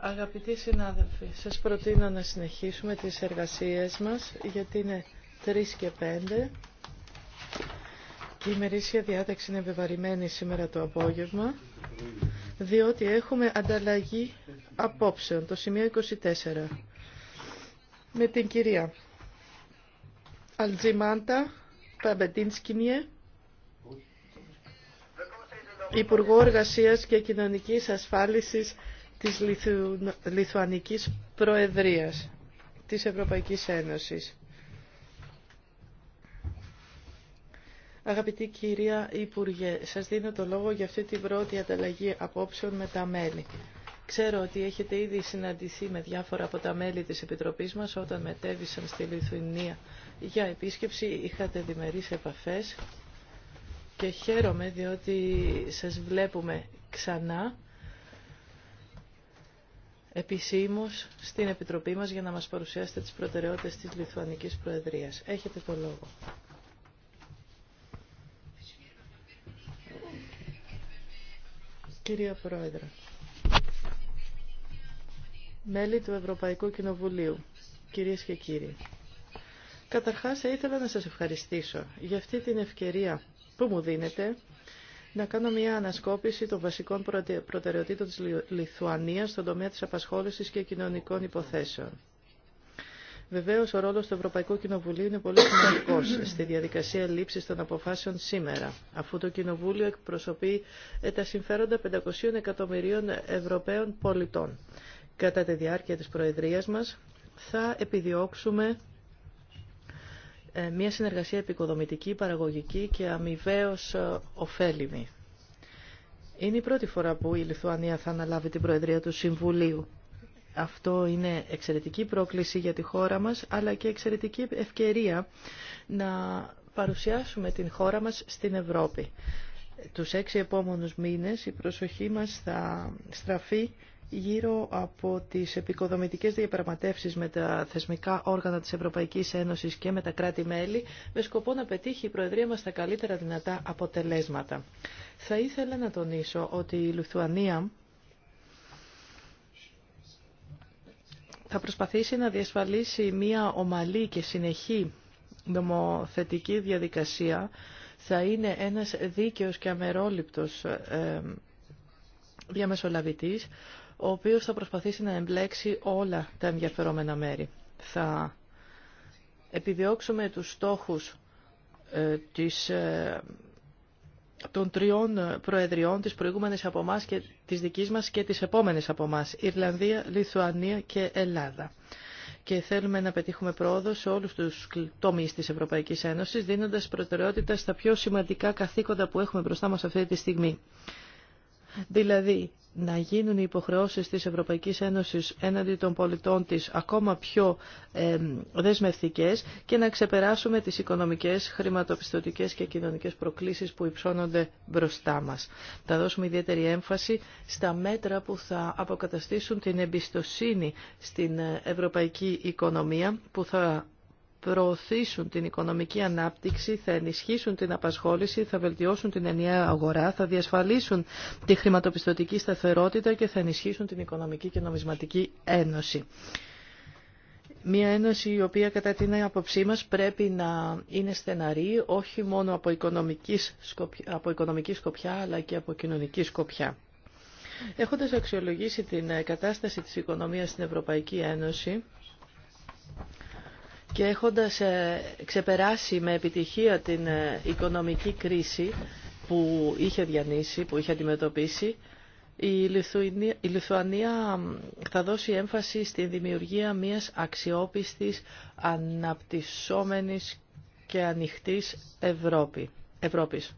Αγαπητοί συνάδελφοι, σας προτείνω να συνεχίσουμε τις εργασίες μας, γιατί είναι 3 και 5 και η ημερήσια διάταξη είναι βεβαρημένη σήμερα το απόγευμα, διότι έχουμε ανταλλαγή απόψεων, το σημείο 24, με την κυρία Αλτζιμάντα Παμπετίνσκινιε, Υπουργό Εργασίας και Κοινωνικής Ασφάλισης της Λιθουανική Λιθουανικής Προεδρίας της Ευρωπαϊκής Ένωσης. Αγαπητή κυρία Υπουργέ, σας δίνω το λόγο για αυτή την πρώτη ανταλλαγή απόψεων με τα μέλη. Ξέρω ότι έχετε ήδη συναντηθεί με διάφορα από τα μέλη της Επιτροπής μας όταν μετέβησαν στη Λιθουανία για επίσκεψη, είχατε διμερείς επαφές και χαίρομαι διότι σας βλέπουμε ξανά επισήμως στην Επιτροπή μας για να μας παρουσιάσετε τις προτεραιότητες της Λιθουανικής Προεδρίας. Έχετε το λόγο. Κυρία Πρόεδρε, μέλη του Ευρωπαϊκού Κοινοβουλίου, κυρίες και κύριοι, καταρχάς ήθελα να σας ευχαριστήσω για αυτή την ευκαιρία που μου δίνεται να κάνω μια ανασκόπηση των βασικών προτεραιοτήτων της Λιθουανίας στον τομέα της απασχόλησης και κοινωνικών υποθέσεων. Βεβαίως, ο ρόλος του Ευρωπαϊκού Κοινοβουλίου είναι πολύ σημαντικός στη διαδικασία λήψης των αποφάσεων σήμερα, αφού το Κοινοβούλιο εκπροσωπεί ε, τα συμφέροντα 500 εκατομμυρίων Ευρωπαίων πολιτών. Κατά τη διάρκεια της Προεδρίας μας θα επιδιώξουμε ε, μια συνεργασία επικοδομητική, παραγωγική και αμοιβαίως ε, ωφέλιμη. Είναι η πρώτη φορά που η Λιθουανία θα αναλάβει την Προεδρία του Συμβουλίου. Αυτό είναι εξαιρετική πρόκληση για τη χώρα μας, αλλά και εξαιρετική ευκαιρία να παρουσιάσουμε την χώρα μας στην Ευρώπη. Τους έξι επόμενους μήνες η προσοχή μας θα στραφεί γύρω από τις επικοδομητικές διαπραγματεύσεις με τα θεσμικά όργανα της Ευρωπαϊκής Ένωσης και με τα κράτη-μέλη με σκοπό να πετύχει η Προεδρία μας τα καλύτερα δυνατά αποτελέσματα. Θα ήθελα να τονίσω ότι η Λουθουανία θα προσπαθήσει να διασφαλίσει μια ομαλή και συνεχή νομοθετική διαδικασία. Θα είναι ένας δίκαιος και αμερόληπτος ε, διαμεσολαβητής ο οποίος θα προσπαθήσει να εμπλέξει όλα τα ενδιαφερόμενα μέρη. Θα επιδιώξουμε τους στόχους ε, της, ε, των τριών προεδριών, της προηγούμενης από εμά και της δικής μας και της επόμενης από εμά, Ιρλανδία, Λιθουανία και Ελλάδα. Και θέλουμε να πετύχουμε πρόοδο σε όλους τους τομείς της Ευρωπαϊκής Ένωσης, δίνοντας προτεραιότητα στα πιο σημαντικά καθήκοντα που έχουμε μπροστά μας αυτή τη στιγμή. Δηλαδή, να γίνουν οι υποχρεώσεις της Ευρωπαϊκής Ένωσης έναντι των πολιτών της ακόμα πιο ε, δεσμευτικές και να ξεπεράσουμε τις οικονομικές, χρηματοπιστωτικές και κοινωνικές προκλήσεις που υψώνονται μπροστά μας. Θα δώσουμε ιδιαίτερη έμφαση στα μέτρα που θα αποκαταστήσουν την εμπιστοσύνη στην ε, ευρωπαϊκή οικονομία που θα προωθήσουν την οικονομική ανάπτυξη, θα ενισχύσουν την απασχόληση, θα βελτιώσουν την ενιαία αγορά, θα διασφαλίσουν τη χρηματοπιστωτική σταθερότητα και θα ενισχύσουν την οικονομική και νομισματική ένωση. Μια ένωση η οποία κατά την άποψή μας πρέπει να είναι στεναρή όχι μόνο από οικονομική, σκοπιά, από οικονομική σκοπιά αλλά και από κοινωνική σκοπιά. Έχοντας αξιολογήσει την κατάσταση της οικονομίας στην Ευρωπαϊκή Ένωση, και έχοντας ε, ξεπεράσει με επιτυχία την ε, οικονομική κρίση που είχε διανύσει, που είχε αντιμετωπίσει, η, Λιθουανία, η Λιθουανία θα δώσει έμφαση στη δημιουργία μιας αξιόπιστης, αναπτυσσόμενης και ανοιχτής Ευρώπη, Ευρώπης.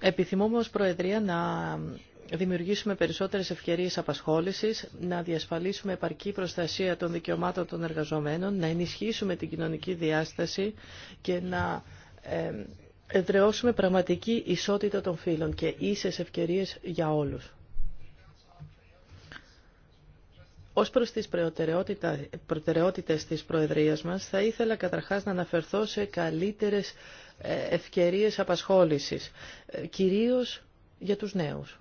Επιθυμούμε ως Προεδρία να δημιουργήσουμε περισσότερες ευκαιρίες απασχόλησης, να διασφαλίσουμε επαρκή προστασία των δικαιωμάτων των εργαζομένων, να ενισχύσουμε την κοινωνική διάσταση και να εδραιώσουμε πραγματική ισότητα των φύλων και ίσες ευκαιρίες για όλους. Ως προς τις προτεραιότητες της Προεδρίας μας, θα ήθελα καταρχάς να αναφερθώ σε καλύτερες ε, ευκαιρίες απασχόλησης, ε, κυρίως για τους νέους.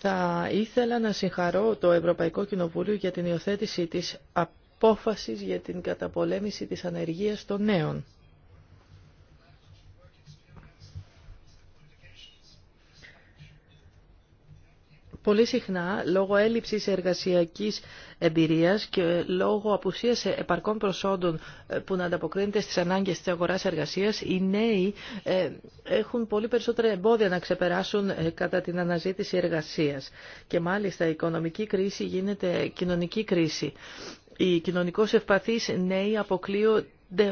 Θα ήθελα να συγχαρώ το Ευρωπαϊκό Κοινοβούλιο για την υιοθέτησή της απόφασης για την καταπολέμηση της ανεργίας των νέων. Πολύ συχνά, λόγω έλλειψης εργασιακής εμπειρίας και λόγω απουσίας επαρκών προσόντων ε, που να ανταποκρίνεται στις ανάγκες της αγοράς εργασίας, οι νέοι ε, έχουν πολύ περισσότερα εμπόδια να ξεπεράσουν ε, κατά την αναζήτηση εργασίας. Και μάλιστα η οικονομική κρίση γίνεται κοινωνική κρίση. Οι κοινωνικώς ευπαθείς νέοι αποκλείονται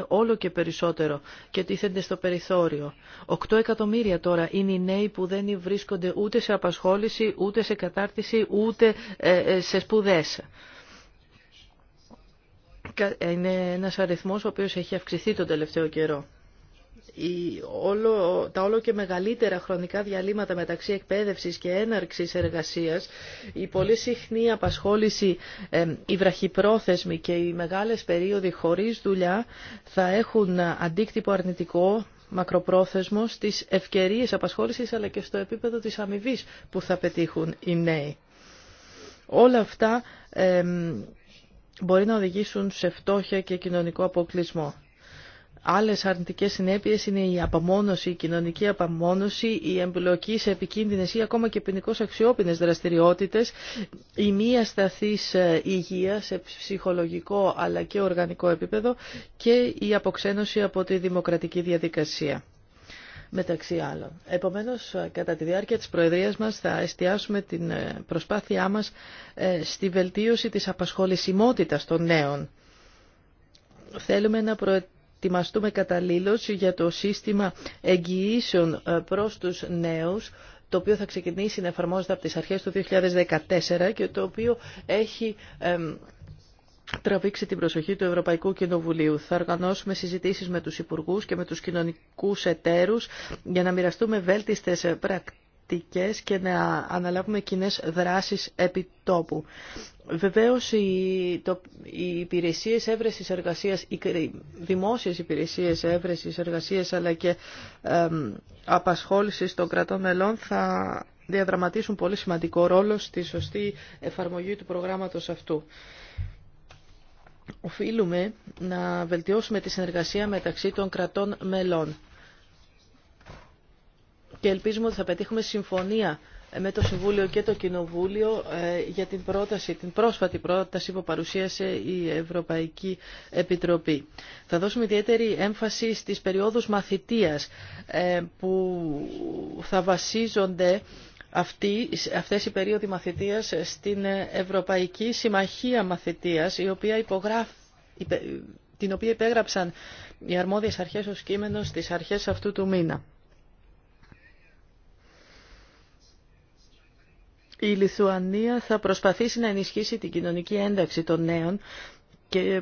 όλο και περισσότερο και τίθενται στο περιθώριο. 8 εκατομμύρια τώρα είναι οι νέοι που δεν βρίσκονται ούτε σε απασχόληση, ούτε σε κατάρτιση, ούτε ε, ε, σε σπουδές. Ε, είναι ένας αριθμός ο οποίος έχει αυξηθεί τον τελευταίο καιρό η, όλο, τα όλο και μεγαλύτερα χρονικά διαλύματα μεταξύ εκπαίδευσης και έναρξης εργασίας, η πολύ συχνή απασχόληση, ε, η και οι μεγάλες περίοδοι χωρίς δουλειά θα έχουν αντίκτυπο αρνητικό μακροπρόθεσμο στις ευκαιρίες απασχόλησης αλλά και στο επίπεδο της αμοιβή που θα πετύχουν οι νέοι. Όλα αυτά ε, μπορεί να οδηγήσουν σε φτώχεια και κοινωνικό αποκλεισμό. Άλλες αρνητικές συνέπειες είναι η απομόνωση, η κοινωνική απομόνωση, η εμπλοκή σε επικίνδυνες ή ακόμα και ποινικώ αξιόπινες δραστηριότητες, η μη ασταθής ε, υγεία σε ψυχολογικό αλλά και οργανικό επίπεδο και η αποξένωση από τη δημοκρατική διαδικασία μεταξύ άλλων. Επομένως, ε, κατά τη διάρκεια της Προεδρίας μας θα εστιάσουμε την ε, προσπάθειά μας στη βελτίωση της απασχολησιμότητας των νέων. Θέλουμε να προετοιμάσουμε ετοιμαστούμε καταλήλως για το σύστημα εγγυήσεων ε, προς τους νέους, το οποίο θα ξεκινήσει να εφαρμόζεται από τις αρχές του 2014 και το οποίο έχει τραβήξει την προσοχή του Ευρωπαϊκού Κοινοβουλίου. Θα οργανώσουμε συζητήσεις με τους υπουργούς και με τους κοινωνικούς εταίρους για να μοιραστούμε βέλτιστες ε, πρακτικές και να αναλάβουμε κοινέ δράσεις επί Βεβαίως οι, το, οι υπηρεσίες έβρεσης εργασίας, οι δημόσιες υπηρεσίες έβρεσης εργασίας αλλά και ε, απασχόλησης των κρατών μελών θα διαδραματίσουν πολύ σημαντικό ρόλο στη σωστή εφαρμογή του προγράμματος αυτού. Οφείλουμε να βελτιώσουμε τη συνεργασία μεταξύ των κρατών μελών και ελπίζουμε ότι θα πετύχουμε συμφωνία με το Συμβούλιο και το Κοινοβούλιο ε, για την πρόταση, την πρόσφατη πρόταση που παρουσίασε η Ευρωπαϊκή Επιτροπή. Θα δώσουμε ιδιαίτερη έμφαση στις περιόδους μαθητείας ε, που θα βασίζονται αυτή, αυτές οι περίοδοι μαθητείας στην Ευρωπαϊκή Συμμαχία Μαθητείας, η οποία υπογράφει την οποία υπέγραψαν οι αρμόδιες αρχές ως κείμενο στις αρχές αυτού του μήνα. η Λιθουανία θα προσπαθήσει να ενισχύσει την κοινωνική ένταξη των νέων και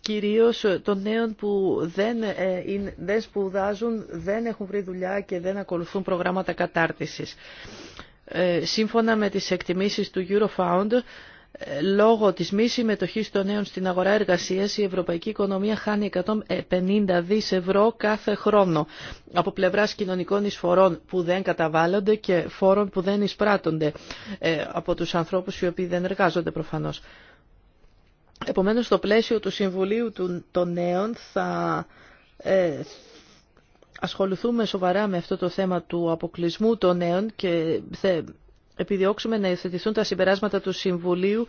κυρίως των νέων που δεν, ε, δεν σπουδάζουν, δεν έχουν βρει δουλειά και δεν ακολουθούν προγράμματα κατάρτισης. Ε, σύμφωνα με τις εκτιμήσεις του Eurofound, λόγω της μη συμμετοχή των νέων στην αγορά εργασίας η ευρωπαϊκή οικονομία χάνει 150 δις ευρώ κάθε χρόνο από πλευράς κοινωνικών εισφορών που δεν καταβάλλονται και φόρων που δεν εισπράττονται ε, από τους ανθρώπους οι οποίοι δεν εργάζονται προφανώς. Επομένως, στο πλαίσιο του Συμβουλίου των Νέων θα ε, ασχοληθούμε σοβαρά με αυτό το θέμα του αποκλεισμού των νέων και επιδιώξουμε να υιοθετηθούν τα συμπεράσματα του Συμβουλίου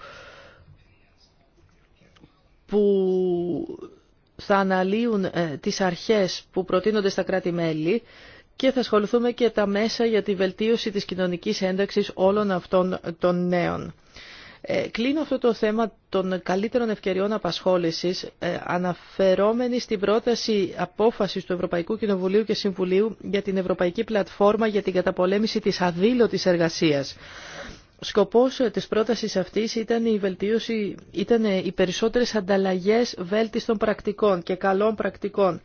που θα αναλύουν ε, τις αρχές που προτείνονται στα κράτη-μέλη και θα ασχοληθούμε και τα μέσα για τη βελτίωση της κοινωνικής ένταξης όλων αυτών των νέων. Ε, κλείνω αυτό το θέμα των καλύτερων ευκαιριών απασχόλησης ε, αναφερόμενη στην πρόταση απόφασης του Ευρωπαϊκού Κοινοβουλίου και Συμβουλίου για την Ευρωπαϊκή Πλατφόρμα για την καταπολέμηση της αδήλωτης εργασίας. Σκοπός ε, της πρότασης αυτής ήταν η βελτίωση, ήταν οι περισσότερες ανταλλαγές βέλτιστων πρακτικών και καλών πρακτικών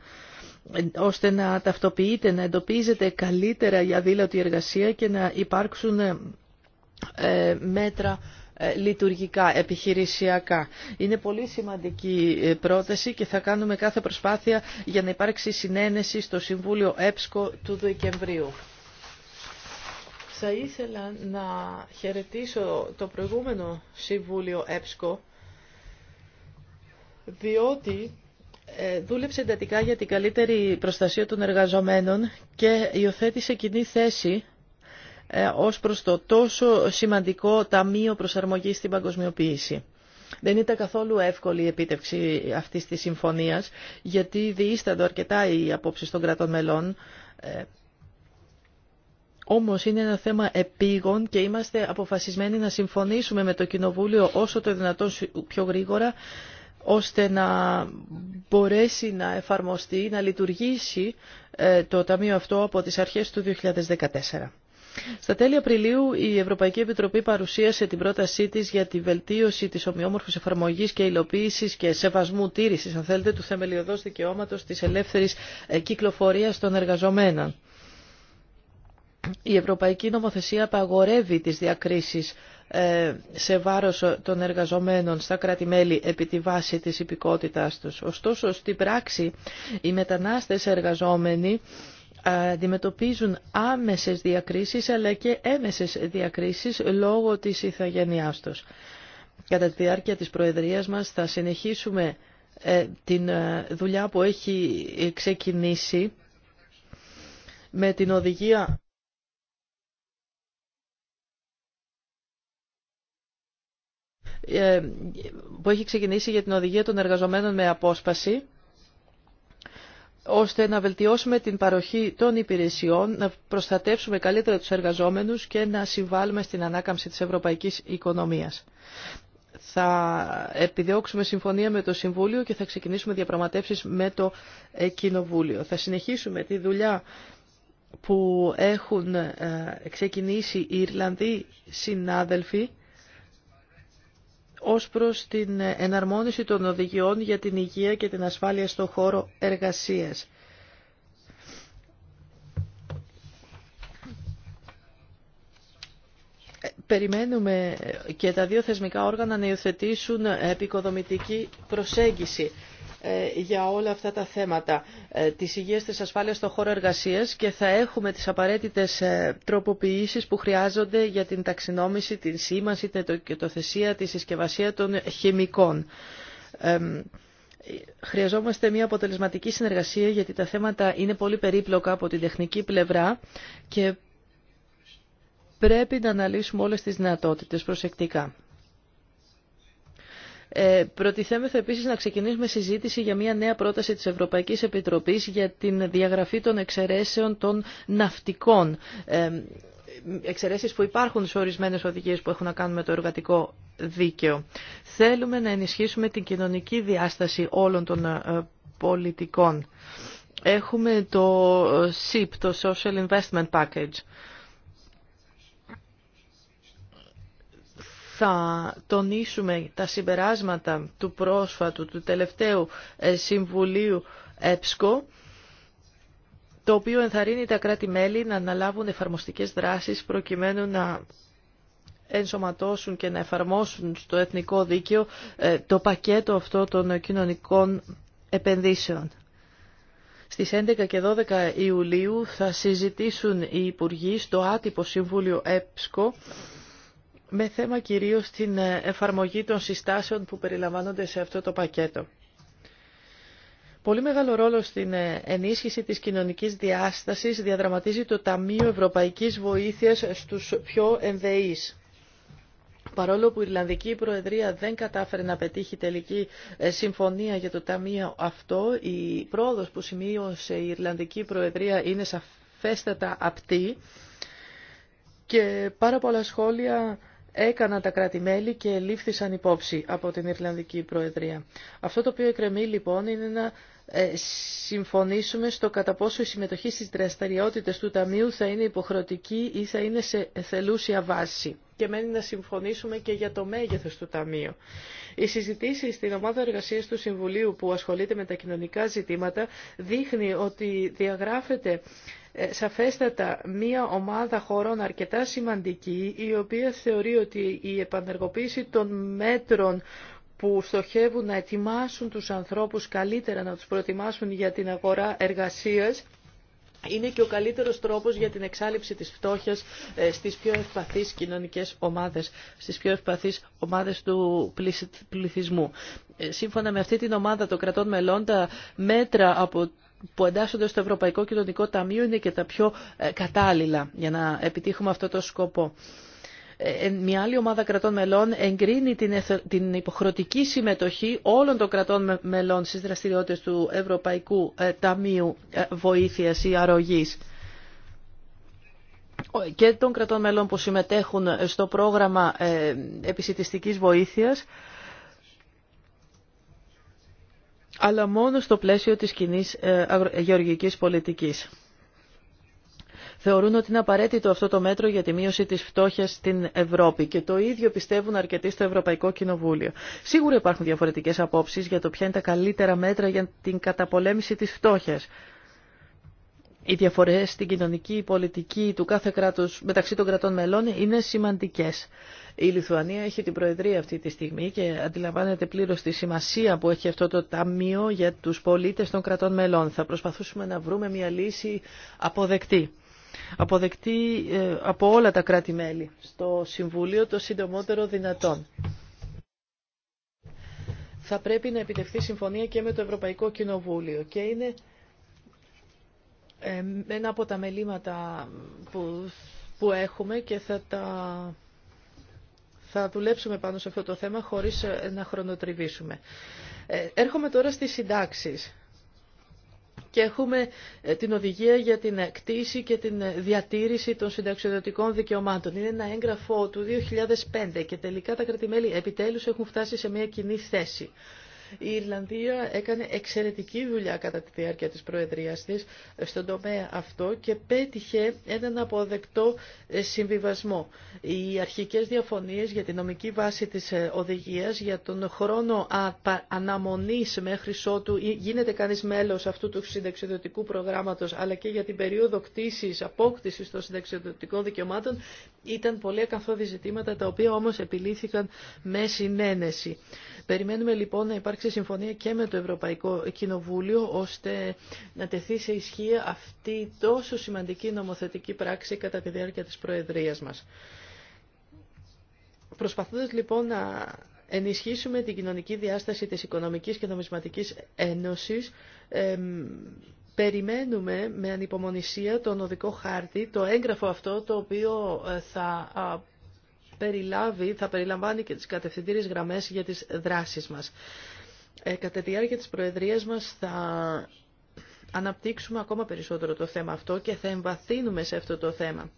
ώστε να ταυτοποιείται, να εντοπίζεται καλύτερα η αδήλωτη εργασία και να υπάρξουν μέτρα ε, λειτουργικά, επιχειρησιακά. Είναι πολύ σημαντική ε, πρόταση και θα κάνουμε κάθε προσπάθεια για να υπάρξει συνένεση στο Συμβούλιο ΕΠΣΚΟ του Δεκεμβρίου. Θα ήθελα να χαιρετήσω το προηγούμενο Συμβούλιο ΕΠΣΚΟ διότι ε, δούλεψε εντατικά για την καλύτερη προστασία των εργαζομένων και υιοθέτησε κοινή θέση ε, ως προς το τόσο σημαντικό Ταμείο Προσαρμογής στην Παγκοσμιοποίηση. Δεν ήταν καθόλου εύκολη η επίτευξη αυτής της συμφωνίας, γιατί διείστανται αρκετά οι απόψεις των κρατών μελών. Ε, όμως είναι ένα θέμα επίγον και είμαστε αποφασισμένοι να συμφωνήσουμε με το Κοινοβούλιο όσο το δυνατόν πιο γρήγορα, ώστε να μπορέσει να εφαρμοστεί, να λειτουργήσει ε, το Ταμείο αυτό από τις αρχές του 2014. Στα τέλη Απριλίου η Ευρωπαϊκή Επιτροπή παρουσίασε την πρότασή της για τη βελτίωση της ομοιόμορφης εφαρμογής και υλοποίησης και σεβασμού τήρησης, αν θέλετε, του θεμελιωδός δικαιώματος της ελεύθερης ε, κυκλοφορίας των εργαζομένων. Η Ευρωπαϊκή Νομοθεσία απαγορεύει τις διακρίσεις ε, σε βάρος ε, των εργαζομένων στα κράτη-μέλη επί τη βάση της υπηκότητάς τους. Ωστόσο, στην πράξη, οι μετανάστες εργαζόμενοι αντιμετωπίζουν άμεσες διακρίσεις αλλά και έμεσες διακρίσεις λόγω της ηθαγενειάς τους. Κατά τη διάρκεια της Προεδρίας μας θα συνεχίσουμε ε, την ε, δουλειά που έχει ε, ξεκινήσει με την οδηγία που έχει ξεκινήσει για την οδηγία των εργαζομένων με απόσπαση ώστε να βελτιώσουμε την παροχή των υπηρεσιών, να προστατεύσουμε καλύτερα τους εργαζόμενους και να συμβάλλουμε στην ανάκαμψη της ευρωπαϊκής οικονομίας. Θα επιδιώξουμε συμφωνία με το Συμβούλιο και θα ξεκινήσουμε διαπραγματεύσεις με το ε, Κοινοβούλιο. Θα συνεχίσουμε τη δουλειά που έχουν ε, ξεκινήσει οι Ιρλανδοί συνάδελφοι ως προς την εναρμόνιση των οδηγιών για την υγεία και την ασφάλεια στον χώρο εργασίας. Περιμένουμε και τα δύο θεσμικά όργανα να υιοθετήσουν επικοδομητική προσέγγιση ε, για όλα αυτά τα θέματα ε, της υγείας της ασφάλειας στον χώρο εργασίας και θα έχουμε τις απαραίτητες ε, τροποποιήσεις που χρειάζονται για την ταξινόμηση, την σήμανση, την ετοκετοθεσία, τη συσκευασία των χημικών. Χρειαζόμαστε μια αποτελεσματική συνεργασία γιατί τα θέματα είναι πολύ περίπλοκα από την τεχνική πλευρά και πρέπει να αναλύσουμε όλες τις δυνατότητες προσεκτικά. Ε, προτιθέμεθα επίσης να ξεκινήσουμε συζήτηση για μια νέα πρόταση της Ευρωπαϊκής Επιτροπής για την διαγραφή των εξαιρέσεων των ναυτικών. Ε, εξαιρέσεις που υπάρχουν σε ορισμένες οδηγίες που έχουν να κάνουν με το εργατικό δίκαιο. Θέλουμε να ενισχύσουμε την κοινωνική διάσταση όλων των ε, πολιτικών. Έχουμε το SIP, ε, το Social Investment Package θα τονίσουμε τα συμπεράσματα του πρόσφατου, του τελευταίου ε, Συμβουλίου ΕΠΣΚΟ, το οποίο ενθαρρύνει τα κράτη-μέλη να αναλάβουν εφαρμοστικές δράσεις προκειμένου να ενσωματώσουν και να εφαρμόσουν στο εθνικό δίκαιο ε, το πακέτο αυτό των κοινωνικών επενδύσεων. Στις 11 και 12 Ιουλίου θα συζητήσουν οι Υπουργοί στο άτυπο Συμβούλιο ΕΠΣΚΟ με θέμα κυρίως την ε, εφαρμογή των συστάσεων που περιλαμβάνονται σε αυτό το πακέτο. Πολύ μεγάλο ρόλο στην ε, ενίσχυση της κοινωνικής διάστασης διαδραματίζει το Ταμείο Ευρωπαϊκής Βοήθειας στους πιο ενδεείς. Παρόλο που η Ιρλανδική Προεδρία δεν κατάφερε να πετύχει τελική ε, συμφωνία για το Ταμείο αυτό, η πρόοδος που σημείωσε η Ιρλανδική Προεδρία είναι σαφέστατα απτή και πάρα πολλά σχόλια έκαναν τα κράτη-μέλη και λήφθησαν υπόψη από την Ιρλανδική Προεδρία. Αυτό το οποίο εκκρεμεί λοιπόν είναι να ε, συμφωνήσουμε στο κατά πόσο η συμμετοχή στις δραστηριότητες του Ταμείου θα είναι υποχρεωτική ή θα είναι σε θελούσια βάση. Και μένει να συμφωνήσουμε και για το μέγεθος του Ταμείου. Οι συζητήσεις στην ομάδα εργασίας του Συμβουλίου που ασχολείται με τα κοινωνικά ζητήματα δείχνει ότι διαγράφεται ε, σαφέστατα μία ομάδα χωρών αρκετά σημαντική η οποία θεωρεί ότι η επανεργοποίηση των μέτρων που στοχεύουν να ετοιμάσουν τους ανθρώπους καλύτερα, να τους προετοιμάσουν για την αγορά εργασίας, είναι και ο καλύτερος τρόπος για την εξάλληψη της φτώχειας ε, στις πιο ευπαθείς κοινωνικές ομάδες, στις πιο ευπαθείς ομάδες του πληθυσμού. Ε, σύμφωνα με αυτή την ομάδα των κρατών μελών, τα μέτρα από που εντάσσονται στο Ευρωπαϊκό Κοινωνικό Ταμείο είναι και τα πιο ε, κατάλληλα για να επιτύχουμε αυτό το σκοπό. Ε, ε, μια άλλη ομάδα κρατών μελών εγκρίνει την υποχρεωτική συμμετοχή όλων των κρατών μελών στις δραστηριότητες του Ευρωπαϊκού Ταμείου Βοήθειας ή Αρρωγής και των κρατών μελών που συμμετέχουν στο πρόγραμμα επισητιστικής βοήθειας αλλά μόνο στο πλαίσιο της κοινή ε, γεωργικής πολιτικής. Θεωρούν ότι είναι απαραίτητο αυτό το μέτρο για τη μείωση της φτώχειας στην Ευρώπη και το ίδιο πιστεύουν αρκετοί στο Ευρωπαϊκό Κοινοβούλιο. Σίγουρα υπάρχουν διαφορετικές απόψεις για το ποια είναι τα καλύτερα μέτρα για την καταπολέμηση της φτώχειας οι διαφορές στην κοινωνική πολιτική του κάθε κράτους μεταξύ των κρατών μελών είναι σημαντικές. Η Λιθουανία έχει την Προεδρία αυτή τη στιγμή και αντιλαμβάνεται πλήρως τη σημασία που έχει αυτό το Ταμείο για τους πολίτες των κρατών μελών. Θα προσπαθήσουμε να βρούμε μια λύση αποδεκτή. Αποδεκτή ε, από όλα τα κράτη-μέλη στο Συμβούλιο το συντομότερο δυνατόν θα πρέπει να επιτευχθεί συμφωνία και με το Ευρωπαϊκό Κοινοβούλιο ένα από τα μελήματα που, που έχουμε και θα τα θα δουλέψουμε πάνω σε αυτό το θέμα χωρίς ε, να χρονοτριβήσουμε. Ε, έρχομαι τώρα στις συντάξεις και έχουμε ε, την οδηγία για την κτήση και την διατήρηση των συνταξιοδοτικών δικαιωμάτων. Είναι ένα έγγραφο του 2005 και τελικά τα κρατημέλη επιτέλους έχουν φτάσει σε μια κοινή θέση. Η Ιρλανδία έκανε εξαιρετική δουλειά κατά τη διάρκεια της Προεδρίας της στον τομέα αυτό και πέτυχε έναν αποδεκτό ε, συμβιβασμό. Οι αρχικές διαφωνίες για τη νομική βάση της ε, οδηγίας, για τον χρόνο αναμονής μέχρι ότου γίνεται κανείς μέλος αυτού του συνταξιδοτικού προγράμματος, αλλά και για την περίοδο κτήσης, απόκτησης των συνταξιδοτικών δικαιωμάτων, ήταν πολύ ακαθόδη ζητήματα, τα οποία όμως επιλύθηκαν με συνένεση. Περιμένουμε λοιπόν να υπάρξει συμφωνία και με το Ευρωπαϊκό Κοινοβούλιο ώστε να τεθεί σε ισχύ αυτή η τόσο σημαντική νομοθετική πράξη κατά τη διάρκεια της Προεδρίας μας. Προσπαθώντας λοιπόν να ενισχύσουμε την κοινωνική διάσταση της Οικονομικής και Νομισματικής Ένωσης, περιμένουμε με ανυπομονησία τον οδικό χάρτη, το έγγραφο αυτό το οποίο ε, θα περιλάβει, θα περιλαμβάνει και τις κατευθυντήριες γραμμές για τις δράσεις μας. Ε, κατά τη διάρκεια της Προεδρίας μας θα αναπτύξουμε ακόμα περισσότερο το θέμα αυτό και θα εμβαθύνουμε σε αυτό το θέμα.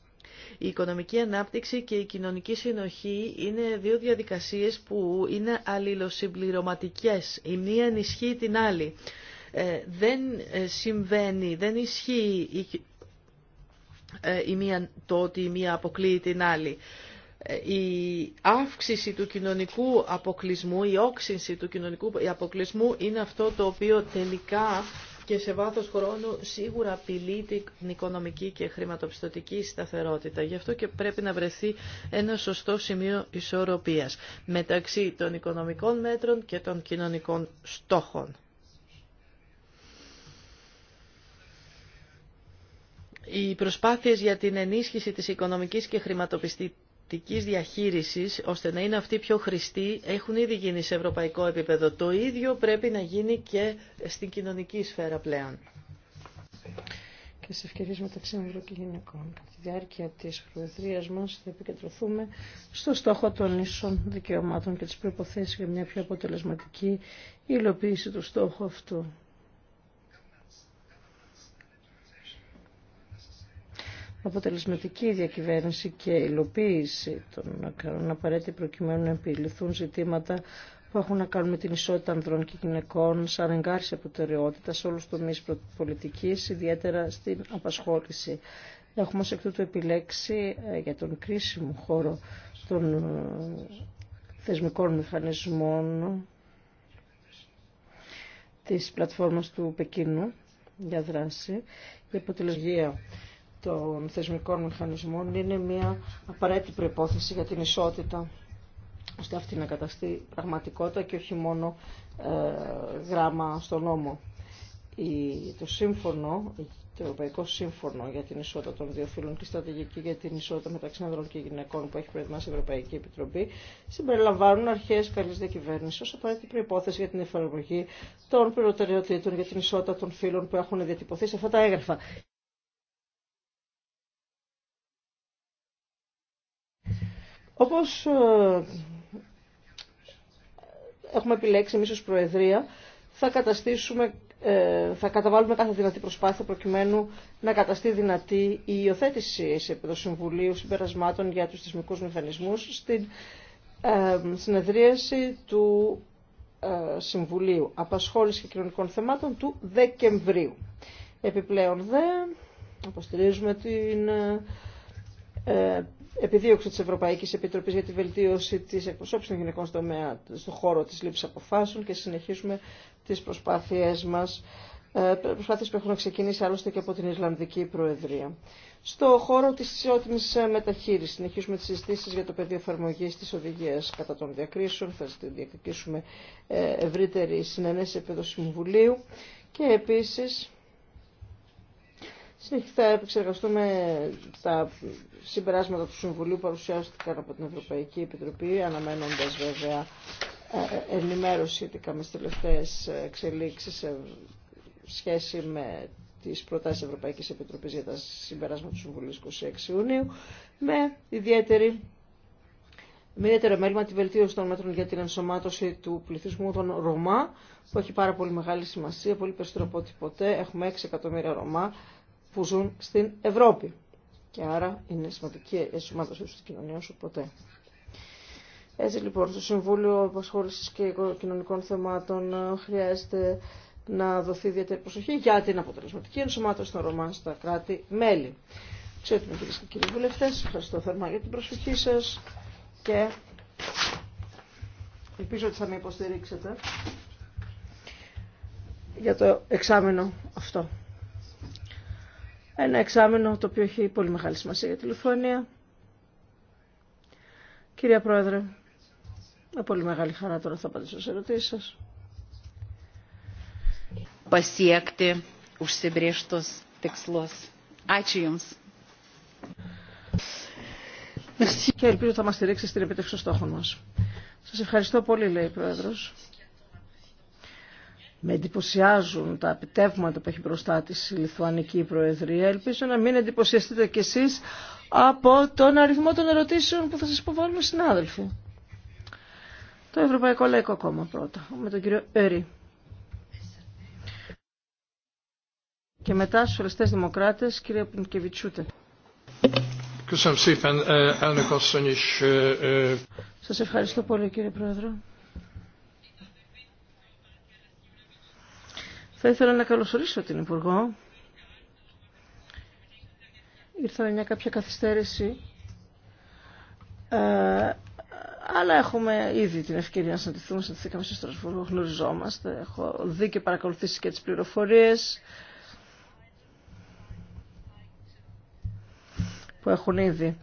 Η οικονομική ανάπτυξη και η κοινωνική συνοχή είναι δύο διαδικασίες που είναι αλληλοσυμπληρωματικές. Η μία ενισχύει την άλλη. Ε, δεν ε, συμβαίνει, δεν ισχύει η, το ότι η μία αποκλείει την άλλη η αύξηση του κοινωνικού αποκλεισμού, η όξυνση του κοινωνικού αποκλεισμού είναι αυτό το οποίο τελικά και σε βάθος χρόνου σίγουρα απειλεί την οικονομική και χρηματοπιστωτική σταθερότητα. Γι' αυτό και πρέπει να βρεθεί ένα σωστό σημείο ισορροπίας μεταξύ των οικονομικών μέτρων και των κοινωνικών στόχων. Οι προσπάθειες για την ενίσχυση της οικονομικής και χρηματοπιστωτικής πρακτικής διαχείρισης, ώστε να είναι αυτή πιο χρηστή, έχουν ήδη γίνει σε ευρωπαϊκό επίπεδο. Το ίδιο πρέπει να γίνει και στην κοινωνική σφαίρα πλέον. Και σε ευκαιρίες μεταξύ ανδρών και γυναικών. τη διάρκεια της προεδρίας μας θα επικεντρωθούμε στο στόχο των ίσων δικαιωμάτων και τις προϋποθέσεις για μια πιο αποτελεσματική υλοποίηση του στόχου αυτού. αποτελεσματική διακυβέρνηση και υλοποίηση των κανόνων απαραίτητη προκειμένου να επιληθούν ζητήματα που έχουν να κάνουν με την ισότητα ανδρών και γυναικών σαν εγκάρση αποτεραιότητα σε όλους του τομεί πολιτικής, ιδιαίτερα στην απασχόληση. Έχουμε σε εκ τούτου επιλέξει ε, για τον κρίσιμο χώρο των ε, θεσμικών μηχανισμών της πλατφόρμας του Πεκίνου για δράση, και αποτελεσματική των θεσμικών μηχανισμών είναι μια απαραίτητη προϋπόθεση για την ισότητα ώστε αυτή να καταστεί πραγματικότητα και όχι μόνο ε, γράμμα στον νόμο. το σύμφωνο, το Ευρωπαϊκό Σύμφωνο για την Ισότητα των Δύο Φύλων και η Στρατηγική για την Ισότητα μεταξύ ανδρών και γυναικών που έχει προετοιμάσει η Ευρωπαϊκή Επιτροπή συμπεριλαμβάνουν αρχέ καλή διακυβέρνηση ω απαραίτητη προπόθεση για την εφαρμογή των προτεραιοτήτων για την ισότητα των φύλων που έχουν διατυπωθεί σε αυτά τα έγγραφα. Όπως ε, έχουμε επιλέξει εμείς ως Προεδρία, θα καταστήσουμε ε, θα καταβάλουμε κάθε δυνατή προσπάθεια προκειμένου να καταστεί δυνατή η υιοθέτηση σε επίπεδο Συμβουλίου συμπερασμάτων για τους θεσμικούς μηχανισμούς στην ε, συνεδρίαση του Συμβουλίου Απασχόληση και Κοινωνικών Θεμάτων του Δεκεμβρίου. Επιπλέον δε, αποστηρίζουμε την επιδίωξη τη Ευρωπαϊκή Επίτροπή για τη βελτίωση τη εκπροσώπηση των γυναικών στον χώρο τη λήψη αποφάσεων και συνεχίσουμε τις προσπάθειές μας, ε, προσπάθειε που έχουν ξεκινήσει άλλωστε και από την Ισλανδική Προεδρία. Στο χώρο τη ισότιμη ε, μεταχείρισης συνεχίζουμε τι συζητήσεις για το πεδίο εφαρμογή τη οδηγία κατά των διακρίσεων, θα διακριτήσουμε ε, ευρύτερη συνενέση επίπεδο Συμβουλίου και επίση,. Θα επεξεργαστούμε τα συμπεράσματα του Συμβουλίου που παρουσιάστηκαν από την Ευρωπαϊκή Επιτροπή, αναμένοντας βέβαια ε, ε, ενημέρωση σχετικά με τις τελευταίες εξελίξεις σε σχέση με τις προτάσεις Ευρωπαϊκής Επιτροπής για τα συμπεράσματα του Συμβουλίου 26 Ιουνίου, με ιδιαίτερη με ιδιαίτερο μέλημα τη βελτίωση των μέτρων για την ενσωμάτωση του πληθυσμού των Ρωμά, που έχει πάρα πολύ μεγάλη σημασία, πολύ περισσότερο από ό,τι ποτέ. Έχουμε 6 εκατομμύρια Ρωμά που ζουν στην Ευρώπη. Και άρα είναι σημαντική ενσωμάτωση της κοινωνία όσο ποτέ. Έτσι λοιπόν, στο Συμβούλιο Απασχόλησης και Κοινωνικών Θεμάτων ε, χρειάζεται να δοθεί ιδιαίτερη προσοχή για την αποτελεσματική ενσωμάτωση των Ρωμάν στα κράτη-μέλη. Ξέρετε κυρίε και κύριοι βουλευτέ, ευχαριστώ θερμά για την προσοχή σα και ελπίζω ότι θα με υποστηρίξετε για το εξάμεινο αυτό. Ένα εξάμεινο το οποίο έχει πολύ μεγάλη σημασία για τη Λιθουανία. Κυρία Πρόεδρε, με πολύ μεγάλη χαρά τώρα θα απαντήσω σε ερωτήσεις σας. ουσεμπρέστος τεξλός. Και ελπίζω θα μας στηρίξει στην επιτεύξη των στόχων μας. Σας ευχαριστώ πολύ, λέει η Πρόεδρος με εντυπωσιάζουν τα επιτεύγματα που έχει μπροστά τη η Λιθουανική Προεδρία. Ελπίζω να μην εντυπωσιαστείτε κι εσείς από τον αριθμό των ερωτήσεων που θα σας υποβάλουν οι συνάδελφοι. Το Ευρωπαϊκό Λαϊκό Κόμμα πρώτα, με τον κύριο Ερή. Και μετά στου οριστές δημοκράτες, κύριε Πινκεβιτσούτε. Σα ευχαριστώ πολύ κύριε Πρόεδρο. Θα ήθελα να καλωσορίσω την Υπουργό. Ήρθαμε μια κάποια καθυστέρηση. Ε, αλλά έχουμε ήδη την ευκαιρία να συναντηθούμε. Συναντηθήκαμε στο Στρασβούργο, γνωριζόμαστε. Έχω δει και παρακολουθήσει και τις πληροφορίες που έχουν ήδη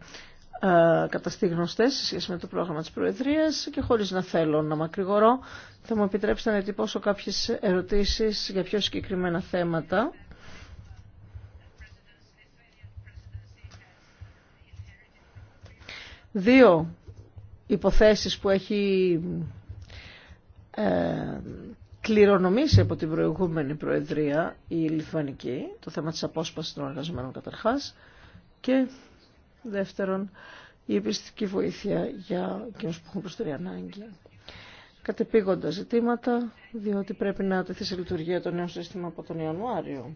ε, καταστεί γνωστέ σε σχέση με το πρόγραμμα τη Προεδρίας και χωρίς να θέλω να μακρηγορώ θα μου επιτρέψετε να εντυπώσω κάποιες ερωτήσεις για πιο συγκεκριμένα θέματα. Δύο υποθέσεις που έχει ε, κληρονομήσει από την προηγούμενη Προεδρία η Λιθουανική, το θέμα της απόσπασης των εργαζομένων καταρχάς και Δεύτερον, η επιστημική βοήθεια για εκείνους που έχουν προσθέτει ανάγκη. Κατεπήγοντα ζητήματα, διότι πρέπει να τεθεί σε λειτουργία το νέο σύστημα από τον Ιανουάριο.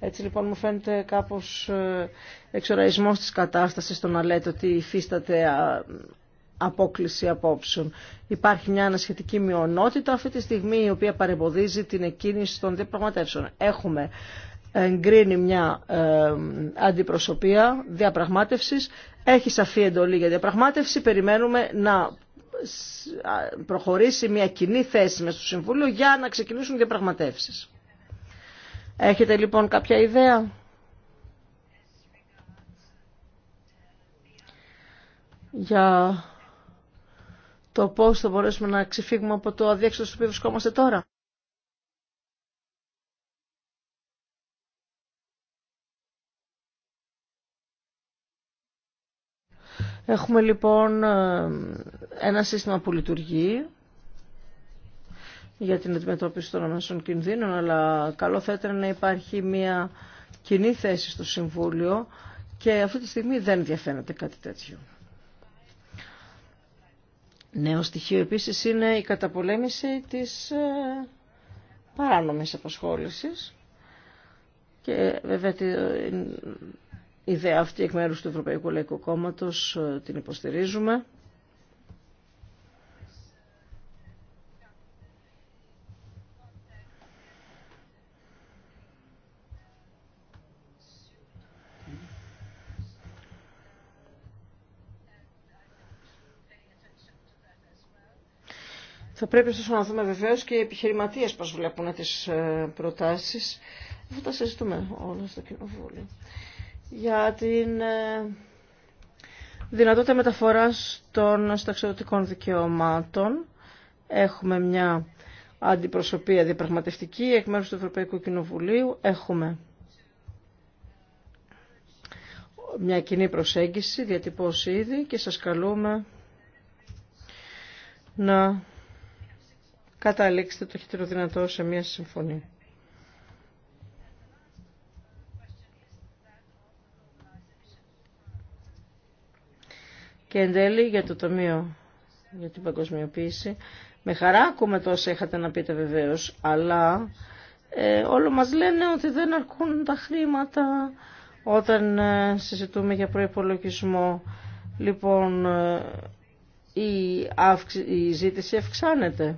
Έτσι λοιπόν μου φαίνεται κάπως ε, εξοραϊσμός της κατάστασης το να λέτε ότι υφίσταται απόκληση απόψεων. Υπάρχει μια ανασχετική μειονότητα αυτή τη στιγμή η οποία παρεμποδίζει την εκκίνηση των διαπραγματεύσεων. Έχουμε εγκρίνει μια ε, αντιπροσωπεία διαπραγμάτευσης. Έχει σαφή εντολή για διαπραγμάτευση. Περιμένουμε να προχωρήσει μια κοινή θέση με στο Συμβούλιο για να ξεκινήσουν διαπραγματεύσεις. Έχετε λοιπόν κάποια ιδέα για το πώς θα μπορέσουμε να ξεφύγουμε από το αδιέξοδο στο οποίο βρισκόμαστε τώρα. Έχουμε λοιπόν ένα σύστημα που λειτουργεί για την αντιμετώπιση των αμέσων κινδύνων, αλλά καλό θα ήταν να υπάρχει μια κοινή θέση στο Συμβούλιο και αυτή τη στιγμή δεν διαφαίνεται κάτι τέτοιο. Νέο στοιχείο επίσης είναι η καταπολέμηση της ε, παράνομης απασχόλησης και βέβαια ε, η ιδέα αυτή εκ μέρους του Ευρωπαϊκού Λαϊκού Κόμματος ε, την υποστηρίζουμε. Θα πρέπει ωστόσο να δούμε βεβαίως και οι επιχειρηματίες πώς βλέπουν τις ε, προτάσεις. Θα τα συζητούμε όλα στο κοινοβούλιο για την ε, δυνατότητα μεταφοράς των σταξιδοτικών δικαιωμάτων. Έχουμε μια αντιπροσωπεία διαπραγματευτική εκ μέρους του Ευρωπαϊκού Κοινοβουλίου. Έχουμε μια κοινή προσέγγιση, διατυπώσει ήδη και σας καλούμε να καταλήξετε το δυνατό σε μια συμφωνία. Και εν τέλει για το τομείο για την Παγκοσμιοποίηση. Με χαρά ακούμε τόσα είχατε να πείτε βεβαίως, αλλά ε, όλο μας λένε ότι δεν αρκούν τα χρήματα όταν ε, συζητούμε για προϋπολογισμό. Λοιπόν, ε, η, η ζήτηση αυξάνεται.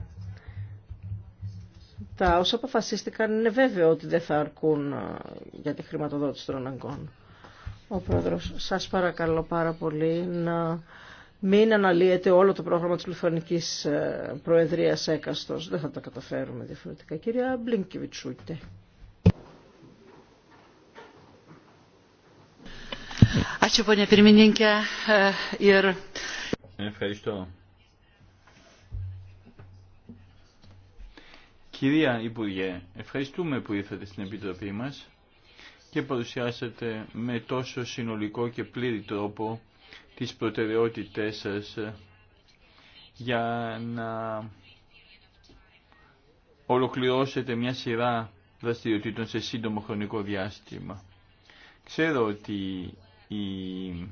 Τα όσα αποφασίστηκαν είναι βέβαιο ότι δεν θα αρκούν ε, για τη χρηματοδότηση των αναγκών. Ο Πρόεδρος, σας παρακαλώ πάρα πολύ να μην αναλύεται όλο το πρόγραμμα της Λουφανικής ε, Προεδρίας έκαστος. Δεν θα τα καταφέρουμε διαφορετικά. Κυρία Μπλίνκεβιτσούτε. E, Ευχαριστώ. Κυρία Υπουργέ, ευχαριστούμε που ήρθατε στην Επιτροπή μας και παρουσιάσατε με τόσο συνολικό και πλήρη τρόπο τις προτεραιότητές σας για να ολοκληρώσετε μια σειρά δραστηριοτήτων σε σύντομο χρονικό διάστημα. Ξέρω ότι οι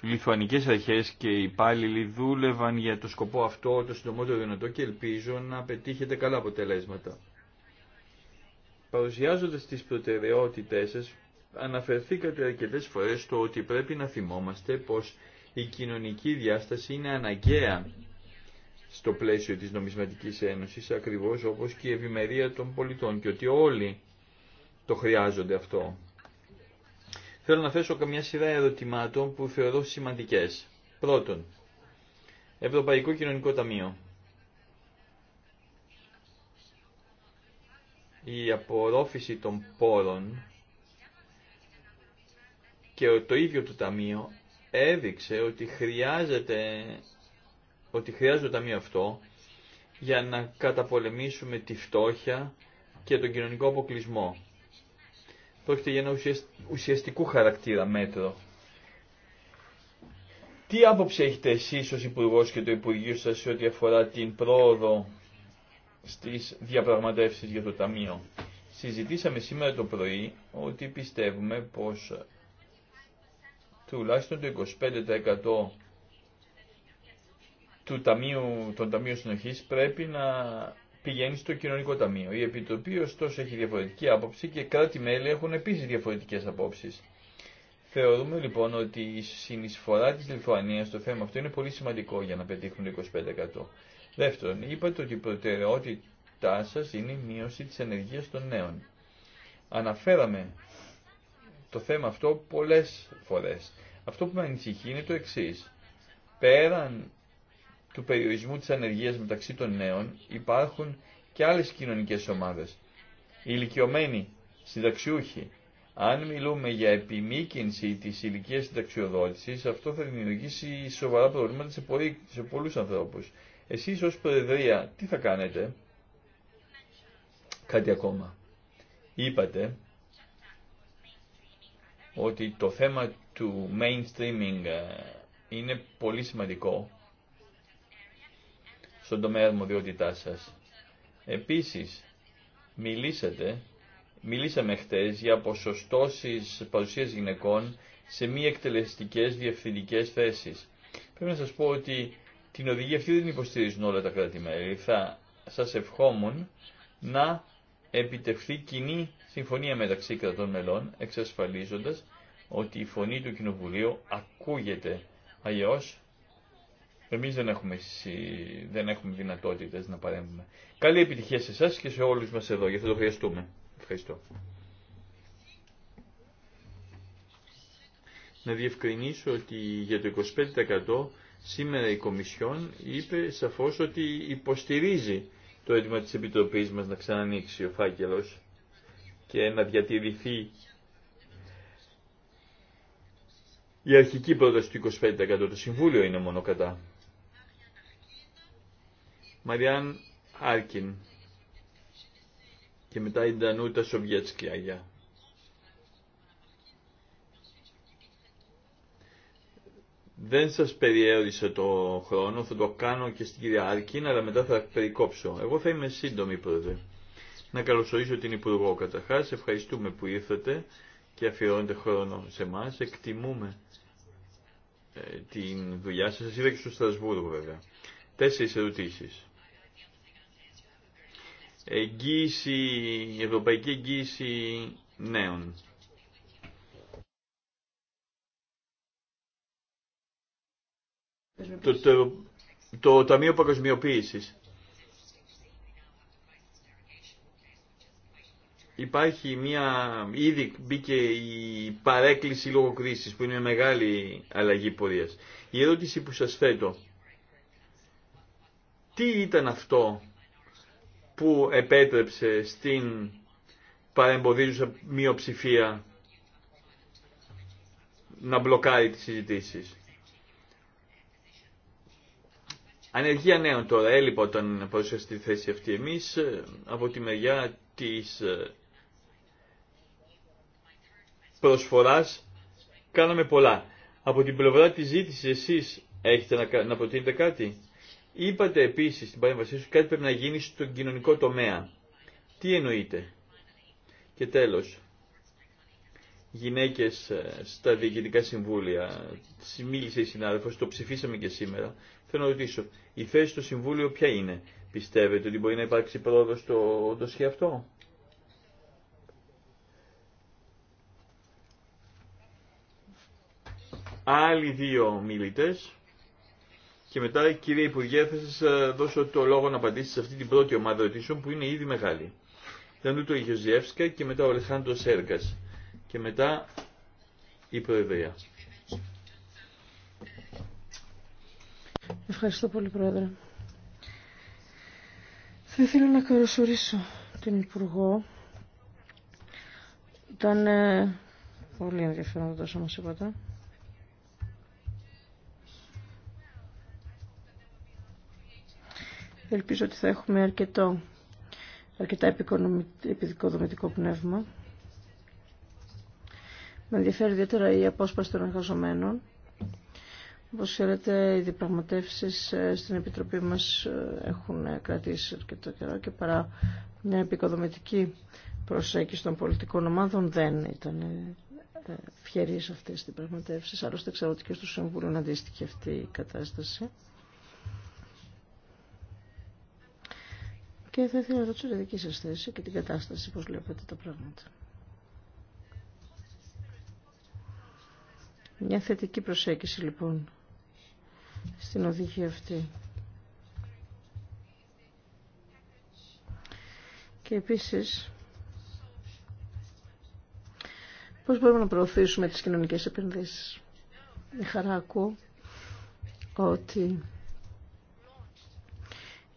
λιθουανικές αρχές και οι υπάλληλοι δούλευαν για το σκοπό αυτό το συντομότερο δυνατό και ελπίζω να πετύχετε καλά αποτελέσματα. Παρουσιάζοντας τις προτεραιότητές σας, αναφερθήκατε αρκετές φορές στο ότι πρέπει να θυμόμαστε πως η κοινωνική διάσταση είναι αναγκαία στο πλαίσιο της νομισματικής ένωσης, ακριβώς όπως και η ευημερία των πολιτών και ότι όλοι το χρειάζονται αυτό. Θέλω να θέσω καμιά σειρά ερωτημάτων που θεωρώ σημαντικές. Πρώτον, Ευρωπαϊκό Κοινωνικό Ταμείο. η απορρόφηση των πόρων και το ίδιο το Ταμείο έδειξε ότι χρειάζεται ότι χρειάζεται το Ταμείο αυτό για να καταπολεμήσουμε τη φτώχεια και τον κοινωνικό αποκλεισμό. Πρόκειται για ένα ουσιαστικού χαρακτήρα μέτρο. Τι άποψη έχετε εσείς ως Υπουργός και το Υπουργείο σας σε ό,τι αφορά την πρόοδο στις διαπραγματεύσεις για το Ταμείο. Συζητήσαμε σήμερα το πρωί ότι πιστεύουμε πως τουλάχιστον το 25% του ταμείου, των Ταμείων Συνοχής πρέπει να πηγαίνει στο Κοινωνικό Ταμείο. Η Επιτροπή ωστόσο έχει διαφορετική άποψη και κράτη-μέλη έχουν επίσης διαφορετικές απόψεις. Θεωρούμε λοιπόν ότι η συνεισφορά της Λιθουανίας στο θέμα αυτό είναι πολύ σημαντικό για να πετύχουν το 25%. Δεύτερον, είπατε ότι η προτεραιότητά σας είναι η μείωση της ενεργείας των νέων. Αναφέραμε το θέμα αυτό πολλές φορές. Αυτό που με ανησυχεί είναι το εξής. Πέραν του περιορισμού της ανεργίας μεταξύ των νέων υπάρχουν και άλλες κοινωνικές ομάδες. ηλικιωμένοι, συνταξιούχοι. Αν μιλούμε για επιμήκυνση της ηλικίας συνταξιοδότησης, αυτό θα δημιουργήσει σοβαρά προβλήματα σε πολλούς ανθρώπους. Εσείς ως Προεδρία τι θα κάνετε, κάτι ακόμα. Είπατε ότι το θέμα του mainstreaming ε, είναι πολύ σημαντικό στον τομέα αρμοδιότητά σας. Επίσης, μιλήσατε, μιλήσαμε χτες για ποσοστώσεις παρουσίας γυναικών σε μη εκτελεστικές διευθυντικές θέσεις. Πρέπει να σας πω ότι την οδηγία αυτή δεν υποστηρίζουν όλα τα κράτη-μέλη. Θα σας ευχόμουν να επιτευχθεί κοινή συμφωνία μεταξύ κρατών μελών, εξασφαλίζοντας ότι η φωνή του Κοινοβουλίου ακούγεται. Αλλιώ, εμείς δεν έχουμε, δεν έχουμε δυνατότητες να παρέμβουμε. Καλή επιτυχία σε εσά και σε όλους μας εδώ, γιατί θα το χρειαστούμε. Ευχαριστώ. Να διευκρινίσω ότι για το 25% Σήμερα η Κομισιόν είπε σαφώς ότι υποστηρίζει το αίτημα της Επιτροπής μας να ξανανοίξει ο φάκελος και να διατηρηθεί η αρχική πρόταση του 25%. Το Συμβούλιο είναι μόνο κατά. Μαριάν Άρκιν και μετά η Ντανούτα αγιά. Δεν σας περιέρισα το χρόνο, θα το κάνω και στην κυρία Άρκιν, αλλά μετά θα περικόψω. Εγώ θα είμαι σύντομη, πρόεδρε. Να καλωσορίσω την Υπουργό Καταρχά. ευχαριστούμε που ήρθατε και αφιερώνετε χρόνο σε εμά. Εκτιμούμε ε, την δουλειά σας. Σας είδα και στο Στρασβούργο βέβαια. Τέσσερις ερωτήσεις. Εγγύηση, ευρωπαϊκή εγγύηση νέων. το, το, το Ταμείο παγκοσμιοποίηση. Υπάρχει μια, ήδη μπήκε η παρέκκληση λόγω κρίσης που είναι μια μεγάλη αλλαγή πορείας. Η ερώτηση που σας θέτω, τι ήταν αυτό που επέτρεψε στην παρεμποδίζουσα μειοψηφία να μπλοκάρει τις συζητήσεις. Ανεργία νέων τώρα, έλειπα όταν παρουσιάστηκε τη θέση αυτή εμείς ε, από τη μεριά της ε, προσφοράς κάναμε πολλά. Από την πλευρά της ζήτησης εσείς έχετε να προτείνετε κάτι. Είπατε επίσης στην παρέμβασή σου κάτι πρέπει να γίνει στον κοινωνικό τομέα. Τι εννοείτε. Και τέλος γυναίκες ε, στα διοικητικά συμβούλια. Μίλησε η συνάδελφος, το ψηφίσαμε και σήμερα. Θέλω να ρωτήσω, η θέση στο Συμβούλιο ποια είναι. Πιστεύετε ότι μπορεί να υπάρξει πρόοδο στο ντοσχέ αυτό. Άλλοι δύο μιλητές και μετά κύριε Υπουργέ θα σας ε, δώσω το λόγο να απαντήσετε σε αυτή την πρώτη ομάδα ερωτήσεων που είναι ήδη μεγάλη. Ήταν το Ιγιοζιεύσκα και μετά ο Αλεχάντρος Σέρκας και μετά η Προεδρία. Ευχαριστώ πολύ, Πρόεδρε. Θα ήθελα να καλωσορίσω την Υπουργό. Ήταν ε, πολύ ενδιαφέρον τόσο μας είπατε. Ελπίζω ότι θα έχουμε αρκετό, αρκετά επικοδομητικό πνεύμα. Με ενδιαφέρει ιδιαίτερα η απόσπαση των εργαζομένων. Όπω ξέρετε, οι διαπραγματεύσει ε, στην Επιτροπή μα ε, έχουν κρατήσει αρκετό καιρό και παρά μια επικοδομητική προσέγγιση των πολιτικών ομάδων δεν ήταν φιερεί ε, σε αυτέ τι διαπραγματεύσει. Άλλωστε, ξέρω ότι και στο Συμβούλιο είναι αντίστοιχη αυτή η κατάσταση. Και θα ήθελα να ρωτήσω τη δική σα θέση και την κατάσταση, πώ βλέπετε τα πράγματα. Μια θετική προσέγγιση λοιπόν στην οδηγία αυτή. Και επίσης, πώς μπορούμε να προωθήσουμε τις κοινωνικές επενδύσεις. Με χαρά ακούω ότι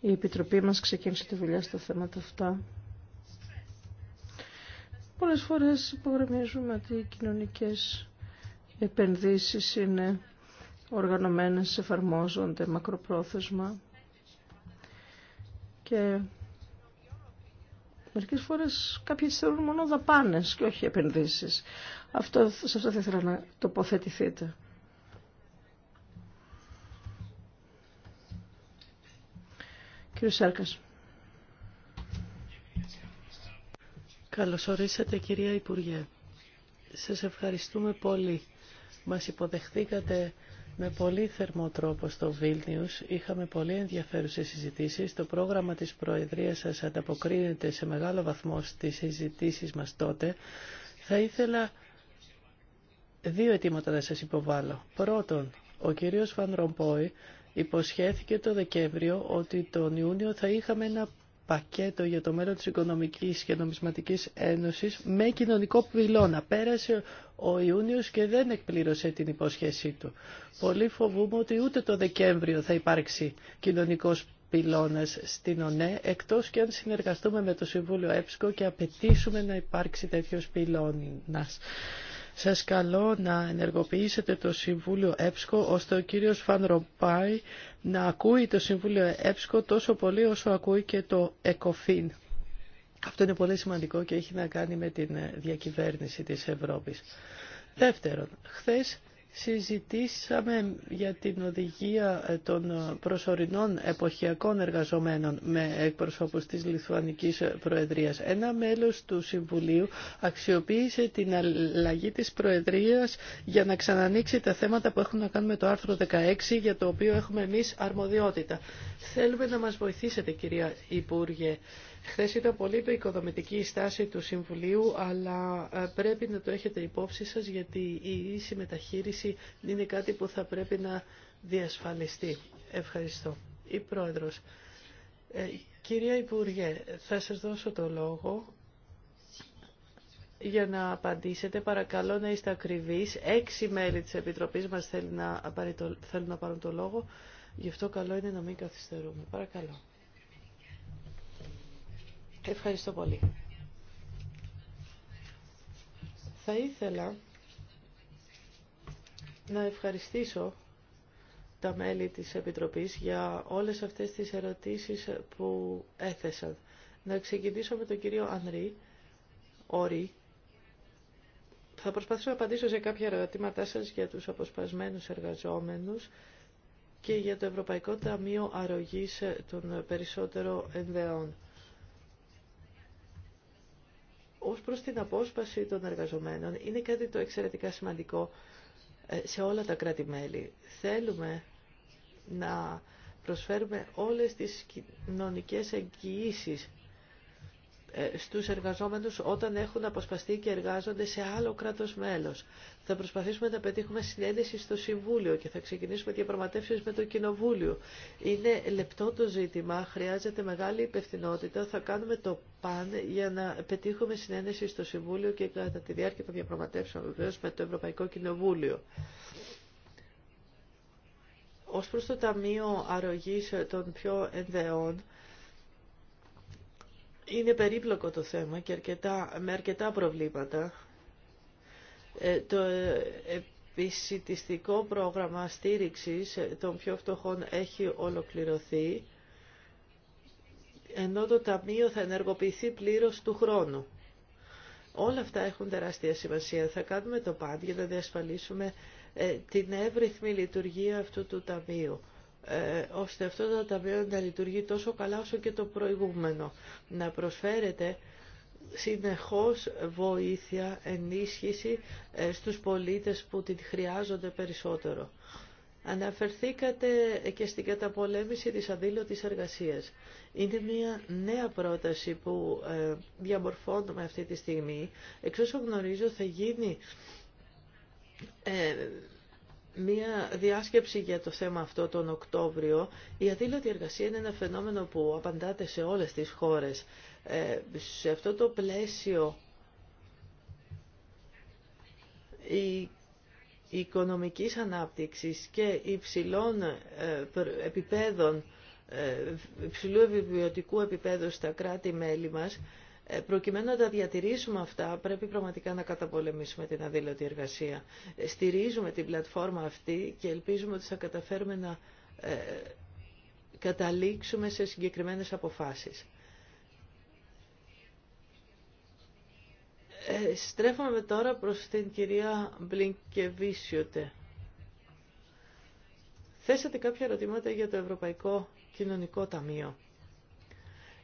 η Επιτροπή μας ξεκίνησε τη δουλειά στα θέματα αυτά. Πολλές φορές υπογραμμίζουμε ότι οι κοινωνικές επενδύσεις είναι οργανωμένες, εφαρμόζονται μακροπρόθεσμα και μερικές φορές κάποιοι θεωρούν μόνο δαπάνες και όχι επενδύσεις. Αυτό, σε αυτό θα ήθελα να τοποθετηθείτε. Κύριε Σέρκας. Καλώς ορίσατε κυρία Υπουργέ. Σας ευχαριστούμε πολύ μας υποδεχθήκατε με πολύ θερμό τρόπο στο Βίλνιους. Είχαμε πολύ ενδιαφέρουσες συζητήσεις. Το πρόγραμμα της Προεδρίας σας ανταποκρίνεται σε μεγάλο βαθμό στις συζητήσεις μας τότε. Θα ήθελα δύο αιτήματα να σας υποβάλω. Πρώτον, ο κύριος Φαν Ρομπόη υποσχέθηκε το Δεκέμβριο ότι τον Ιούνιο θα είχαμε ένα πακέτο για το μέλλον της Οικονομικής και Νομισματικής Ένωσης με κοινωνικό πυλώνα. Πέρασε ο Ιούνιος και δεν εκπλήρωσε την υπόσχεσή του. Πολύ φοβούμαι ότι ούτε το Δεκέμβριο θα υπάρξει κοινωνικός πυλώνας στην ΟΝΕ, εκτός και αν συνεργαστούμε με το Συμβούλιο ΕΠΣΚΟ και απαιτήσουμε να υπάρξει τέτοιος πυλώνας. Σας καλώ να ενεργοποιήσετε το Συμβούλιο ΕΠΣΚΟ ώστε ο κύριος Φαν να ακούει το Συμβούλιο ΕΠΣΚΟ τόσο πολύ όσο ακούει και το ΕΚΟΦΗΝ. Αυτό είναι πολύ σημαντικό και έχει να κάνει με την διακυβέρνηση της Ευρώπης. Δεύτερον, χθες συζητήσαμε για την οδηγία ε, των ε, προσωρινών εποχιακών εργαζομένων με εκπροσώπους της Λιθουανικής ε, Προεδρίας. Ένα μέλος του Συμβουλίου αξιοποίησε την αλλαγή της Προεδρίας για να ξανανοίξει τα θέματα που έχουν να κάνουν με το άρθρο 16 για το οποίο έχουμε εμείς αρμοδιότητα. Θέλουμε να μας βοηθήσετε κυρία Υπουργέ Χθε ήταν πολύ το οικοδομητική η στάση του Συμβουλίου, αλλά ε, πρέπει να το έχετε υπόψη σας γιατί η ίση μεταχείριση είναι κάτι που θα πρέπει να διασφαλιστεί. Ευχαριστώ. Η Πρόεδρος. Ε, κυρία Υπουργέ, θα σας δώσω το λόγο για να απαντήσετε. Παρακαλώ να είστε ακριβείς. Έξι μέλη της Επιτροπής μας θέλουν να, πάρουν το λόγο. Γι' αυτό καλό είναι να μην καθυστερούμε. Παρακαλώ. Ευχαριστώ πολύ. Θα ήθελα να ευχαριστήσω τα μέλη της Επιτροπής για όλες αυτές τις ερωτήσεις που έθεσαν. Να ξεκινήσω με τον κύριο Ανρή, Όρη. Θα προσπαθήσω να απαντήσω σε κάποια ερωτήματά σας για τους αποσπασμένους εργαζόμενους και για το Ευρωπαϊκό Ταμείο Αρρωγής των Περισσότερων Ενδεών. προς την απόσπαση των εργαζομένων είναι κάτι το εξαιρετικά σημαντικό ε, σε όλα τα κράτη-μέλη. Θέλουμε να προσφέρουμε όλες τις κοινωνικές εγγυήσεις ε, στους εργαζόμενους όταν έχουν αποσπαστεί και εργάζονται σε άλλο κράτος μέλος. Θα προσπαθήσουμε να πετύχουμε συνέντευξη στο Συμβούλιο και θα ξεκινήσουμε διαπραγματεύσεις με το Κοινοβούλιο. Είναι λεπτό το ζήτημα, χρειάζεται μεγάλη υπευθυνότητα. Θα κάνουμε το παν για να πετύχουμε συνέντευξη στο Συμβούλιο και κατά τη διάρκεια των διαπραγματεύσεων βεβαίως με το Ευρωπαϊκό Κοινοβούλιο. Ως προς το Ταμείο Αρρωγής των πιο ενδεών, είναι περίπλοκο το θέμα και αρκετά, με αρκετά προβλήματα. Ε, το ε, επισητιστικό πρόγραμμα στήριξης ε, των πιο φτωχών έχει ολοκληρωθεί, ενώ το Ταμείο θα ενεργοποιηθεί πλήρως του χρόνου. Όλα αυτά έχουν τεράστια σημασία. Θα κάνουμε το πάντια για να διασφαλίσουμε την εύρυθμη λειτουργία αυτού του Ταμείου. Ε, ώστε αυτό το ταμείο να λειτουργεί τόσο καλά όσο και το προηγούμενο. Να προσφέρεται συνεχώς βοήθεια, ενίσχυση ε, στους πολίτες που την χρειάζονται περισσότερο. Αναφερθήκατε και στην καταπολέμηση της αδήλωτης εργασίας. Είναι μια νέα πρόταση που ε, διαμορφώνουμε αυτή τη στιγμή. Εξ όσο γνωρίζω θα γίνει μία διάσκεψη για το θέμα αυτό τον Οκτώβριο. Η αδήλωτη εργασία είναι ένα φαινόμενο που απαντάται σε όλες τις χώρες. Ε, σε αυτό το πλαίσιο η οικονομικής ανάπτυξης και υψηλών ε, επιπέδων ε, υψηλού επιβιωτικού επίπεδου στα κράτη-μέλη μας ε, προκειμένου να τα διατηρήσουμε αυτά, πρέπει πραγματικά να καταπολεμήσουμε την αδήλωτη εργασία. Ε, στηρίζουμε την πλατφόρμα αυτή και ελπίζουμε ότι θα καταφέρουμε να ε, καταλήξουμε σε συγκεκριμένες αποφάσεις. στρέφομαι τώρα προς την κυρία Μπλινκεβίσιωτε. Θέσατε κάποια ερωτήματα για το Ευρωπαϊκό Κοινωνικό Ταμείο.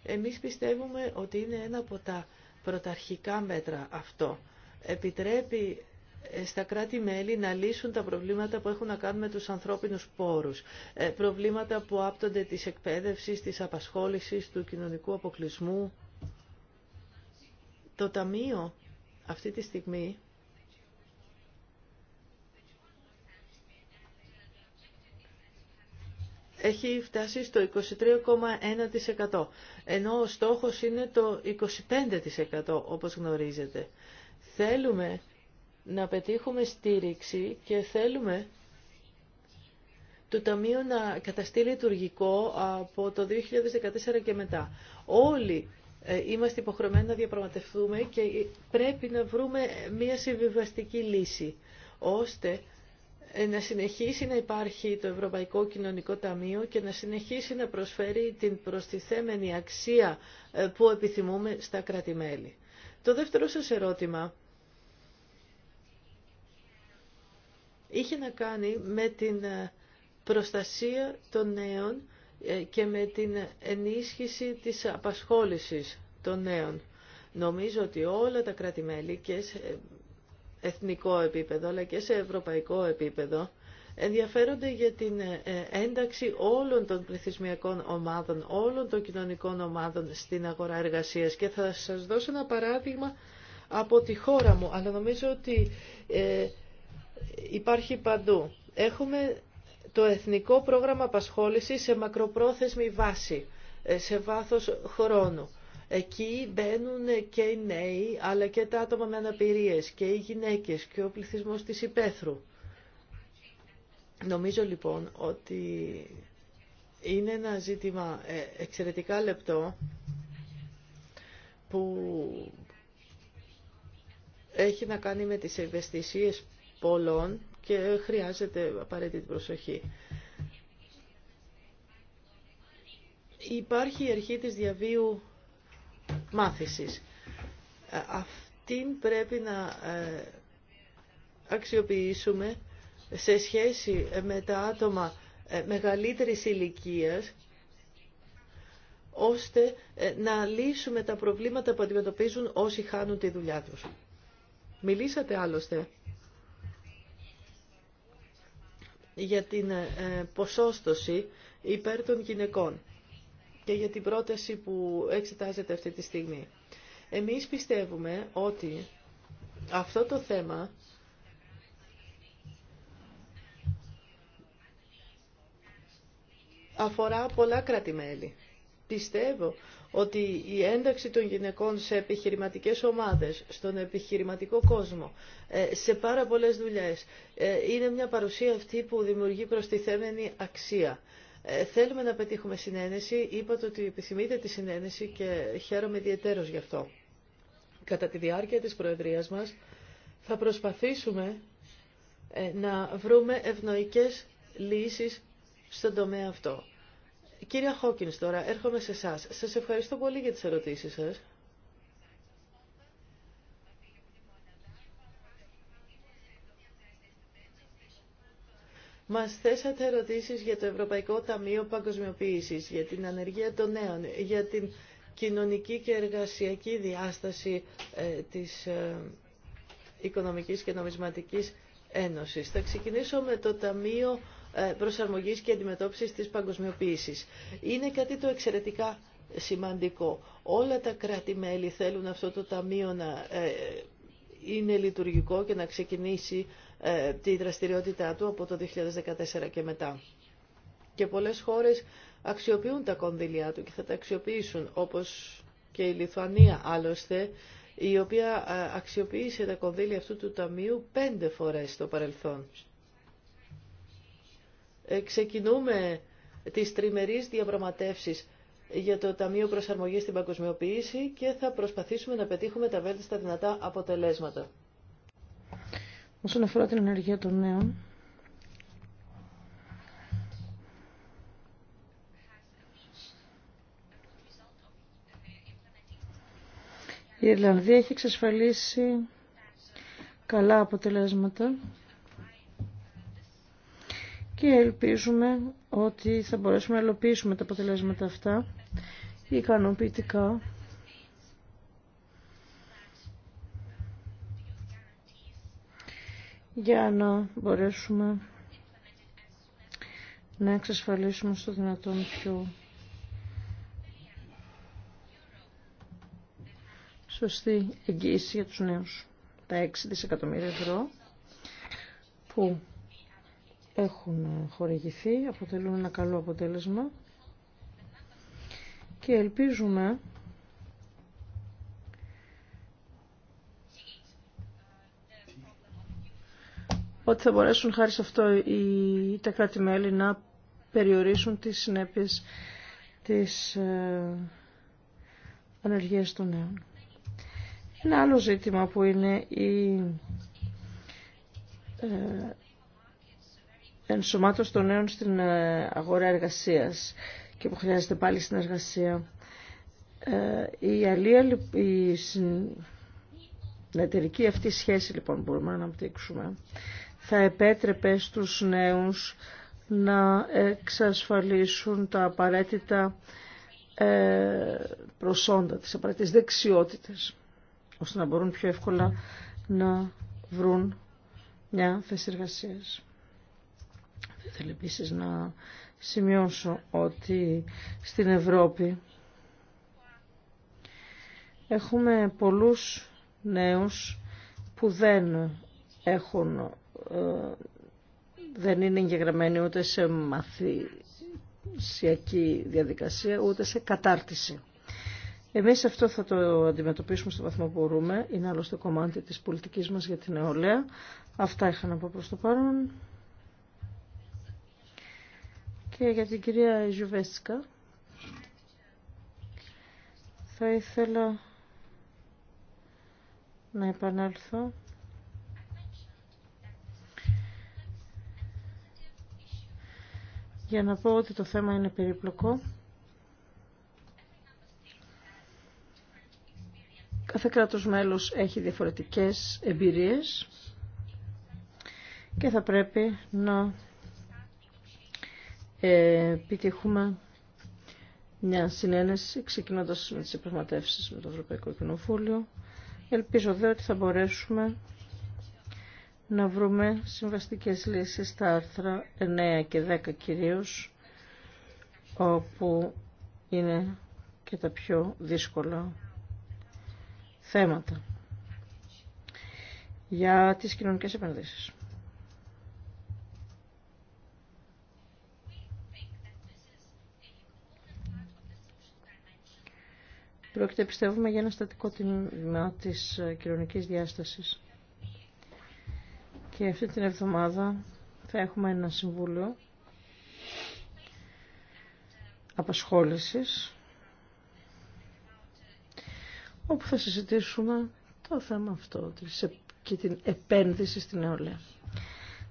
Εμείς πιστεύουμε ότι είναι ένα από τα πρωταρχικά μέτρα αυτό. Επιτρέπει ε, στα κράτη-μέλη να λύσουν τα προβλήματα που έχουν να κάνουν με τους ανθρώπινους πόρους. Ε, προβλήματα που άπτονται της εκπαίδευσης, της απασχόλησης, του κοινωνικού αποκλεισμού. Το Ταμείο αυτή τη στιγμή έχει φτάσει στο 23,1%. Ενώ ο στόχος είναι το 25% όπως γνωρίζετε. Θέλουμε να πετύχουμε στήριξη και θέλουμε το Ταμείο να καταστεί λειτουργικό από το 2014 και μετά. Όλοι ε, είμαστε υποχρεωμένοι να διαπραγματευτούμε και πρέπει να βρούμε μια συμβιβαστική λύση, ώστε να συνεχίσει να υπάρχει το Ευρωπαϊκό Κοινωνικό Ταμείο και να συνεχίσει να προσφέρει την προστιθέμενη αξία ε, που επιθυμούμε στα κρατη Το δεύτερο σας ερώτημα είχε να κάνει με την ε, προστασία των νέων ε, και με την ενίσχυση της απασχόλησης των νέων. Νομίζω ότι όλα τα κράτη-μέλη εθνικό επίπεδο αλλά και σε ευρωπαϊκό επίπεδο ενδιαφέρονται για την ε, ένταξη όλων των πληθυσμιακών ομάδων, όλων των κοινωνικών ομάδων στην αγορά εργασίας. Και θα σας δώσω ένα παράδειγμα από τη χώρα μου, αλλά νομίζω ότι ε, υπάρχει παντού. Έχουμε το Εθνικό Πρόγραμμα Απασχόλησης σε μακροπρόθεσμη βάση, ε, σε βάθος χρόνου. Εκεί μπαίνουν και οι νέοι, αλλά και τα άτομα με αναπηρίες και οι γυναίκες και ο πληθυσμός της υπαίθρου. Νομίζω λοιπόν ότι είναι ένα ζήτημα ε, εξαιρετικά λεπτό που έχει να κάνει με τις ευαισθησίες πολλών και χρειάζεται απαραίτητη προσοχή. Υπάρχει η αρχή της διαβίου μάθησης. Ε, αυτήν πρέπει να ε, αξιοποιήσουμε σε σχέση ε, με τα άτομα μεγαλύτερης ηλικίας ώστε να λύσουμε τα προβλήματα που αντιμετωπίζουν όσοι χάνουν τη δουλειά τους. Μιλήσατε άλλωστε για την ποσόστοση υπέρ των γυναικών και για την πρόταση που εξετάζεται αυτή τη στιγμή. Εμείς πιστεύουμε ότι αυτό το θέμα αφορά πολλά κράτη-μέλη. Πιστεύω ότι η ένταξη των γυναικών σε επιχειρηματικές ομάδες, στον επιχειρηματικό κόσμο, ε, σε πάρα πολλές δουλειές, ε, είναι μια παρουσία αυτή που δημιουργεί προστιθέμενη αξία. Ε, θέλουμε να πετύχουμε συνένεση. Είπατε ότι επιθυμείτε τη συνένεση και χαίρομαι ιδιαίτερω γι' αυτό. Κατά τη διάρκεια της Προεδρίας μας θα προσπαθήσουμε ε, να βρούμε ευνοϊκές λύσεις στον τομέα αυτό. Κύρια Χόκκινς τώρα, έρχομαι σε εσά. Σας ευχαριστώ πολύ για τις ερωτήσεις σας. Μας θέσατε ερωτήσεις για το Ευρωπαϊκό Ταμείο Παγκοσμιοποίησης, για την ανεργία των νέων, για την κοινωνική και εργασιακή διάσταση ε, της ε, Οικονομικής και Νομισματικής Ένωσης. Θα ξεκινήσω με το Ταμείο ε, Προσαρμογής και Αντιμετώπισης της Παγκοσμιοποίησης. Είναι κάτι το εξαιρετικά σημαντικό. Όλα τα κράτη-μέλη θέλουν αυτό το Ταμείο να είναι λειτουργικό και να ξεκινήσει ε, τη δραστηριότητά του από το 2014 και μετά. Και πολλές χώρες αξιοποιούν τα κονδύλια του και θα τα αξιοποιήσουν, όπως και η Λιθουανία άλλωστε, η οποία ε, αξιοποίησε τα κονδύλια αυτού του ταμείου πέντε φορές στο παρελθόν. Ε, ξεκινούμε τις τριμερείς διαπραγματεύσεις για το Ταμείο Προσαρμογής στην Παγκοσμιοποίηση και θα προσπαθήσουμε να πετύχουμε τα βέλτιστα δυνατά αποτελέσματα. Όσον αφορά την ενεργεία των νέων, η Ιρλανδία έχει εξασφαλίσει καλά αποτελέσματα και ελπίζουμε ότι θα μπορέσουμε να ελοπίσουμε τα αποτελέσματα αυτά ικανοποιητικά. για να μπορέσουμε να εξασφαλίσουμε στο δυνατόν πιο σωστή εγγύηση για τους νέους. Τα 6 δισεκατομμύρια ευρώ που έχουν χορηγηθεί, αποτελούν ένα καλό αποτέλεσμα και ελπίζουμε ότι θα μπορέσουν χάρη σε αυτό οι, τα κράτη-μέλη να περιορίσουν τις συνέπειες της ε, ανεργίας των νέων. Ένα άλλο ζήτημα που είναι η ε, ενσωμάτωση των νέων στην ε, αγορά εργασίας και που χρειάζεται πάλι συνεργασία. Ε, η, αλία, η συνεταιρική αυτή σχέση λοιπόν μπορούμε να αναπτύξουμε θα επέτρεπε στους νέους να εξασφαλίσουν τα απαραίτητα ε, προσόντα, τις απαραίτητες δεξιότητες, ώστε να μπορούν πιο εύκολα να βρουν μια θέση εργασίας. Θέλω επίση να σημειώσω ότι στην Ευρώπη έχουμε πολλούς νέους που δεν έχουν, ε, δεν είναι εγγεγραμμένοι ούτε σε μαθησιακή διαδικασία, ούτε σε κατάρτιση. Εμείς αυτό θα το αντιμετωπίσουμε στο βαθμό που μπορούμε. Είναι άλλωστε κομμάτι της πολιτικής μας για την νεολαία. Αυτά είχα να πω προς το παρόν και για την κυρία Ζουβέσκα. Θα ήθελα να επανέλθω. Για να πω ότι το θέμα είναι περίπλοκο. Κάθε κράτος μέλος έχει διαφορετικές εμπειρίες και θα πρέπει να επιτύχουμε μια συνένεση ξεκινώντας με τις επιχειρηματεύσεις με το Ευρωπαϊκό Κοινοβούλιο. Ελπίζω δε ότι θα μπορέσουμε να βρούμε συμβαστικές λύσεις στα άρθρα 9 και 10 κυρίως, όπου είναι και τα πιο δύσκολα θέματα για τις κοινωνικές επενδύσεις. Πρόκειται, πιστεύουμε, για ένα στατικό τμήμα της ε, κοινωνικής διάστασης. Και αυτή την εβδομάδα θα έχουμε ένα συμβούλιο απασχόλησης όπου θα συζητήσουμε το θέμα αυτό και την επένδυση στην νεολαία.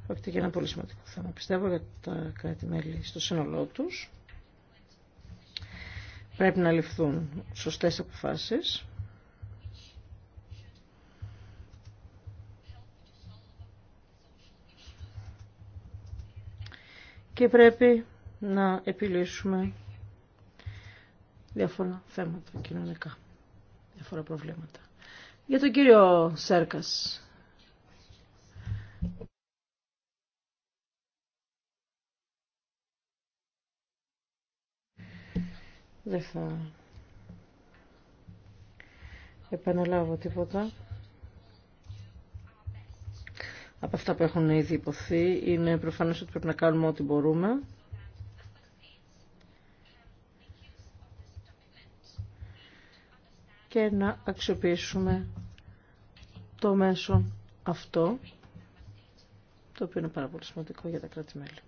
Πρόκειται για ένα πολύ σημαντικό θέμα, πιστεύω, για τα κράτη-μέλη στο σύνολό τους. Πρέπει να ληφθούν σωστές αποφάσεις. Και πρέπει να επιλύσουμε διάφορα θέματα κοινωνικά, διάφορα προβλήματα. Για τον κύριο Σέρκας, Δεν θα επαναλάβω τίποτα. Από αυτά που έχουν ήδη υποθεί είναι προφανές ότι πρέπει να κάνουμε ό,τι μπορούμε. και να αξιοποιήσουμε το μέσο αυτό, το οποίο είναι πάρα πολύ σημαντικό για τα κράτη-μέλη.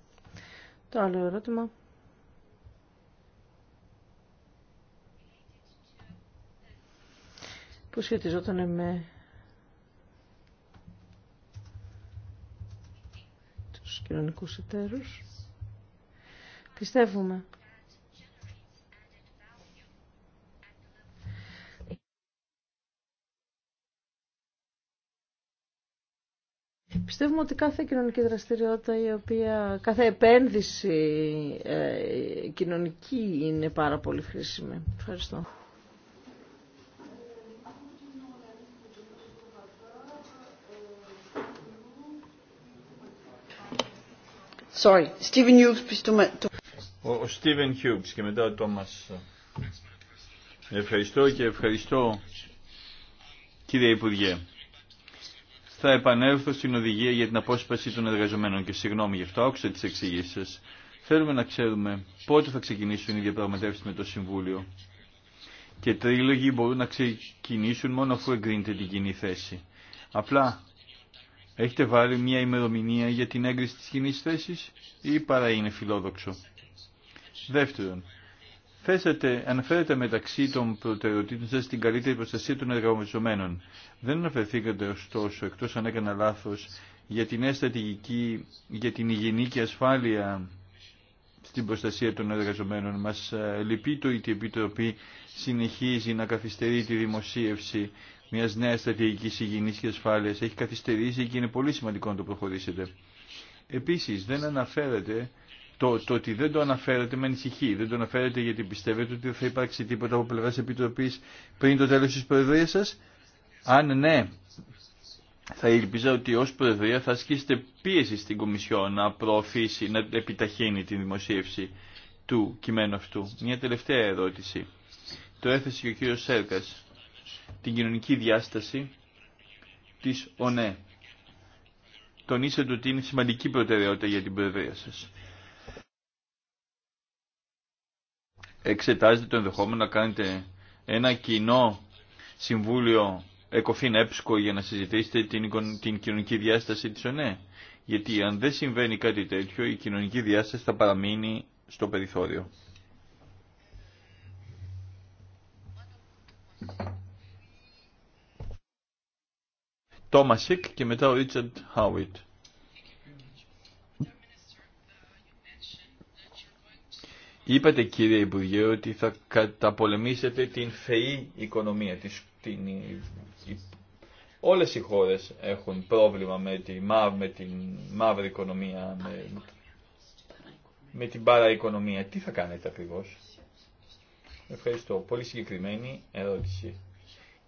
Το άλλο ερώτημα. που σχετιζόταν με τους κοινωνικούς εταίρους. Πιστεύουμε Πιστεύουμε ότι κάθε κοινωνική δραστηριότητα η οποία, κάθε επένδυση ε, κοινωνική είναι πάρα πολύ χρήσιμη. Ευχαριστώ. Sorry, Ο Στίβεν Hughes και μετά ο Τόμας. Ευχαριστώ και ευχαριστώ κύριε Υπουργέ. Θα επανέλθω στην οδηγία για την απόσπαση των εργαζομένων και συγγνώμη γι' αυτό, άκουσα τις εξηγήσεις σας. Θέλουμε να ξέρουμε πότε θα ξεκινήσουν οι διαπραγματεύσεις με το Συμβούλιο. Και τρίλογοι μπορούν να ξεκινήσουν μόνο αφού εγκρίνεται την κοινή θέση. Απλά Έχετε βάλει μια ημερομηνία για την έγκριση της κοινή θέση ή παρά είναι φιλόδοξο. Δεύτερον, θέσατε, αναφέρετε μεταξύ των προτεραιοτήτων σας την καλύτερη προστασία των εργαζομένων. Δεν αναφερθήκατε ωστόσο, εκτός αν έκανα λάθος, για την νέα στρατηγική, για την υγιεινή και ασφάλεια στην προστασία των εργαζομένων. Μας ε, λυπεί το ότι η Επιτροπή συνεχίζει να καθυστερεί τη δημοσίευση μια νέα στρατηγική υγιεινή και ασφάλεια έχει καθυστερήσει και είναι πολύ σημαντικό να το προχωρήσετε. Επίση, δεν αναφέρεται, το, το ότι δεν το αναφέρετε με ανησυχεί, δεν το αναφέρετε γιατί πιστεύετε ότι θα υπάρξει τίποτα από πλευρά επιτροπή πριν το τέλο τη Προεδρία σα, Αν ναι, θα ελπίζω ότι ω Προεδρία θα ασκήσετε πίεση στην Κομισιό να προωθήσει, να επιταχύνει την δημοσίευση του κειμένου αυτού. Μια τελευταία ερώτηση. Το έθεσε και ο κύριος Σέρκα την κοινωνική διάσταση της ΟΝΕ. Τονίσετε ότι είναι σημαντική προτεραιότητα για την Προεδρία σας. Εξετάζετε το ενδεχόμενο να κάνετε ένα κοινό συμβούλιο ΕΚΟΦΗΝ ΕΠΣΚΟ για να συζητήσετε την, την κοινωνική διάσταση της ΟΝΕ. Γιατί αν δεν συμβαίνει κάτι τέτοιο, η κοινωνική διάσταση θα παραμείνει στο περιθώριο. Τόμασικ και μετά ο Ρίτσαρντ Χάουιτ. Είπατε κύριε Υπουργέ ότι θα καταπολεμήσετε την φαιή οικονομία. Την, όλες οι χώρες έχουν πρόβλημα με, τη, με την μαύρη οικονομία, με, με την παραοικονομία. Τι θα κάνετε ακριβώς. Ευχαριστώ. Πολύ συγκεκριμένη ερώτηση.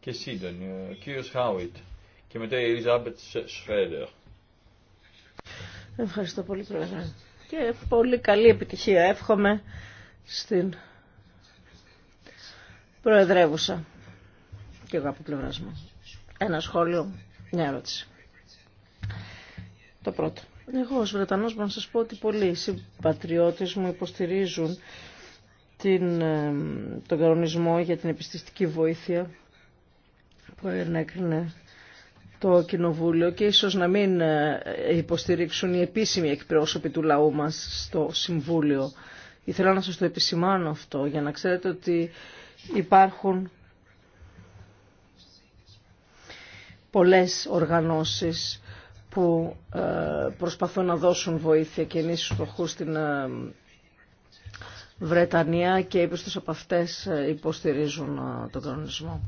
Και σύντονη. Ο κύριος Χάουιτ. Και μετά η Ελίζαμπετ Σφέλερ. Ευχαριστώ πολύ, Πρόεδρε. Και πολύ καλή επιτυχία εύχομαι στην Προεδρεύουσα και εγώ από πλευρά μου. Ένα σχόλιο, μια ερώτηση. Το πρώτο. Εγώ ως Βρετανός μπορώ να σας πω ότι πολλοί συμπατριώτες μου υποστηρίζουν την, ε, τον κανονισμό για την επιστηστική βοήθεια που ενέκρινε το Κοινοβούλιο και ίσως να μην ε, υποστηρίξουν οι επίσημοι εκπρόσωποι του λαού μας στο Συμβούλιο. Ήθελα να σας το επισημάνω αυτό για να ξέρετε ότι υπάρχουν πολλές οργανώσεις που ε, προσπαθούν να δώσουν βοήθεια και ενίσχυση στοχού στην ε, Βρετανία και οι από αυτές ε, υποστηρίζουν ε, τον κανονισμό.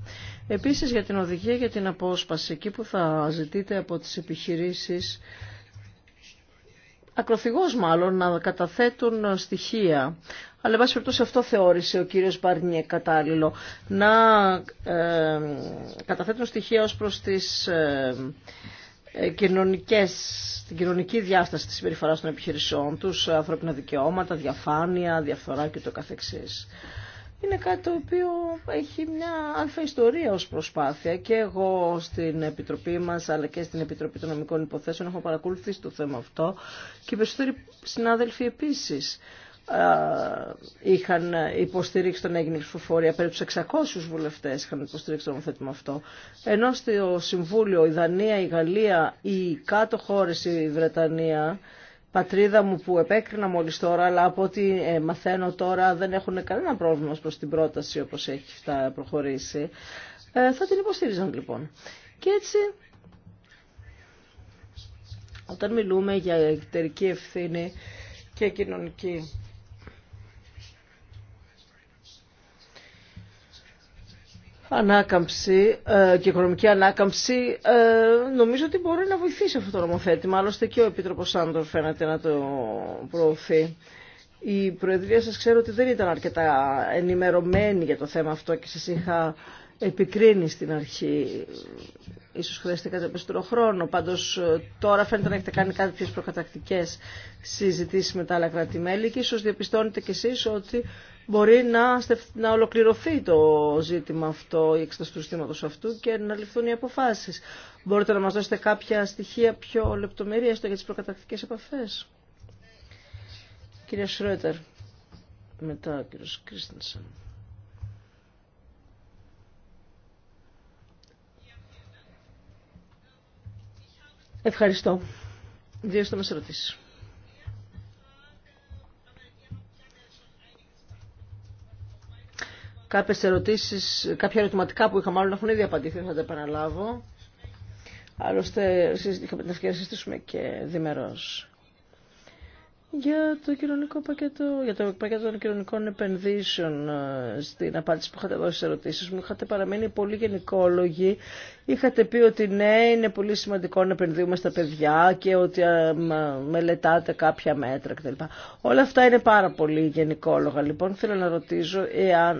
Επίσης για την οδηγία για την απόσπαση, εκεί που θα ζητείτε από τις επιχειρήσεις ακροθυγώς μάλλον να καταθέτουν ε, στοιχεία. Αλλά εν περιπτώσει αυτό θεώρησε ο κύριος Μπαρνιέ κατάλληλο. Να καταθέτουν στοιχεία ως προς τις... Ε, την κοινωνική διάσταση της συμπεριφορά των επιχειρησιών τους, ανθρώπινα δικαιώματα, διαφάνεια, διαφθορά και το καθεξής. Είναι κάτι το οποίο έχει μια αλφα ιστορία ως προσπάθεια και εγώ στην Επιτροπή μας αλλά και στην Επιτροπή των Νομικών Υποθέσεων έχω παρακολουθήσει το θέμα αυτό και οι περισσότεροι συνάδελφοι επίσης. Ε, είχαν υποστηρίξει τον έγινε ψηφοφορία. Περίπου τους 600 βουλευτές είχαν υποστηρίξει το νομοθέτημα αυτό. Ενώ στο Συμβούλιο η Δανία, η Γαλλία, οι κάτω χώρες, η Βρετανία, πατρίδα μου που επέκρινα μόλις τώρα, αλλά από ό,τι ε, μαθαίνω τώρα δεν έχουν κανένα πρόβλημα προς την πρόταση όπως έχει προχωρήσει. Ε, θα την υποστηρίζαν λοιπόν. Και έτσι όταν μιλούμε για εταιρική ευθύνη και κοινωνική ανάκαμψη ε, και οικονομική ανάκαμψη ε, νομίζω ότι μπορεί να βοηθήσει αυτό το νομοθέτημα. Άλλωστε και ο Επίτροπος Σάντορ φαίνεται να το προωθεί. Η Προεδρία σας ξέρω ότι δεν ήταν αρκετά ενημερωμένη για το θέμα αυτό και σας είχα επικρίνει στην αρχή. Ίσως χρειαστήκατε περισσότερο χρόνο. Πάντως ε, τώρα φαίνεται να έχετε κάνει κάποιες προκατακτικές συζητήσεις με τα άλλα κράτη-μέλη και ίσως διαπιστώνετε κι εσείς ότι μπορεί να, να ολοκληρωθεί το ζήτημα αυτό, η εξετασία του ζητήματο αυτού και να ληφθούν οι αποφάσει. Μπορείτε να μας δώσετε κάποια στοιχεία πιο λεπτομερή, για τις προκατακτικές επαφέ. Κυρία Σρότερ, μετά ο κύριος Κρίστινσεν. Ευχαριστώ. Δύο στόμες ερωτήσεις. Κάποιες ερωτήσεις, κάποια ερωτηματικά που είχα μάλλον έχουν ήδη απαντηθεί, θα τα επαναλάβω. Άλλωστε, είχαμε την ευκαιρία να συζητήσουμε και διμερώς για το κοινωνικό πακέτο, για το πακέτο των κοινωνικών επενδύσεων ε, στην απάντηση που είχατε δώσει στις ερωτήσεις μου. Είχατε παραμείνει πολύ γενικόλογοι. Είχατε πει ότι ναι, είναι πολύ σημαντικό να επενδύουμε στα παιδιά και ότι ε, μελετάτε κάποια μέτρα κτλ. Όλα αυτά είναι πάρα πολύ γενικόλογα. Λοιπόν, θέλω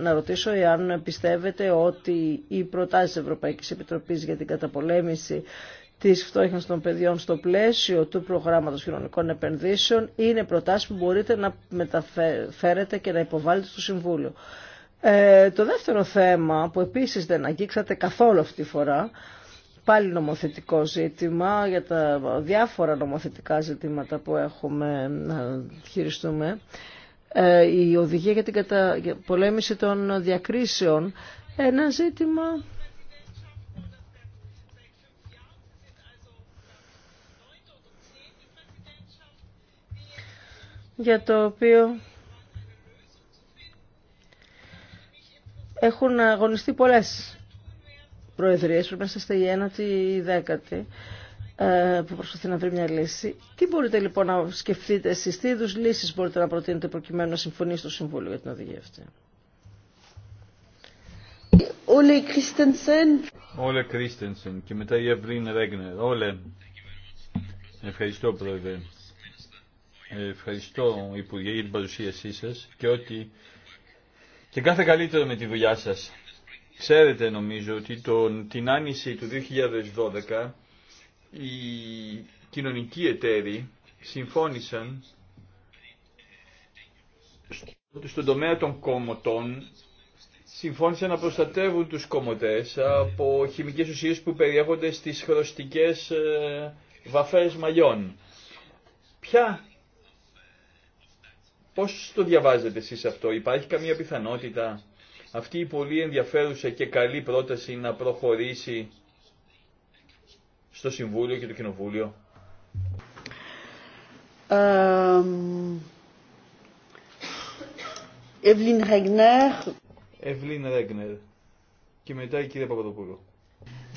να ρωτήσω εάν, πιστεύετε ότι οι προτάσεις Ευρωπαϊκής Επιτροπής για την καταπολέμηση της φτώχειας των παιδιών στο πλαίσιο του προγράμματος κοινωνικών επενδύσεων είναι προτάσεις που μπορείτε να μεταφέρετε και να υποβάλλετε στο Συμβούλιο. Ε, το δεύτερο θέμα που επίσης δεν αγγίξατε καθόλου αυτή τη φορά, πάλι νομοθετικό ζήτημα για τα διάφορα νομοθετικά ζητήματα που έχουμε να χειριστούμε, ε, η οδηγία για την πολέμηση των διακρίσεων, ένα ζήτημα για το οποίο έχουν αγωνιστεί πολλές προεδρίες, πρέπει να είστε η ένατη ή η δέκατη, ε, που προσπαθεί να βρει μια λύση. Τι μπορείτε λοιπόν να σκεφτείτε εσείς, τι είδους λύσεις μπορείτε να προτείνετε προκειμένου να συμφωνήσει στο Συμβούλιο για την οδηγία αυτή. Όλε Κρίστενσεν. Όλε Κρίστενσεν και μετά η Ευρύν Ρέγνερ. Όλε. Ευχαριστώ πρόεδρε. Ευχαριστώ Υπουργέ για την παρουσίασή σας και ότι και κάθε καλύτερο με τη δουλειά σας. Ξέρετε νομίζω ότι τον, την άνοιση του 2012 οι κοινωνικοί εταίροι συμφώνησαν στον τομέα των κομμωτών συμφώνησαν να προστατεύουν τους κομμωτές από χημικές ουσίες που περιέχονται στις χρωστικές ε, βαφές μαλλιών. Ποια Πώς το διαβάζετε εσείς αυτό, υπάρχει καμία πιθανότητα αυτή η πολύ ενδιαφέρουσα και καλή πρόταση να προχωρήσει στο Συμβούλιο και το Κοινοβούλιο. Ευλίν Ρέγνερ. Εύλιν Ρέγνερ. Και μετά η κυρία Παπαδοπούλου.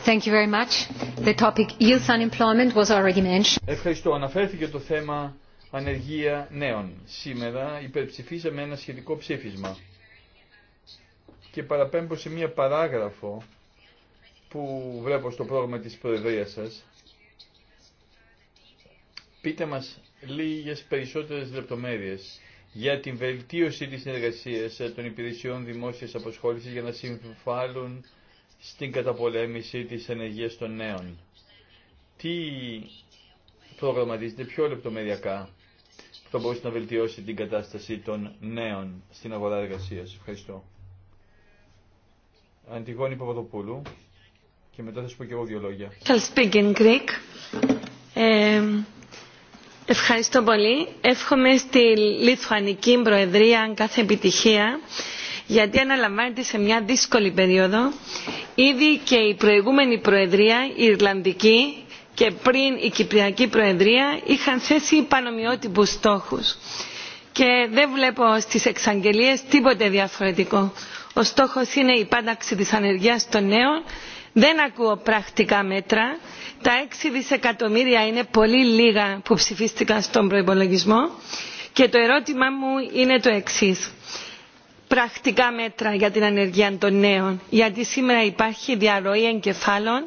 Thank you very much. The topic youth unemployment was already mentioned. Ευχαριστώ. Αναφέρθηκε το θέμα ανεργία νέων. Σήμερα υπερψηφίσαμε ένα σχετικό ψήφισμα και παραπέμπω σε μία παράγραφο που βλέπω στο πρόγραμμα της Προεδρίας σας. Πείτε μας λίγες περισσότερες λεπτομέρειες για την βελτίωση της συνεργασίας των υπηρεσιών δημόσιας αποσχόλησης για να συμβάλλουν στην καταπολέμηση της ενεργείας των νέων. Τι προγραμματίζετε πιο λεπτομεριακά θα μπορούσε να βελτιώσει την κατάσταση των νέων στην αγορά εργασίας. Ευχαριστώ. Αντιγόνη Παπαδοπούλου και μετά θα σου πω και εγώ δύο λόγια. ευχαριστώ πολύ. Εύχομαι στη Λιθουανική Προεδρία κάθε επιτυχία γιατί αναλαμβάνεται σε μια δύσκολη περίοδο. Ήδη και η προηγούμενη Προεδρία, η Ιρλανδική, και πριν η Κυπριακή Προεδρία είχαν θέσει πανομοιότυπους στόχους και δεν βλέπω στις εξαγγελίες τίποτε διαφορετικό. Ο στόχος είναι η πάνταξη της ανεργίας των νέων, δεν ακούω πρακτικά μέτρα, τα 6 δισεκατομμύρια είναι πολύ λίγα που ψηφίστηκαν στον προϋπολογισμό και το ερώτημά μου είναι το εξής πρακτικά μέτρα για την ανεργία των νέων γιατί σήμερα υπάρχει διαρροή εγκεφάλων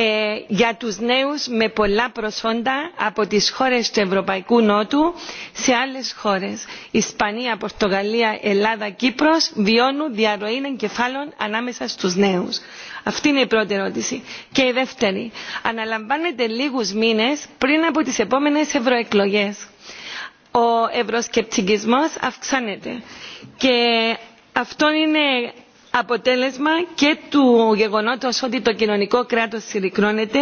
ε, για τους νέους με πολλά προσόντα από τις χώρες του Ευρωπαϊκού Νότου σε άλλες χώρες. Ισπανία, Πορτογαλία, Ελλάδα, Κύπρος βιώνουν διαρροή εγκεφάλων ανάμεσα στους νέους. Αυτή είναι η πρώτη ερώτηση. Και η δεύτερη. Αναλαμβάνεται λίγους μήνες πριν από τις επόμενες ευρωεκλογές. Ο ευρωσκεπτικισμός αυξάνεται. Και αυτό είναι αποτέλεσμα και του γεγονότος ότι το κοινωνικό κράτος συρρυκνώνεται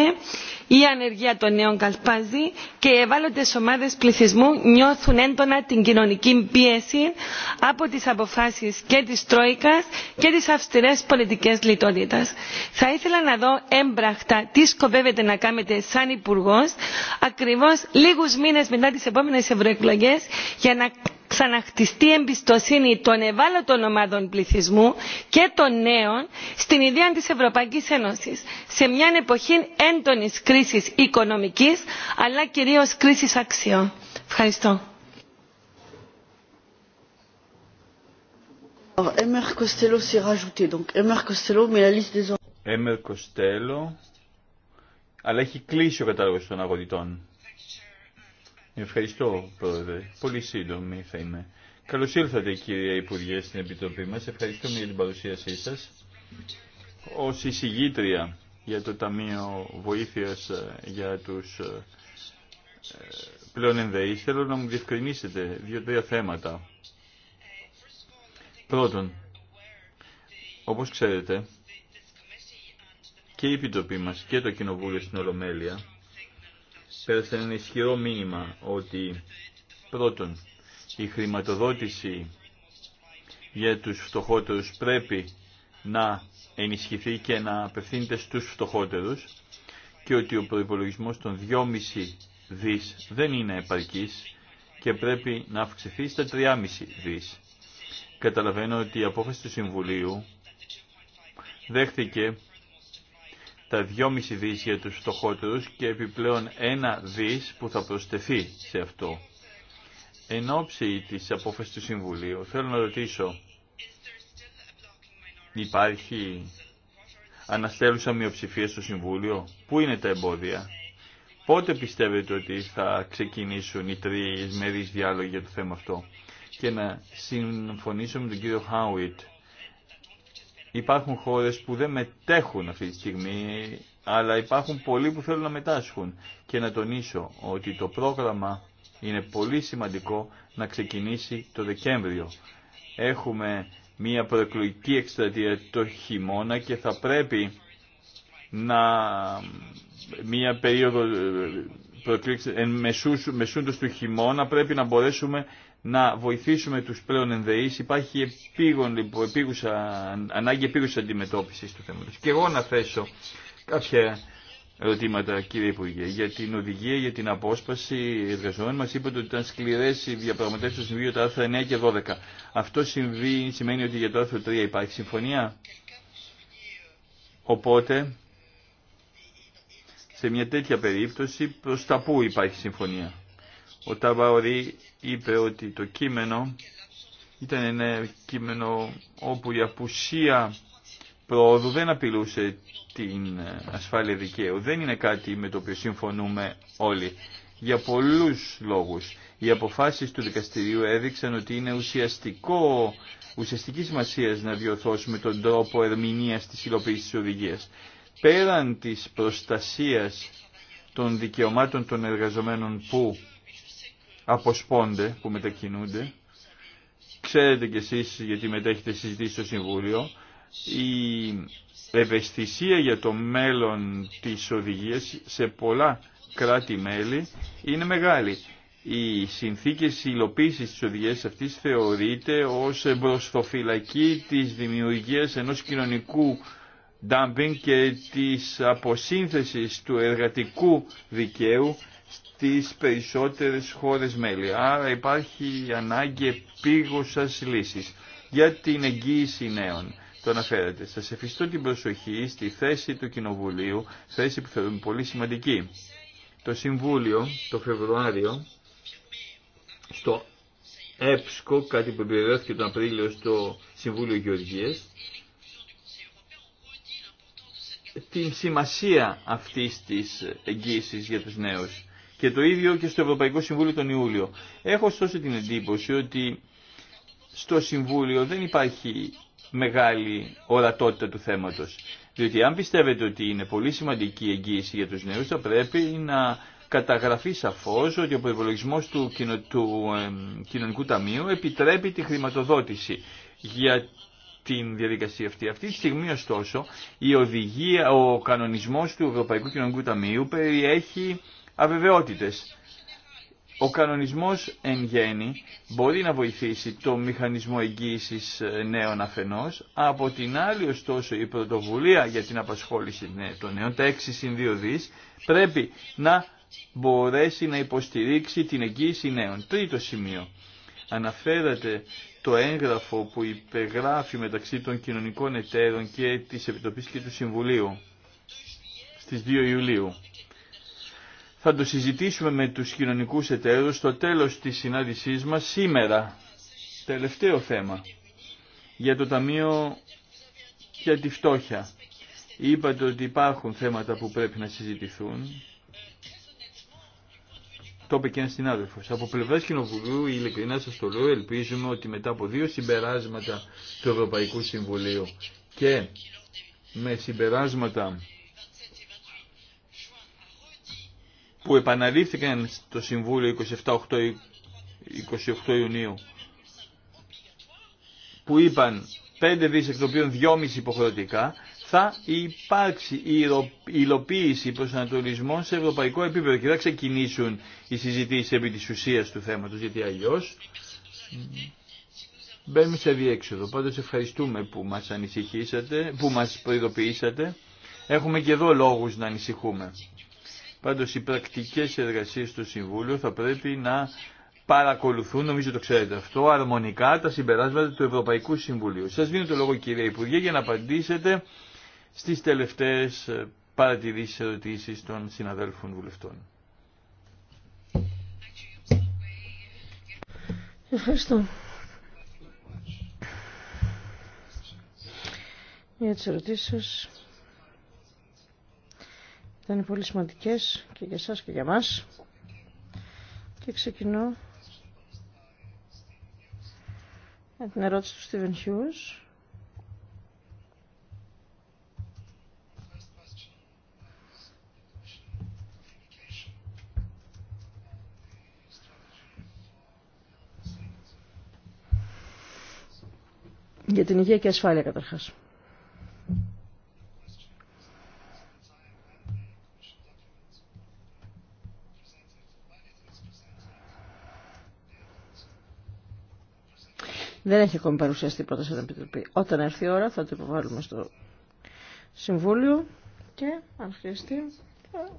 η ανεργία των νέων καλπάζει και οι ευάλωτες ομάδες πληθυσμού νιώθουν έντονα την κοινωνική πίεση από τις αποφάσεις και της τρόικας και τις αυστηρές πολιτικές λιτότητας. θα ήθελα να δω έμπραχτα τι σκοπεύετε να κάνετε σαν υπουργό ακριβώς λίγους μήνες μετά τις επόμενες ευρωεκλογές για να ξαναχτιστεί εμπιστοσύνη των ευάλωτων ομάδων πληθυσμού και των νέων στην ιδέα της ευρωπαϊκής ένωσης σε μια εποχή έντονης κρίσης οικονομικής αλλά κυρίως κρίσης αξιών. Ευχαριστώ. αλλά έχει κλείσει ο κατάλογος των Ευχαριστώ, Πρόεδρε. Πολύ σύντομη θα είμαι. Καλώς ήλθατε, κύριε Υπουργέ, στην Επιτροπή μας. Ευχαριστούμε για την παρουσίασή σας. Ως εισηγήτρια για το Ταμείο Βοήθειας ε, για τους ε, πλέον ενδεείς, θέλω να μου διευκρινίσετε δύο-τρία θέματα. Πρώτον, όπως ξέρετε, και η Επιτροπή μας και το Κοινοβούλιο στην Ολομέλεια Πέρασε ένα ισχυρό μήνυμα ότι πρώτον η χρηματοδότηση για τους φτωχότερους πρέπει να ενισχυθεί και να απευθύνεται στους φτωχότερους και ότι ο προϋπολογισμός των 2,5 δις δεν είναι επαρκής και πρέπει να αυξηθεί στα 3,5 δις. Καταλαβαίνω ότι η απόφαση του Συμβουλίου δέχθηκε τα 2,5 δις για τους φτωχότερους και επιπλέον ένα δις που θα προσθεθεί σε αυτό. Εν ώψη της απόφασης του Συμβουλίου, θέλω να ρωτήσω, υπάρχει αναστέλουσα μειοψηφία στο Συμβούλιο, πού είναι τα εμπόδια, πότε πιστεύετε ότι θα ξεκινήσουν οι τρεις μερίς διάλογοι για το θέμα αυτό και να συμφωνήσω με τον κύριο Χάουιτ Υπάρχουν χώρες που δεν μετέχουν αυτή τη στιγμή, αλλά υπάρχουν πολλοί που θέλουν να μετάσχουν. Και να τονίσω ότι το πρόγραμμα είναι πολύ σημαντικό να ξεκινήσει το Δεκέμβριο. Έχουμε μια προεκλογική εκστρατεία το χειμώνα και θα πρέπει να μια περίοδο εν μεσούς, μεσούντος του χειμώνα πρέπει να μπορέσουμε να βοηθήσουμε τους πλέον ενδεείς. Υπάρχει επίγον, επίγουσα, ανάγκη επίγουσα αντιμετώπισης του θέματος. Και εγώ να θέσω κάποια ερωτήματα κύριε Υπουργέ για την οδηγία για την απόσπαση εργαζομένων μας είπατε ότι ήταν σκληρές οι διαπραγματεύσεις του Συμβουλίου τα άρθρα 9 και 12 αυτό συμβεί, σημαίνει ότι για το άρθρο 3 υπάρχει συμφωνία οπότε σε μια τέτοια περίπτωση προς τα πού υπάρχει συμφωνία. Ο Ταβαωρή είπε ότι το κείμενο ήταν ένα κείμενο όπου η απουσία πρόοδου δεν απειλούσε την ασφάλεια δικαίου. Δεν είναι κάτι με το οποίο συμφωνούμε όλοι. Για πολλούς λόγους. Οι αποφάσεις του δικαστηρίου έδειξαν ότι είναι ουσιαστικό, ουσιαστική σημασία να διορθώσουμε τον τρόπο ερμηνείας της υλοποίησης της οδηγίας πέραν της προστασίας των δικαιωμάτων των εργαζομένων που αποσπώνται, που μετακινούνται, ξέρετε κι εσείς γιατί μετέχετε συζητήσει στο Συμβούλιο, η ευαισθησία για το μέλλον της οδηγίας σε πολλά κράτη-μέλη είναι μεγάλη. Οι συνθήκες υλοποίηση της οδηγίας αυτής θεωρείται ως εμπροσθοφυλακή της δημιουργίας ενός κοινωνικού dumping και της αποσύνθεσης του εργατικού δικαίου στις περισσότερες χώρες μέλη. Άρα υπάρχει ανάγκη επίγουσας λύσης για την εγγύηση νέων. Το αναφέρατε. Σας εφιστώ την προσοχή στη θέση του Κοινοβουλίου, θέση που θεωρούμε πολύ σημαντική. Το Συμβούλιο το Φεβρουάριο στο ΕΠΣΚΟ, κάτι που επιβεβαιώθηκε τον Απρίλιο στο Συμβούλιο Γεωργίας, την σημασία αυτής της εγγύησης για τους νέους. Και το ίδιο και στο Ευρωπαϊκό Συμβούλιο τον Ιούλιο. Έχω ωστόσο την εντύπωση ότι στο Συμβούλιο δεν υπάρχει μεγάλη ορατότητα του θέματος. Διότι αν πιστεύετε ότι είναι πολύ σημαντική η εγγύηση για τους νέους θα πρέπει να καταγραφεί σαφώς ότι ο προπολογισμό του, του Κοινωνικού Ταμείου επιτρέπει τη χρηματοδότηση την διαδικασία αυτή. Αυτή τη στιγμή ωστόσο η οδηγία, ο κανονισμός του Ευρωπαϊκού Κοινωνικού Ταμείου περιέχει αβεβαιότητες. Ο κανονισμός εν γέννη μπορεί να βοηθήσει το μηχανισμό εγγύησης νέων αφενός, από την άλλη ωστόσο η πρωτοβουλία για την απασχόληση των νέων, τα 6 συν 2 δις, πρέπει να μπορέσει να υποστηρίξει την εγγύηση νέων. Τρίτο σημείο αναφέρατε το έγγραφο που υπεγράφει μεταξύ των κοινωνικών εταίρων και της Επιτροπής και του Συμβουλίου στις 2 Ιουλίου. Θα το συζητήσουμε με τους κοινωνικούς εταίρους στο τέλος της συνάντησής μας σήμερα. Τελευταίο θέμα για το Ταμείο για τη Φτώχεια. Είπατε ότι υπάρχουν θέματα που πρέπει να συζητηθούν το είπε και ένα συνάδελφο. Από πλευρά Κοινοβουλίου, ειλικρινά σα το λέω, ελπίζουμε ότι μετά από δύο συμπεράσματα του Ευρωπαϊκού Συμβουλίου και με συμπεράσματα που επαναλήφθηκαν στο Συμβούλιο 27-28 Ιουνίου που είπαν πέντε δις εκ των οποίων 2,5 υποχρεωτικά θα υπάρξει η υλοποίηση προσανατολισμών σε ευρωπαϊκό επίπεδο και θα ξεκινήσουν οι συζητήσεις επί της ουσίας του θέματος, γιατί αλλιώς μπαίνουμε σε διέξοδο. Πάντως ευχαριστούμε που μας ανησυχήσατε, που μας προειδοποιήσατε. Έχουμε και εδώ λόγους να ανησυχούμε. Πάντως οι πρακτικές εργασίες του Συμβούλιο θα πρέπει να παρακολουθούν, νομίζω το ξέρετε αυτό, αρμονικά τα συμπεράσματα του Ευρωπαϊκού Συμβουλίου. Σας δίνω το λόγο κύριε Υπουργέ για να απαντήσετε στις τελευταίες ε, παρατηρήσεις ερωτήσεις των συναδέλφων βουλευτών. Ευχαριστώ. Για τις ερωτήσεις σας. Ήταν πολύ σημαντικές και για σας και για μας. Και ξεκινώ με την ερώτηση του Στίβεν Χιούς για την υγεία και ασφάλεια καταρχάς. Δεν έχει ακόμη παρουσιαστεί πρώτα στην Επιτροπή. Όταν έρθει η ώρα θα το υποβάλουμε στο Συμβούλιο και αν χρειαστεί θα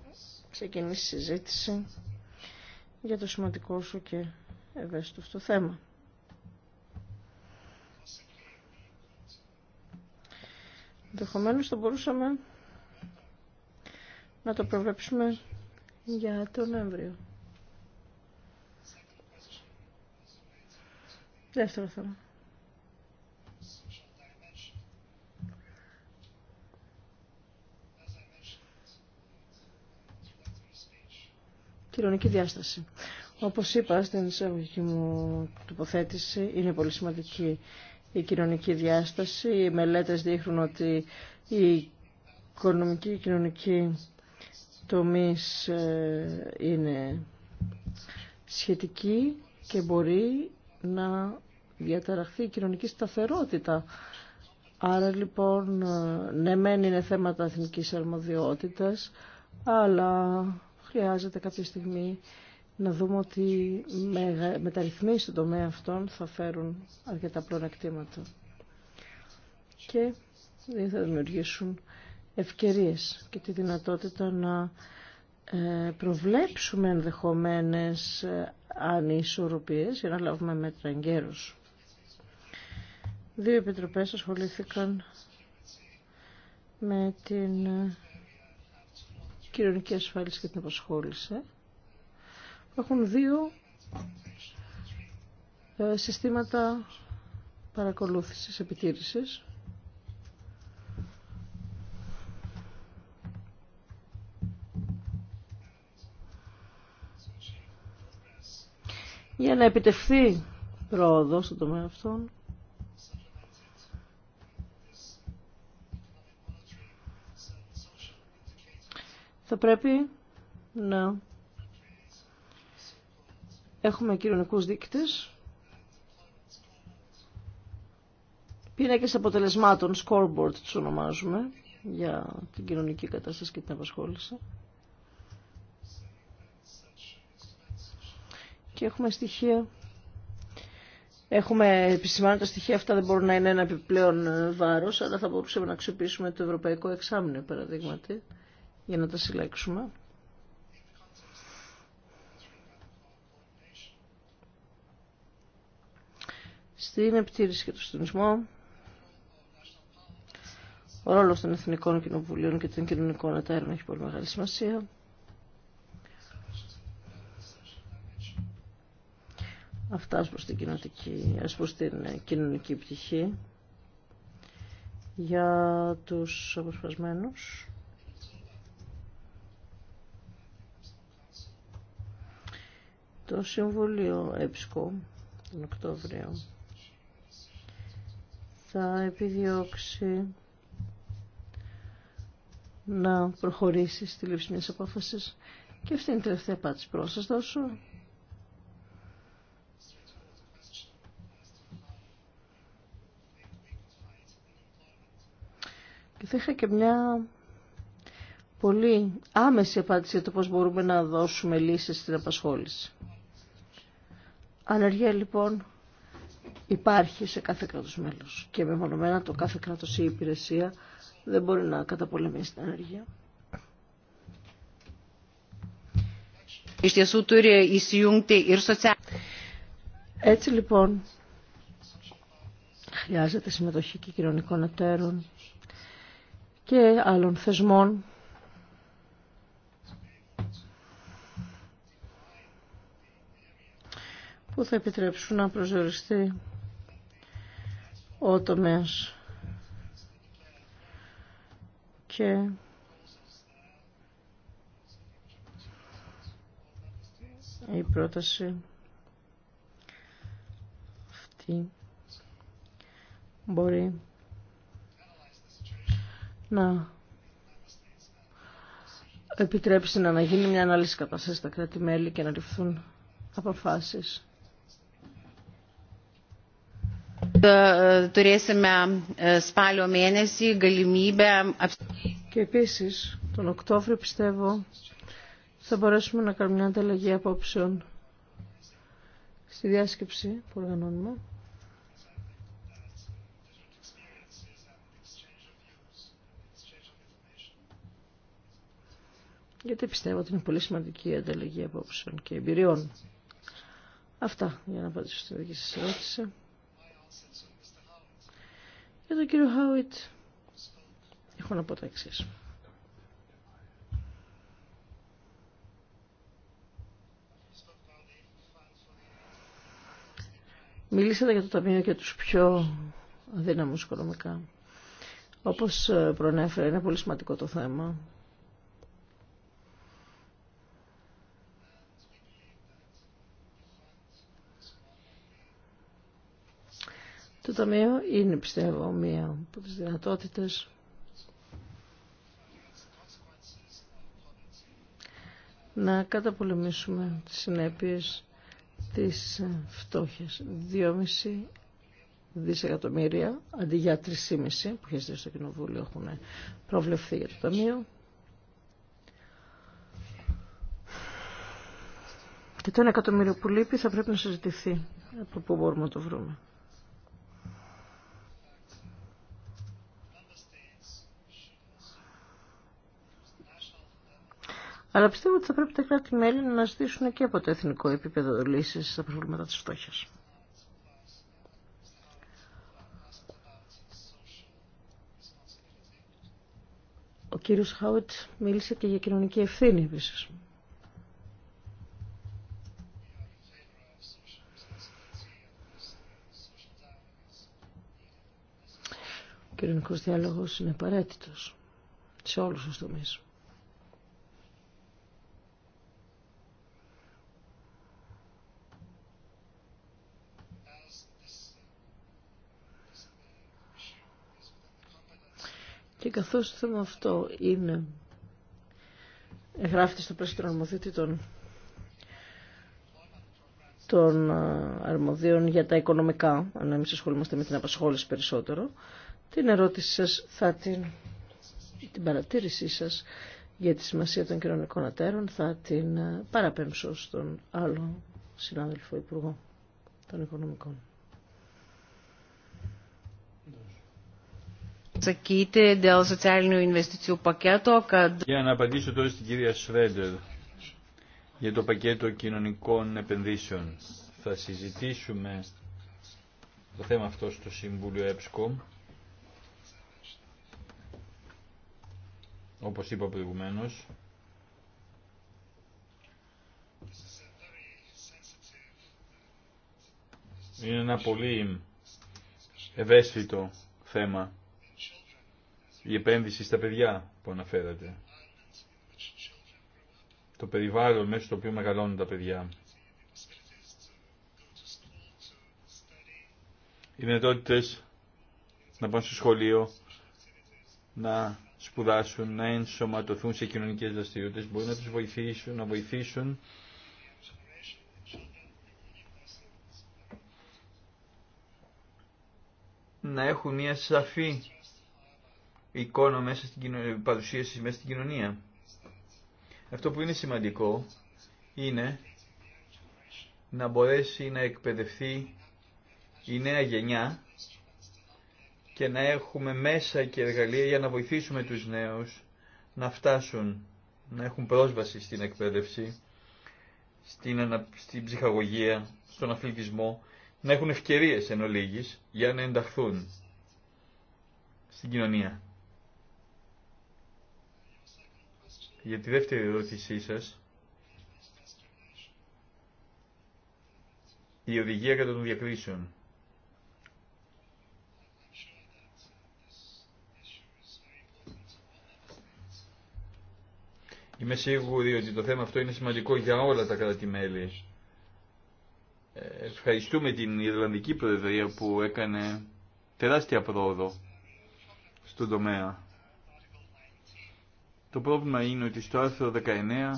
ξεκινήσει η συζήτηση για το σημαντικό σου και ευαίσθητο αυτό θέμα. Ενδεχομένω θα μπορούσαμε να το προβλέψουμε για τον Νοέμβριο. Δεύτερο θέμα. Κοινωνική διάσταση. Όπως είπα στην εισαγωγική μου τοποθέτηση, είναι πολύ σημαντική η κοινωνική διάσταση. Οι μελέτες δείχνουν ότι η οικονομική και κοινωνική τομείς ε, είναι σχετική και μπορεί να διαταραχθεί η κοινωνική σταθερότητα. Άρα λοιπόν, ε, ναι μεν είναι θέματα εθνικής αρμοδιότητας, αλλά χρειάζεται κάποια στιγμή να δούμε ότι με, μεταρρυθμίσεις στον τομέα αυτών θα φέρουν αρκετά πλονεκτήματα και θα δημιουργήσουν ευκαιρίες και τη δυνατότητα να ε, προβλέψουμε ενδεχομένες ε, ανισορροπίες για να λάβουμε μέτρα εγκαίρως. Δύο επιτροπές ασχολήθηκαν με την ε, κοινωνική ασφάλιση και την απασχόληση έχουν δύο ε, συστήματα παρακολούθησης, επιτήρησης. Για να επιτευχθεί πρόοδο στον τομέα αυτόν, θα πρέπει να Έχουμε κοινωνικού δείκτες, Πίνακε αποτελεσμάτων, scoreboard του ονομάζουμε, για την κοινωνική κατάσταση και την απασχόληση. Και έχουμε στοιχεία. Έχουμε επισημάνει τα στοιχεία αυτά δεν μπορούν να είναι ένα επιπλέον βάρος, αλλά θα μπορούσαμε να αξιοποιήσουμε το ευρωπαϊκό εξάμεινο, παραδείγματι, για να τα συλλέξουμε. στην επιτήρηση και το συντονισμό, ο ρόλο των Εθνικών Κοινοβουλίων και των κοινωνικών εταίρων έχει πολύ μεγάλη σημασία. Αυτά ως προς την, κοινωνική, ως προς την κοινωνική πτυχή για τους αποσπασμένους. Το Συμβούλιο ΕΠΣΚΟ τον Οκτώβριο θα επιδιώξει να προχωρήσει στη λήψη μιας απόφασης. Και αυτή είναι η τελευταία πάτηση που σας δώσω. Και θα είχα και μια πολύ άμεση απάντηση για το πώς μπορούμε να δώσουμε λύσεις στην απασχόληση. Ανεργία λοιπόν υπάρχει σε κάθε κράτος μέλος. Και μεμονωμένα το κάθε κράτος ή υπηρεσία δεν μπορεί να καταπολεμήσει την ενέργεια. Έτσι λοιπόν χρειάζεται συμμετοχή και κοινωνικών εταίρων και άλλων θεσμών που θα επιτρέψουν να προσδιοριστεί ο τομέας και η πρόταση αυτή μπορεί να επιτρέψει να αναγίνει μια ανάλυση κατάσταση στα κράτη-μέλη και να ρυφθούν αποφάσεις E, e, και επίση, τον Οκτώβριο πιστεύω θα μπορέσουμε να κάνουμε μια ανταλλαγή απόψεων στη διάσκεψη που οργανώνουμε. Γιατί πιστεύω ότι είναι πολύ σημαντική η ανταλλαγή απόψεων και εμπειριών. Αυτά για να απαντήσω στη δική σας ερώτηση. Για τον κύριο Χάουιτ έχω να πω τα Μιλήσατε για το Ταμείο και τους πιο δύναμους οικονομικά. Όπως ε, προνέφερε, είναι πολύ σημαντικό το θέμα. Το Ταμείο είναι, πιστεύω, μία από τις δυνατότητες να καταπολεμήσουμε τις συνέπειες της ε, φτώχειας. 2,5 δισεκατομμύρια αντί για 3,5 που είχε στο Κοινοβούλιο έχουν προβλεφθεί για το Ταμείο. Και το 1 εκατομμύριο που λείπει θα πρέπει να συζητηθεί από πού μπορούμε να το βρούμε. Αλλά πιστεύω ότι θα πρέπει τα κράτη-μέλη να ζητήσουν και από το εθνικό επίπεδο λύσει στα προβλήματα τη φτώχεια. Ο κύριος Χάουτ μίλησε και για κοινωνική ευθύνη επίση. Ο κοινωνικός διάλογος είναι απαραίτητο σε όλους τους τομείς. Και καθώς το θέμα αυτό είναι εγγράφητο στο πλαίσιο των αρμοδιοτήτων των αρμοδίων για τα οικονομικά, αν εμείς ασχολούμαστε με την απασχόληση περισσότερο, την ερώτηση σας θα την, την παρατήρησή σας για τη σημασία των κοινωνικών ατέρων θα την παραπέμψω στον άλλο συνάδελφο Υπουργό των Οικονομικών. atsakyti dėl socialinių investicijų paketo, kad... Για να απαντήσω τώρα στην κυρία Σρέντερ για το πακέτο κοινωνικών επενδύσεων. Θα συζητήσουμε το θέμα αυτό στο Συμβούλιο ΕΠΣΚΟ. Όπως είπα προηγουμένω. είναι ένα πολύ ευαίσθητο θέμα η επένδυση στα παιδιά που αναφέρατε. Το περιβάλλον μέσα στο οποίο μεγαλώνουν τα παιδιά. Οι δυνατότητε να πάνε στο σχολείο, να σπουδάσουν, να ενσωματωθούν σε κοινωνικές δραστηριότητες, μπορεί να τους βοηθήσουν, να βοηθήσουν να έχουν μια σαφή εικόνα μέσα στην κοινωνία, ε, παρουσίαση μέσα στην κοινωνία. Αυτό που είναι σημαντικό είναι να μπορέσει να εκπαιδευτεί η νέα γενιά και να έχουμε μέσα και εργαλεία για να βοηθήσουμε τους νέους να φτάσουν, να έχουν πρόσβαση στην εκπαίδευση, στην, στην ψυχαγωγία, στον αθλητισμό, να έχουν ευκαιρίες εν για να ενταχθούν στην κοινωνία. για τη δεύτερη ερώτησή σας. Η οδηγία κατά των διακρίσεων. Είμαι σίγουρη ότι το θέμα αυτό είναι σημαντικό για όλα τα κράτη-μέλη. Ε, ευχαριστούμε την Ιρλανδική Προεδρία που έκανε τεράστια πρόοδο στον τομέα. Το πρόβλημα είναι ότι στο άρθρο 19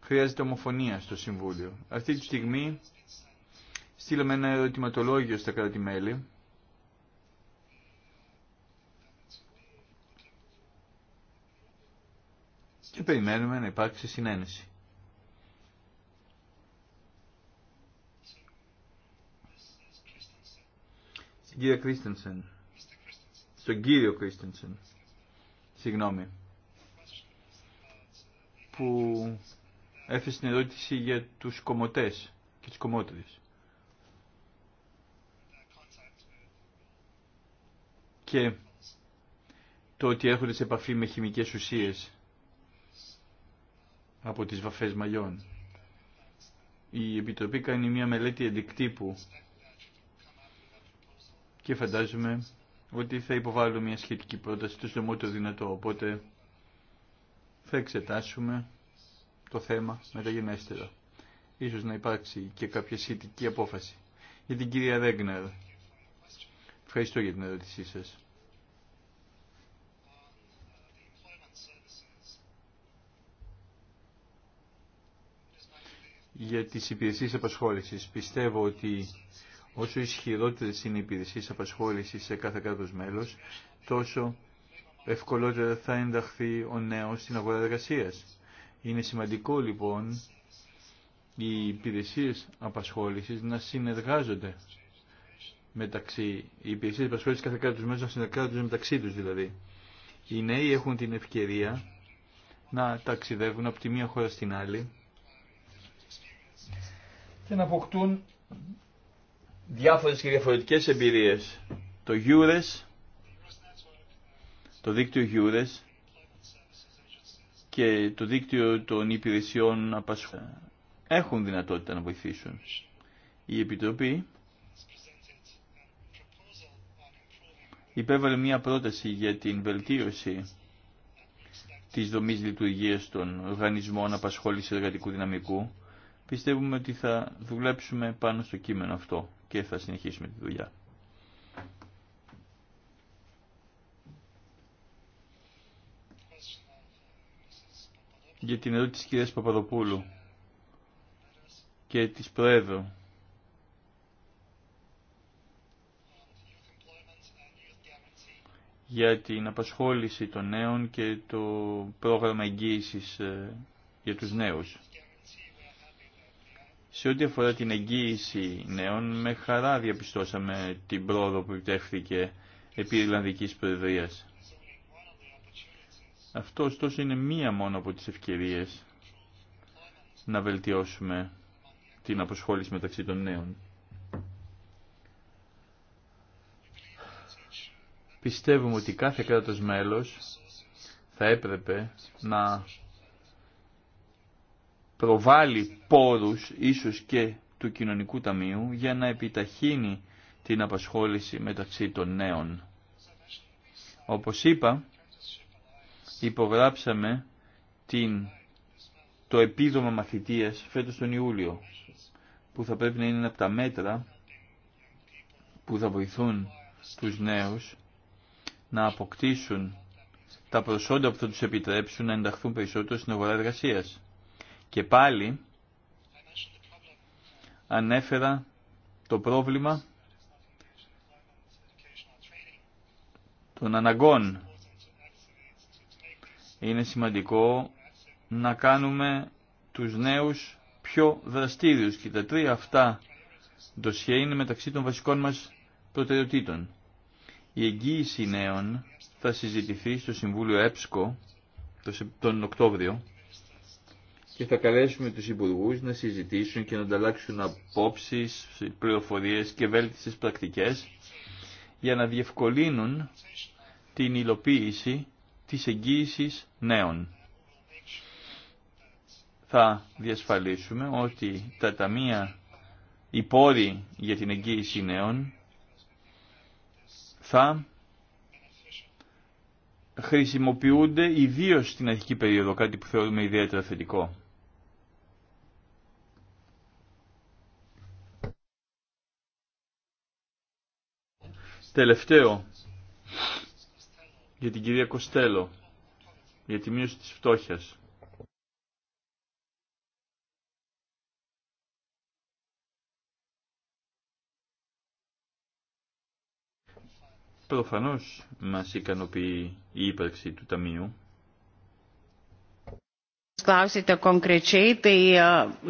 χρειάζεται ομοφωνία στο Συμβούλιο. Αυτή τη στιγμή στείλαμε ένα ερωτηματολόγιο στα κράτη-μέλη και περιμένουμε να υπάρξει συνένεση. Στην κυρία Κρίστενσεν. Στον κύριο Κρίστενσεν. Συγγνώμη που έφερε την ερώτηση για τους κομοτές και τις κομμότριες. Και το ότι έρχονται σε επαφή με χημικές ουσίες από τις βαφές μαλλιών. Η Επιτροπή κάνει μια μελέτη αντικτύπου και φαντάζομαι ότι θα υποβάλω μια σχετική πρόταση το στομό το δυνατό. Οπότε θα εξετάσουμε το θέμα μεταγενέστερα. Ίσως να υπάρξει και κάποια σχετική απόφαση. Για την κυρία Ρέγνερ. Ευχαριστώ για την ερώτησή σας. Για τις υπηρεσίες απασχόλησης. Πιστεύω ότι όσο ισχυρότερες είναι οι υπηρεσίες απασχόλησης σε κάθε κράτος μέλος, τόσο ευκολότερα θα ενταχθεί ο νέος στην αγορά εργασία. Είναι σημαντικό λοιπόν οι υπηρεσίε απασχόλησης να συνεργάζονται μεταξύ, οι υπηρεσίε απασχόλησης κάθε κράτους μέσα να συνεργάζονται μεταξύ τους δηλαδή. Οι νέοι έχουν την ευκαιρία να ταξιδεύουν από τη μία χώρα στην άλλη και να αποκτούν διάφορες και διαφορετικές εμπειρίες. Το EURES το δίκτυο γιούδες και το δίκτυο των υπηρεσιών έχουν δυνατότητα να βοηθήσουν. Η Επιτροπή υπέβαλε μια πρόταση για την βελτίωση της δομής λειτουργίας των οργανισμών απασχόλησης εργατικού δυναμικού. Πιστεύουμε ότι θα δουλέψουμε πάνω στο κείμενο αυτό και θα συνεχίσουμε τη δουλειά. για την ερώτηση της κυρίας Παπαδοπούλου και της Προέδρου. για την απασχόληση των νέων και το πρόγραμμα εγγύησης ε, για τους νέους. Σε ό,τι αφορά την εγγύηση νέων, με χαρά διαπιστώσαμε την πρόοδο που επιτέχθηκε επί Ιρλανδικής Προεδρίας. Αυτό ωστόσο είναι μία μόνο από τις ευκαιρίες να βελτιώσουμε την αποσχόληση μεταξύ των νέων. Πιστεύουμε ότι κάθε κράτος μέλος θα έπρεπε να προβάλλει πόρους ίσως και του κοινωνικού ταμείου για να επιταχύνει την απασχόληση μεταξύ των νέων. Όπως είπα, υπογράψαμε την, το επίδομα μαθητείας φέτος τον Ιούλιο, που θα πρέπει να είναι ένα από τα μέτρα που θα βοηθούν τους νέους να αποκτήσουν τα προσόντα που θα τους επιτρέψουν να ενταχθούν περισσότερο στην αγορά εργασία. Και πάλι ανέφερα το πρόβλημα των αναγκών είναι σημαντικό να κάνουμε τους νέους πιο δραστήριους και τα τρία αυτά ντοσιέ είναι μεταξύ των βασικών μας προτεραιοτήτων. Η εγγύηση νέων θα συζητηθεί στο Συμβούλιο ΕΠΣΚΟ τον Οκτώβριο και θα καλέσουμε τους υπουργούς να συζητήσουν και να ανταλλάξουν απόψεις, πληροφορίες και βέλτιστες πρακτικές για να διευκολύνουν την υλοποίηση της εγγύησης νέων. Θα διασφαλίσουμε ότι τα ταμεία, οι πόροι για την εγγύηση νέων θα χρησιμοποιούνται ιδίω στην αρχική περίοδο, κάτι που θεωρούμε ιδιαίτερα θετικό. Τελευταίο για την κυρία Κοστέλο για τη μείωση της φτώχειας. Προφανώς μας ικανοποιεί η ύπαρξη του Ταμείου. Klausite konkrečiai, tai e,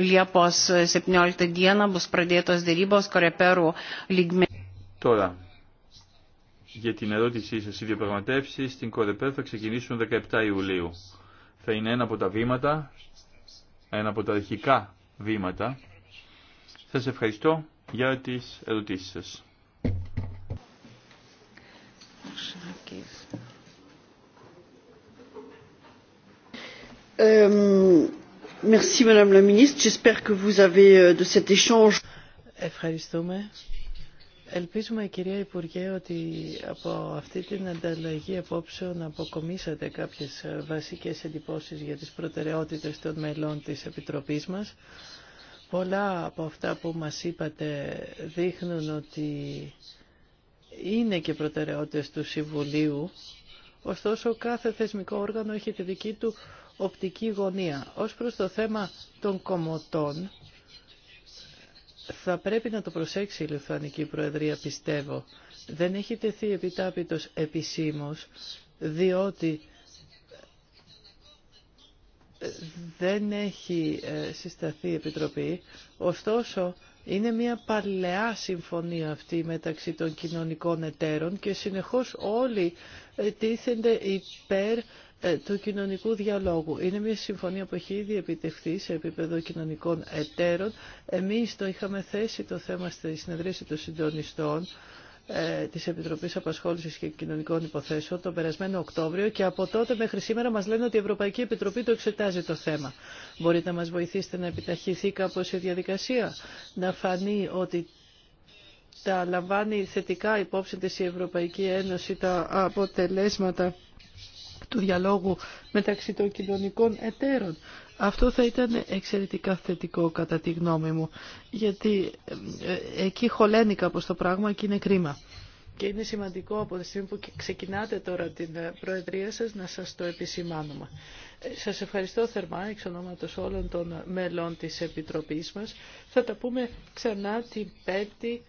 Liepos 17 dieną bus pradėtos dėrybos koreperų lygmenį. Τώρα, για την ερώτησή σας. Οι διαπραγματεύσει στην Κορεπέρ θα ξεκινήσουν 17 Ιουλίου. Θα είναι ένα από τα βήματα, ένα από τα αρχικά βήματα. Σας ευχαριστώ για τις ερωτήσεις σας. Ευχαριστούμε Ελπίζουμε κυρία Υπουργέ ότι από αυτή την ανταλλαγή απόψεων αποκομίσατε κάποιες βασικές εντυπώσεις για τις προτεραιότητες των μελών της Επιτροπής μας. Πολλά από αυτά που μας είπατε δείχνουν ότι είναι και προτεραιότητες του Συμβουλίου, ωστόσο κάθε θεσμικό όργανο έχει τη δική του οπτική γωνία. Ως προς το θέμα των κομωτών, θα πρέπει να το προσέξει η Λιθουανική Προεδρία, πιστεύω. Δεν έχει τεθεί επιτάπητος επισήμως, διότι ε, δεν έχει ε, συσταθεί Επιτροπή. Ωστόσο, είναι μια παλαιά συμφωνία αυτή μεταξύ των κοινωνικών εταίρων και συνεχώς όλοι ε, τίθενται υπέρ ε, του κοινωνικού διαλόγου. Είναι μια συμφωνία που έχει ήδη επιτευχθεί σε επίπεδο κοινωνικών εταίρων. Εμείς το είχαμε θέσει το θέμα στη συνεδρίαση των συντονιστών ε, της Επιτροπής Απασχόλησης και Κοινωνικών Υποθέσεων τον περασμένο Οκτώβριο και από τότε μέχρι σήμερα μας λένε ότι η Ευρωπαϊκή Επιτροπή το εξετάζει το θέμα. Μπορείτε να μας βοηθήσετε να επιταχυθεί κάπως η διαδικασία, να φανεί ότι τα λαμβάνει θετικά υπόψη της η Ευρωπαϊκή Ένωση τα αποτελέσματα του διαλόγου μεταξύ των κοινωνικών εταίρων. Αυτό θα ήταν εξαιρετικά θετικό κατά τη γνώμη μου, γιατί ε, εκεί χωλαίνει κάπως το πράγμα και είναι κρίμα. Και είναι σημαντικό από τη στιγμή που ξεκινάτε τώρα την ε, Προεδρία σας να σας το επισημάνουμε. Ε, σας ευχαριστώ θερμά εξ ονόματος όλων των μέλων της Επιτροπής μας. Θα τα πούμε ξανά την Πέμπτη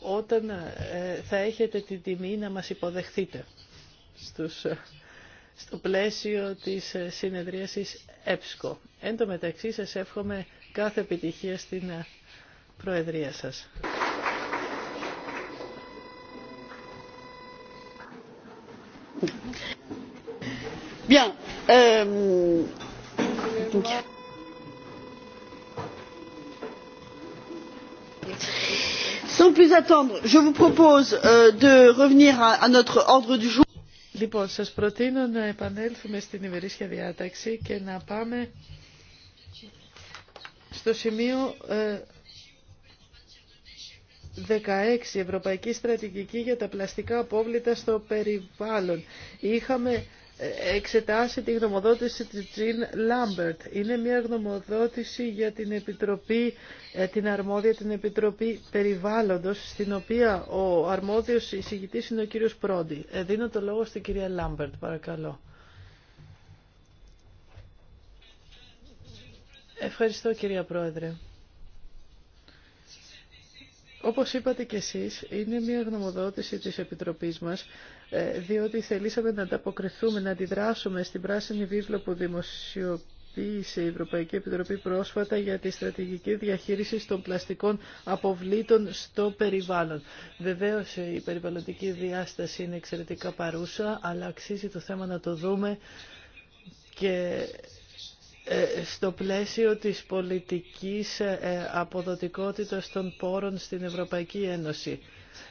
όταν θα έχετε την τιμή να μας υποδεχθείτε στους στο πλαίσιο της ε, συνεδρίασης ΕΠΣΚΟ. Εν τω μεταξύ σας εύχομαι κάθε επιτυχία στην ε, Προεδρία σας. Bien. Euh... Sans plus attendre, je vous propose euh, de revenir à notre ordre du jour. Λοιπόν, σας προτείνω να επανέλθουμε στην ημερήσια διάταξη και να πάμε στο σημείο 16, ε, Ευρωπαϊκή Στρατηγική για τα Πλαστικά Απόβλητα στο Περιβάλλον. Είχαμε εξετάσει τη γνωμοδότηση της Τζιν Λάμπερτ. Είναι μια γνωμοδότηση για την Επιτροπή, ε, την αρμόδια την Επιτροπή Περιβάλλοντος, στην οποία ο αρμόδιος εισηγητής είναι ο κύριος Πρόντι. Ε, δίνω το λόγο στην κυρία Λάμπερτ, παρακαλώ. Ευχαριστώ κυρία Πρόεδρε. Όπως είπατε κι εσείς, είναι μια γνωμοδότηση της Επιτροπής μας ε, διότι θελήσαμε να ανταποκριθούμε, να αντιδράσουμε στην πράσινη βίβλο που δημοσιοποίησε η Ευρωπαϊκή Επιτροπή πρόσφατα για τη στρατηγική διαχείριση των πλαστικών αποβλήτων στο περιβάλλον. Βεβαίω η περιβαλλοντική διάσταση είναι εξαιρετικά παρούσα, αλλά αξίζει το θέμα να το δούμε και ε, στο πλαίσιο της πολιτικής ε, αποδοτικότητας των πόρων στην Ευρωπαϊκή Ένωση.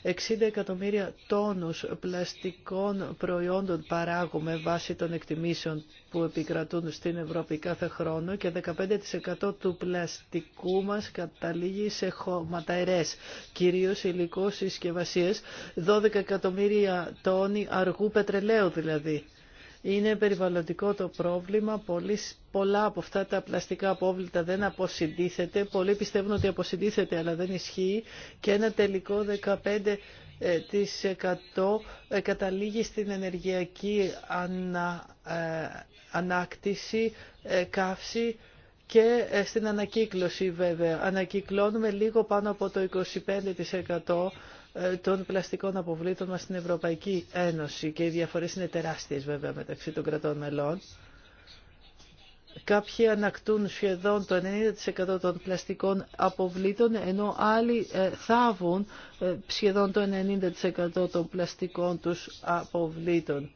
60 εκατομμύρια τόνους πλαστικών προϊόντων παράγουμε βάσει των εκτιμήσεων που επικρατούν στην Ευρώπη κάθε χρόνο και 15% του πλαστικού μας καταλήγει σε χωματαερές, κυρίως υλικό συσκευασίες, 12 εκατομμύρια τόνοι αργού πετρελαίου δηλαδή. Είναι περιβαλλοντικό το πρόβλημα. Πολύ, πολλά από αυτά τα πλαστικά απόβλητα δεν αποσυντήθεται. Πολλοί πιστεύουν ότι αποσυντήθεται, αλλά δεν ισχύει. Και ένα τελικό 15 ε, ε, καταλήγει στην ενεργειακή ανα, ε, ανάκτηση, ε, καύση και στην ανακύκλωση βέβαια. Ανακυκλώνουμε λίγο πάνω από το 25% ε, των πλαστικών αποβλήτων μας στην Ευρωπαϊκή Ένωση και οι διαφορές είναι τεράστιες βέβαια μεταξύ των κρατών μελών. Κάποιοι ανακτούν σχεδόν το 90% των πλαστικών αποβλήτων, ενώ άλλοι ε, θάβουν ε, σχεδόν το 90% των πλαστικών τους αποβλήτων.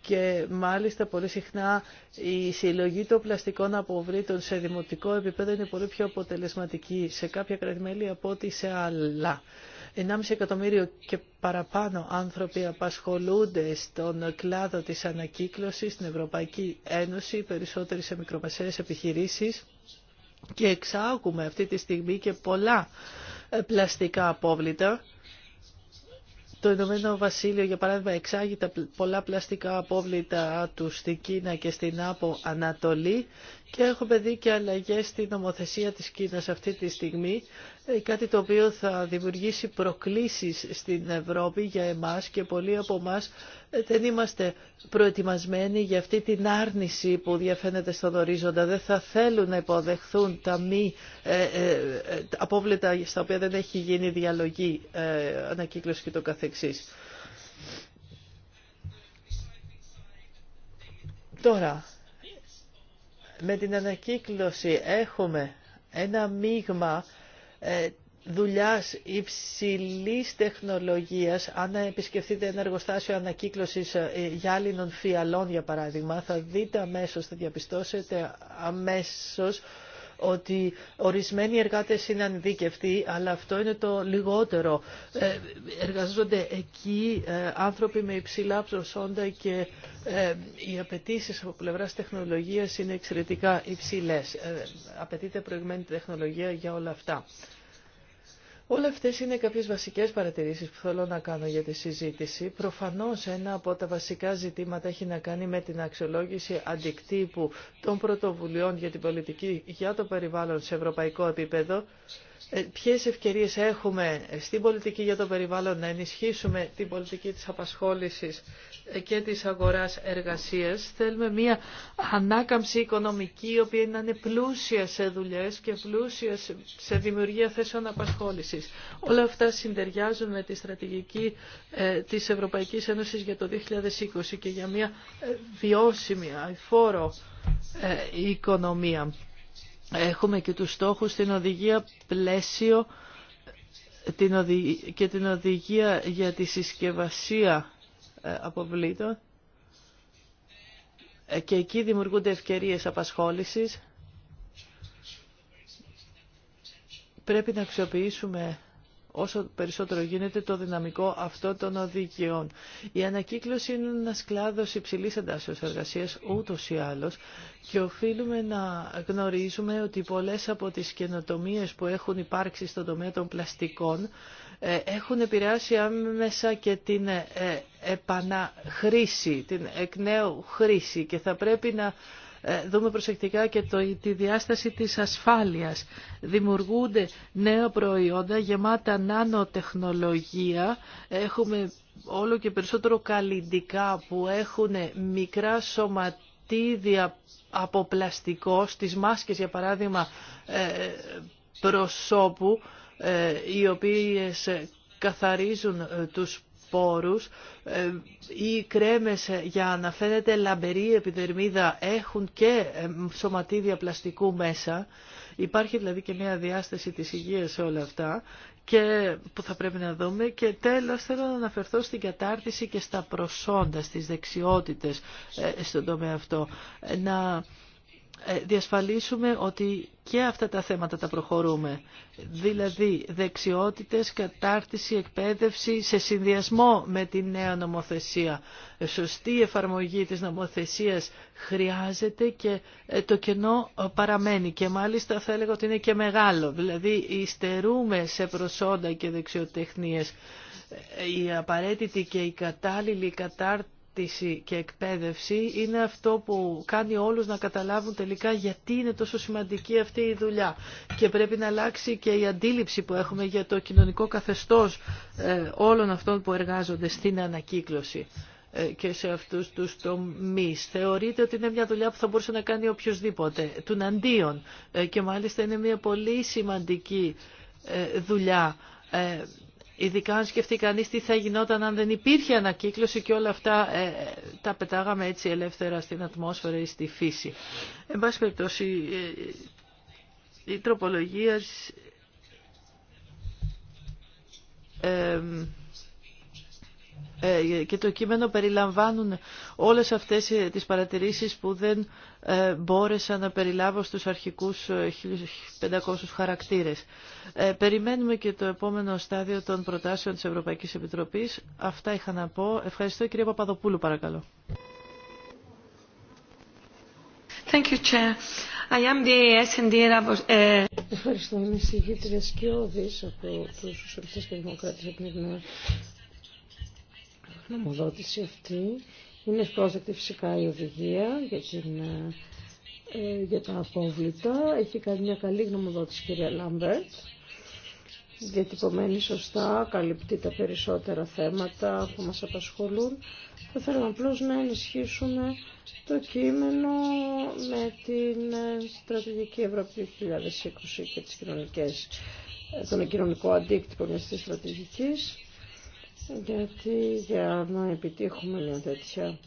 Και μάλιστα πολύ συχνά η συλλογή των πλαστικών αποβλήτων σε δημοτικό επίπεδο είναι πολύ πιο αποτελεσματική σε κάποια κρατημέλη από ό,τι σε άλλα. 1,5 εκατομμύριο και παραπάνω άνθρωποι απασχολούνται στον κλάδο της ανακύκλωσης στην Ευρωπαϊκή Ένωση, περισσότεροι σε μικρομεσαίες επιχειρήσεις και εξάγουμε αυτή τη στιγμή και πολλά ε, πλαστικά απόβλητα. Το Ηνωμένο Βασίλειο, για παράδειγμα, εξάγει τα πολλά πλαστικά απόβλητα του στην Κίνα και στην Άπο Ανατολή και έχουμε δει και αλλαγές στην νομοθεσία της Κίνας αυτή τη στιγμή. Ε, κάτι το οποίο θα δημιουργήσει προκλήσεις στην Ευρώπη για εμάς και πολλοί από εμά ε, δεν είμαστε προετοιμασμένοι για αυτή την άρνηση που διαφαίνεται στον ορίζοντα. Δεν θα θέλουν να υποδεχθούν τα μη ε, ε απόβλητα στα οποία δεν έχει γίνει διαλογή, ανακύκλωση και το καθεξής. Τώρα, με την ανακύκλωση έχουμε ένα μείγμα ε, δουλειάς υψηλής τεχνολογίας, αν επισκεφτείτε ένα εργοστάσιο ανακύκλωσης ε, γυάλινων φιαλών για παράδειγμα, θα δείτε αμέσως, θα διαπιστώσετε αμέσως ότι ορισμένοι εργάτες είναι ανειδίκευτοι, αλλά αυτό είναι το λιγότερο. Ε, εργαζόνται εκεί ε, άνθρωποι με υψηλά προσόντα και ε, οι απαιτήσει από πλευράς τεχνολογίας είναι εξαιρετικά υψηλές. Απαιτείται προηγμένη τεχνολογία για όλα αυτά. Όλα αυτές είναι κάποιες βασικές παρατηρήσεις που θέλω να κάνω για τη συζήτηση. Προφανώς ένα από τα βασικά ζητήματα έχει να κάνει με την αξιολόγηση αντικτύπου των πρωτοβουλειών για την πολιτική για το περιβάλλον σε ευρωπαϊκό επίπεδο ε, ποιες ευκαιρίες έχουμε στην πολιτική για το περιβάλλον να ενισχύσουμε την πολιτική της απασχόλησης ε, και της αγοράς εργασίας. Θέλουμε μια ανάκαμψη οικονομική, η οποία να είναι πλούσια σε δουλειές και πλούσια σε δημιουργία θέσεων απασχόλησης. Όλα αυτά συντεριάζουν με τη στρατηγική ε, της Ευρωπαϊκής Ένωσης για το 2020 και για μια βιώσιμη, αηφόρο οικονομία έχουμε και τους στόχους στην οδηγία πλαίσιο και την οδηγία για τη συσκευασία ε, αποβλήτων ε, και εκεί δημιουργούνται ευκαιρίες απασχόλησης. Πρέπει να αξιοποιήσουμε όσο περισσότερο γίνεται το δυναμικό αυτό των οδηγιών. Η ανακύκλωση είναι ένας κλάδος υψηλής εντάσεως εργασίας ούτως ή άλλως και οφείλουμε να γνωρίζουμε ότι πολλές από τις καινοτομίες που έχουν υπάρξει στον τομέα των πλαστικών ε, έχουν επηρεάσει άμεσα και την ε, ε, επαναχρήση, την εκ νέου χρήση και θα πρέπει να ε, δούμε προσεκτικά και το, τη διάσταση της ασφάλειας. Δημιουργούνται νέα προϊόντα γεμάτα νανοτεχνολογία. Έχουμε όλο και περισσότερο καλλιντικά που έχουν μικρά σωματίδια από πλαστικό, στις μάσκες για παράδειγμα ε, προσώπου, ε, οι οποίες καθαρίζουν τους σπόρους ή ε, κρέμες ε, για να φαίνεται λαμπερή επιδερμίδα έχουν και ε, σωματίδια πλαστικού μέσα. Υπάρχει δηλαδή και μια διάσταση της υγείας σε όλα αυτά και που θα πρέπει να δούμε και τέλος θέλω να αναφερθώ στην κατάρτιση και στα προσόντα, στις δεξιότητες στον τομέα αυτό. Να ε, διασφαλίσουμε ότι και αυτά τα θέματα τα προχωρούμε. Δηλαδή δεξιότητες, κατάρτιση, εκπαίδευση σε συνδυασμό με τη νέα νομοθεσία. Ε, σωστή εφαρμογή της νομοθεσίας χρειάζεται και ε, το κενό παραμένει. Και μάλιστα θα έλεγα ότι είναι και μεγάλο. Δηλαδή υστερούμε σε προσόντα και δεξιοτεχνίες. Η απαραίτητη και η κατάλληλη κατάρτιση και εκπαίδευση είναι αυτό που κάνει όλους να καταλάβουν τελικά γιατί είναι τόσο σημαντική αυτή η δουλειά. Και πρέπει να αλλάξει και η αντίληψη που έχουμε για το κοινωνικό καθεστώς ε, όλων αυτών που εργάζονται στην ανακύκλωση ε, και σε αυτούς τους τομείς. Θεωρείται ότι είναι μια δουλειά που θα μπορούσε να κάνει οποιοδήποτε, των αντίον. Ε, και μάλιστα είναι μια πολύ σημαντική δουλειά Ειδικά αν σκεφτεί κανεί τι θα γινόταν αν δεν υπήρχε ανακύκλωση και όλα αυτά ε, τα πετάγαμε έτσι ελεύθερα στην ατμόσφαιρα ή στη φύση. Εν πάση περιπτώσει, η ε, τροπολογία. Ε, ε, και το κείμενο περιλαμβάνουν όλες αυτές ε, τις παρατηρήσεις που δεν ε, μπόρεσα να περιλάβω στους αρχικούς 1500 χαρακτήρες. Περιμένουμε και το επόμενο στάδιο των προτάσεων της Ευρωπαϊκής Επιτροπής. Αυτά είχα να πω. Ευχαριστώ κυρία Παπαδοπούλου παρακαλώ. Thank you, Chair. I am the Ευχαριστώ. Είμαι η συγγήτρια Σκιώδης από του Σοσιαλιστέ και Δημοκράτε νομοδότηση αυτή. Είναι ευπρόσδεκτη φυσικά η οδηγία για, ε, για τα απόβλητα. Έχει κάνει μια καλή γνωμοδότηση κυρία Λάμπερτ. Διατυπωμένη σωστά, καλυπτεί τα περισσότερα θέματα που μας απασχολούν. Θα θέλαμε απλώ να ενισχύσουμε το κείμενο με την ε, στρατηγική Ευρώπη 2020 και τις κοινωνικές, ε, τον κοινωνικό αντίκτυπο μιας της στρατηγικής γιατί για να επιτύχουμε μια τέτοια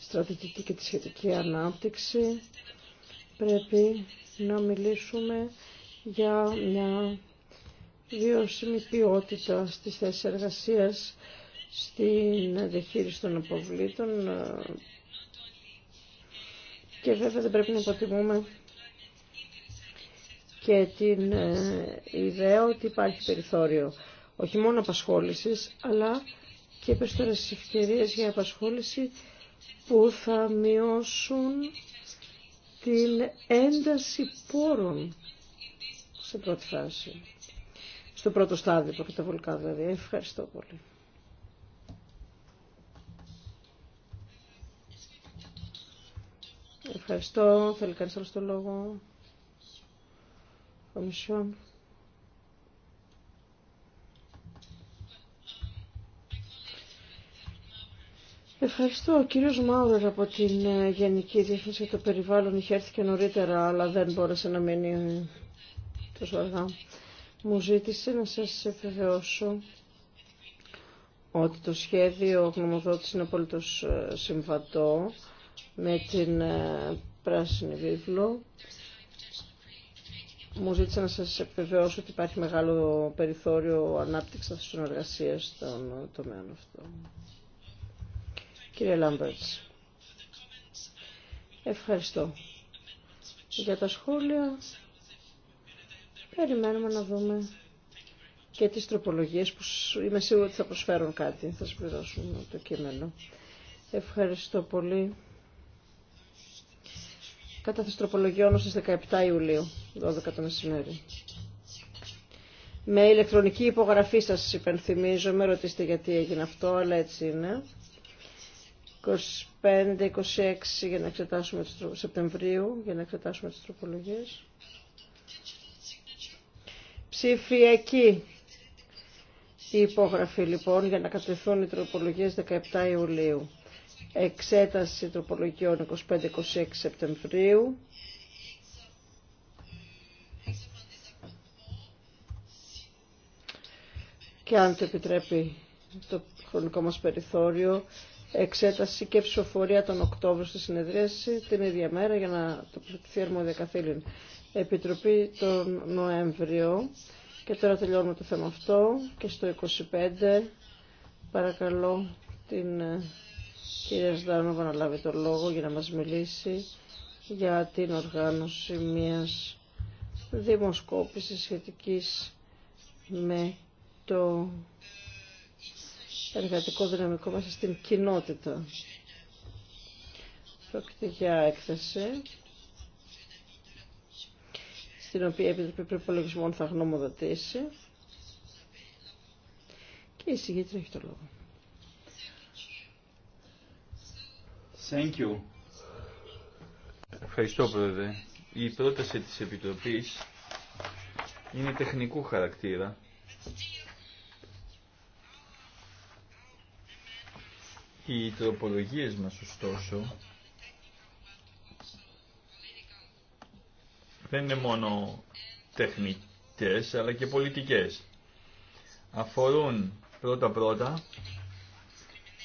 στρατηγική και τη σχετική ανάπτυξη πρέπει να μιλήσουμε για μια βιώσιμη ποιότητα στις θέσεις εργασίας, στην διαχείριση των αποβλήτων και βέβαια δεν πρέπει να υποτιμούμε και την ε, ιδέα ότι υπάρχει περιθώριο όχι μόνο απασχόλησης, αλλά και περισσότερες ευκαιρίες για απασχόληση που θα μειώσουν την ένταση πόρων σε πρώτη φάση. Στο πρώτο στάδιο προκαταβολικά δηλαδή. Ευχαριστώ πολύ. Ευχαριστώ. Θέλει κανείς άλλο το λόγο. Κομισιόν. Ευχαριστώ. Ο κύριος Μάουρερ από την ε, Γενική Διεύθυνση για το Περιβάλλον είχε έρθει και νωρίτερα, αλλά δεν μπόρεσε να μείνει τόσο αργά. Μου ζήτησε να σα επιβεβαιώσω ότι το σχέδιο γνωμοδότηση είναι πολύ ε, συμβατό με την ε, πράσινη βίβλο. Μου ζήτησε να σας επιβεβαιώσω ότι υπάρχει μεγάλο περιθώριο ανάπτυξης συνεργασίας στον τομέα αυτό. Κύριε Λάμπερτς, ευχαριστώ για τα σχόλια. Περιμένουμε να δούμε και τις τροπολογίες που είμαι σίγουρη ότι θα προσφέρουν κάτι, θα συμπληρώσουν το κείμενο. Ευχαριστώ πολύ. Κατάθεση τροπολογιών στις 17 Ιουλίου, 12 το μεσημέρι. Με ηλεκτρονική υπογραφή σας υπενθυμίζω, με γιατί έγινε αυτό, αλλά έτσι είναι. 25-26 για να εξετάσουμε τις Σεπτεμβρίου για να εξετάσουμε τις τροπολογίες. Ψηφιακή η υπόγραφη λοιπόν για να κατευθούν οι τροπολογίες 17 Ιουλίου. Εξέταση τροπολογιών 25-26 Σεπτεμβρίου. Και αν το επιτρέπει το χρονικό μας περιθώριο, εξέταση και ψηφοφορία τον Οκτώβριο στη συνεδρίαση την ίδια μέρα για να το αρμόδια καθήλυν. Επιτροπή τον Νοέμβριο και τώρα τελειώνουμε το θέμα αυτό και στο 25 παρακαλώ την ε, κυρία Ζδάνοβα να λάβει το λόγο για να μας μιλήσει για την οργάνωση μιας δημοσκόπησης σχετικής με το εργατικό δυναμικό μέσα στην κοινότητα. Πρόκειται για έκθεση στην οποία η Επιτροπή Προπολογισμών θα γνωμοδοτήσει και η συγκέντρια έχει το λόγο. Thank you. Ευχαριστώ πρόεδρε. Η πρόταση της Επιτροπής είναι τεχνικού χαρακτήρα Οι τροπολογίες μας ωστόσο δεν είναι μόνο τεχνικές αλλά και πολιτικές. Αφορούν πρώτα-πρώτα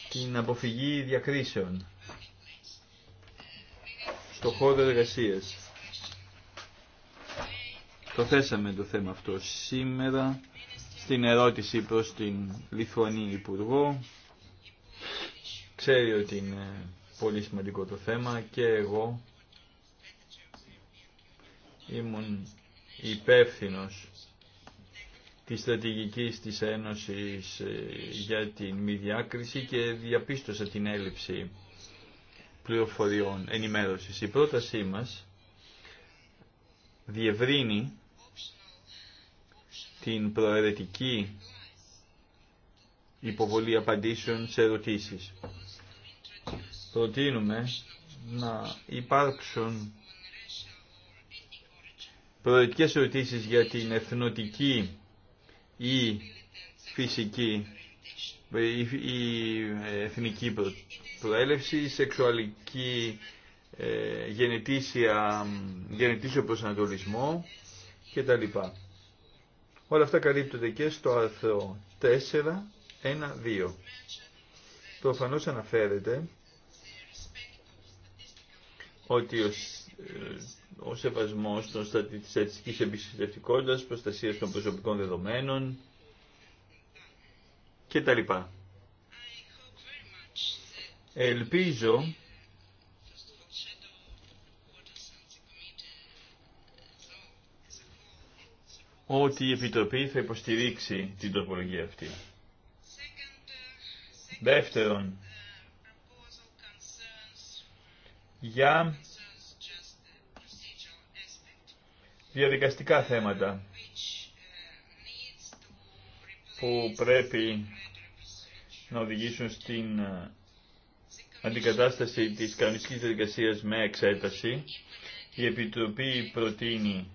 την αποφυγή διακρίσεων στο χώρο εργασία. Το θέσαμε το θέμα αυτό σήμερα στην ερώτηση προς την Λιθουανή Υπουργό Ξέρει ότι είναι πολύ σημαντικό το θέμα και εγώ ήμουν υπεύθυνο της στρατηγικής της Ένωσης ε, για την μη διάκριση και διαπίστωσα την έλλειψη πληροφοριών ενημέρωσης. Η πρότασή μας διευρύνει την προαιρετική υποβολή απαντήσεων σε ερωτήσεις προτείνουμε να υπάρξουν προεκτικές ερωτήσει για την εθνοτική ή φυσική ε, η εθνική προέλευση, σεξουαλική ε, γενετήσια, γενετήσιο προσανατολισμό κτλ. Όλα αυτά καλύπτονται και στο άρθρο 4, 1, 2. Προφανώς αναφέρεται ότι ο, ε, ο σεβασμός των στατιστικής εμπιστευτικότητας, προστασίας των προσωπικών δεδομένων λοιπά. Ελπίζω ότι η Επιτροπή θα υποστηρίξει την τροπολογία αυτή. Δεύτερον, για διαδικαστικά θέματα που πρέπει να οδηγήσουν στην αντικατάσταση της κανονικής διαδικασίας με εξέταση. Η Επιτροπή προτείνει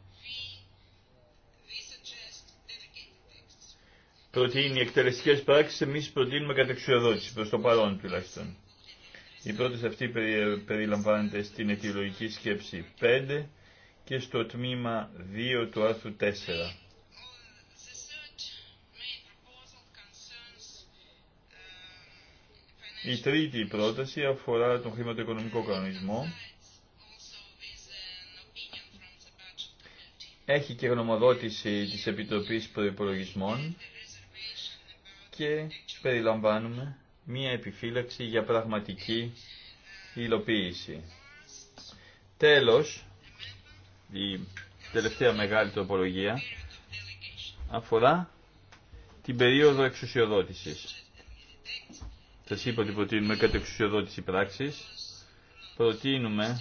προτείνει εκτελεστικές πράξεις, εμείς προτείνουμε κατεξουδότηση, προς το παρόν τουλάχιστον. Η πρόταση αυτή περιλαμβάνεται στην αιτιολογική σκέψη 5 και στο τμήμα 2 του άρθρου 4. Η τρίτη πρόταση αφορά τον χρηματοοικονομικό κανονισμό. Έχει και γνωμοδότηση της Επιτροπής Προϋπολογισμών και περιλαμβάνουμε μία επιφύλαξη για πραγματική υλοποίηση. Τέλος, η τελευταία μεγάλη τροπολογία αφορά την περίοδο εξουσιοδότησης. Σα είπα ότι προτείνουμε κατ' εξουσιοδότηση πράξης. Προτείνουμε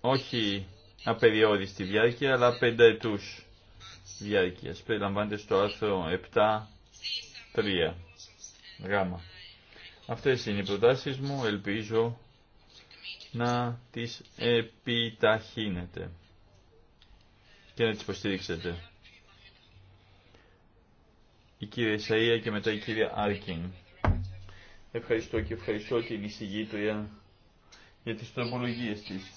όχι απεριόριστη διάρκεια, αλλά πενταετούς διάρκεια Περιλαμβάνεται στο άρθρο 7.3 γάμα. Αυτές είναι οι προτάσεις μου, ελπίζω να τις επιταχύνετε και να τις υποστηρίξετε. Η κυρία Ισαΐα και μετά η κυρία Άρκιν. Ευχαριστώ και ευχαριστώ την εισηγήτρια για τις τροπολογίες της.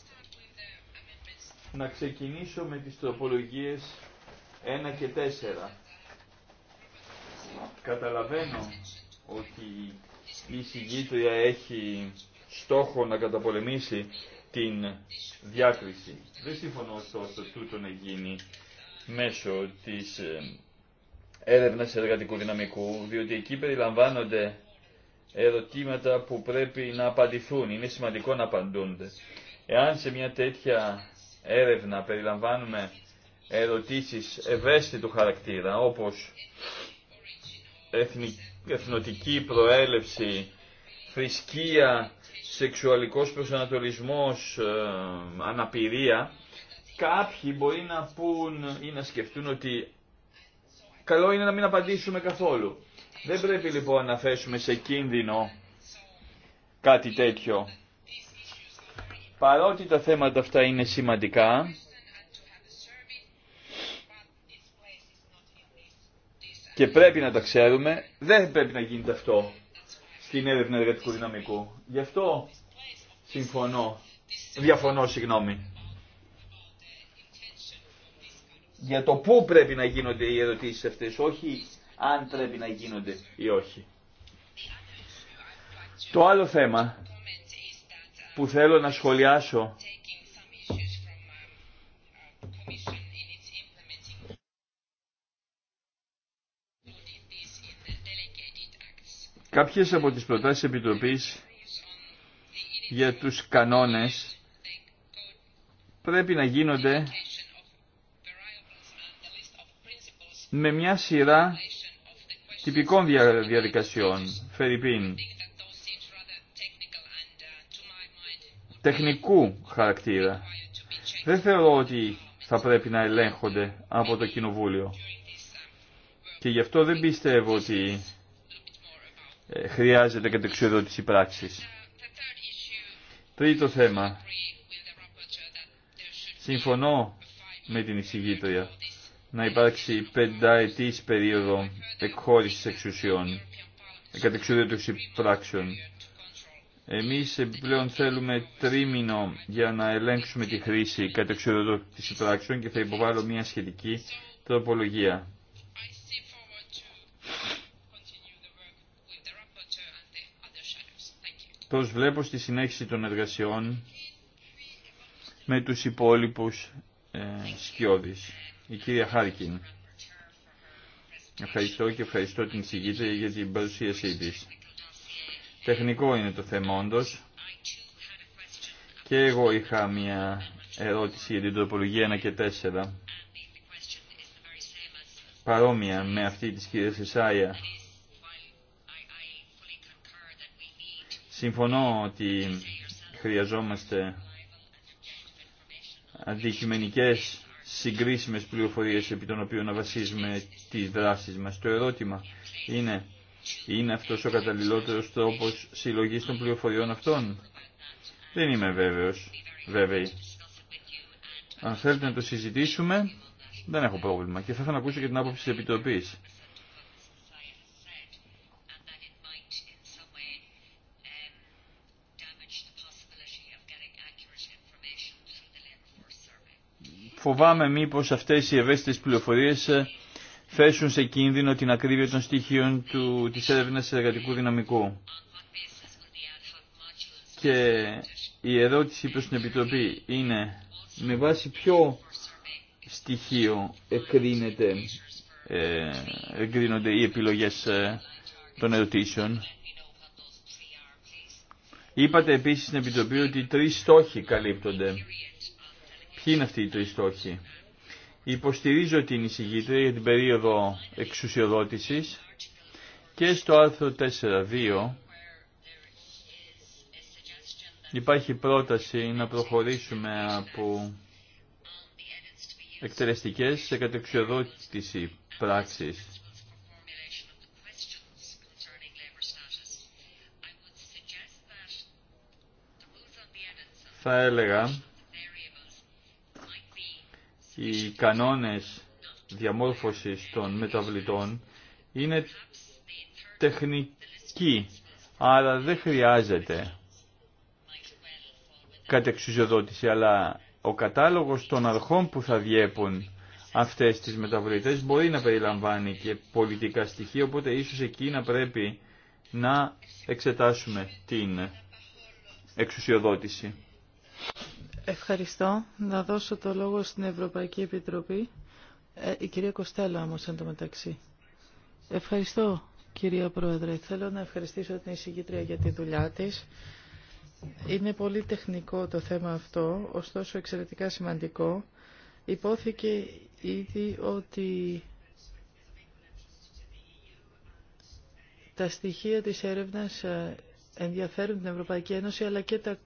Να ξεκινήσω με τις τροπολογίες ένα και τέσσερα. Καταλαβαίνω ότι η συγκήτρια έχει στόχο να καταπολεμήσει την διάκριση. Δεν συμφωνώ ωστόσο τούτο να γίνει μέσω της ε, έρευνας εργατικού δυναμικού, διότι εκεί περιλαμβάνονται ερωτήματα που πρέπει να απαντηθούν. Είναι σημαντικό να απαντούνται. Εάν σε μια τέτοια έρευνα περιλαμβάνουμε ερωτήσεις ευαίσθητου χαρακτήρα όπως εθνοτική προέλευση, θρησκεία, σεξουαλικός προσανατολισμός, ε, αναπηρία, κάποιοι μπορεί να πούν ή να σκεφτούν ότι καλό είναι να μην απαντήσουμε καθόλου. Δεν πρέπει λοιπόν να θέσουμε σε κίνδυνο κάτι τέτοιο. Παρότι τα θέματα αυτά είναι σημαντικά, και πρέπει να τα ξέρουμε, δεν πρέπει να γίνεται αυτό στην έρευνα εργατικού δυναμικού. Γι' αυτό συμφωνώ, διαφωνώ, συγγνώμη. Για το πού πρέπει να γίνονται οι ερωτήσεις αυτές, όχι αν πρέπει να γίνονται ή όχι. Το άλλο θέμα που θέλω να σχολιάσω Κάποιες από τις προτάσεις Επιτροπής για τους κανόνες πρέπει να γίνονται με μια σειρά τυπικών διαδικασιών, φερρυπίν, τεχνικού χαρακτήρα. Δεν θεωρώ ότι θα πρέπει να ελέγχονται από το Κοινοβούλιο. Και γι' αυτό δεν πιστεύω ότι ε, χρειάζεται κατεξοδότηση πράξης. Τρίτο θέμα. Συμφωνώ με την εισηγήτρια να υπάρξει πενταετής περίοδο εκχώρησης εξουσιών, ε, κατεξοδότηση πράξεων. Εμείς επιπλέον θέλουμε τρίμηνο για να ελέγξουμε τη χρήση κατεξοδότηση πράξεων και θα υποβάλω μια σχετική τροπολογία. βλέπω στη συνέχιση των εργασιών με τους υπόλοιπους ε, Η κυρία Χάρκιν. Ευχαριστώ και ευχαριστώ την συγκίτρια για την παρουσίασή της. Τεχνικό είναι το θέμα όντως. Και εγώ είχα μια ερώτηση για την τροπολογία 1 και 4. Παρόμοια με αυτή της κυρίας Εσάια Συμφωνώ ότι χρειαζόμαστε αντικειμενικές συγκρίσιμες πληροφορίες επί των οποίων να βασίζουμε τις δράσεις μας. Το ερώτημα είναι, είναι αυτός ο καταλληλότερος τρόπος συλλογής των πληροφοριών αυτών. Δεν είμαι βέβαιος, βέβαιη. Αν θέλετε να το συζητήσουμε, δεν έχω πρόβλημα και θα ήθελα να ακούσω και την άποψη της Επιτροπής. Φοβάμαι μήπως αυτές οι ευαίσθητες πληροφορίες θέσουν ε, σε κίνδυνο την ακρίβεια των στοιχείων του, της έρευνας εργατικού δυναμικού. Και η ερώτηση προς την Επιτροπή είναι με βάση ποιο στοιχείο εκρίνεται, ε, οι επιλογές ε, των ερωτήσεων. Είπατε επίσης στην Επιτροπή ότι τρεις στόχοι καλύπτονται Ποιοι είναι αυτοί οι τρεις στόχοι. Υποστηρίζω την εισηγήτρια για την περίοδο εξουσιοδότησης και στο άρθρο 4.2 υπάρχει πρόταση να προχωρήσουμε από εκτελεστικές σε κατεξιοδότηση πράξης. Θα έλεγα οι κανόνες διαμόρφωσης των μεταβλητών είναι τεχνικοί, άρα δεν χρειάζεται κατεξουσιοδότηση, αλλά ο κατάλογος των αρχών που θα διέπουν αυτές τις μεταβλητές μπορεί να περιλαμβάνει και πολιτικά στοιχεία, οπότε ίσως εκεί να πρέπει να εξετάσουμε την εξουσιοδότηση. Ευχαριστώ. Να δώσω το λόγο στην Ευρωπαϊκή Επιτροπή. Ε, η κυρία Κοστέλα όμως εν μεταξύ. Ευχαριστώ κυρία Πρόεδρε. Θέλω να ευχαριστήσω την εισηγήτρια για τη δουλειά της. Είναι πολύ τεχνικό το θέμα αυτό, ωστόσο εξαιρετικά σημαντικό. Υπόθηκε ήδη ότι τα στοιχεία της έρευνας ε, ενδιαφέρουν την Ευρωπαϊκή Ένωση αλλά και τα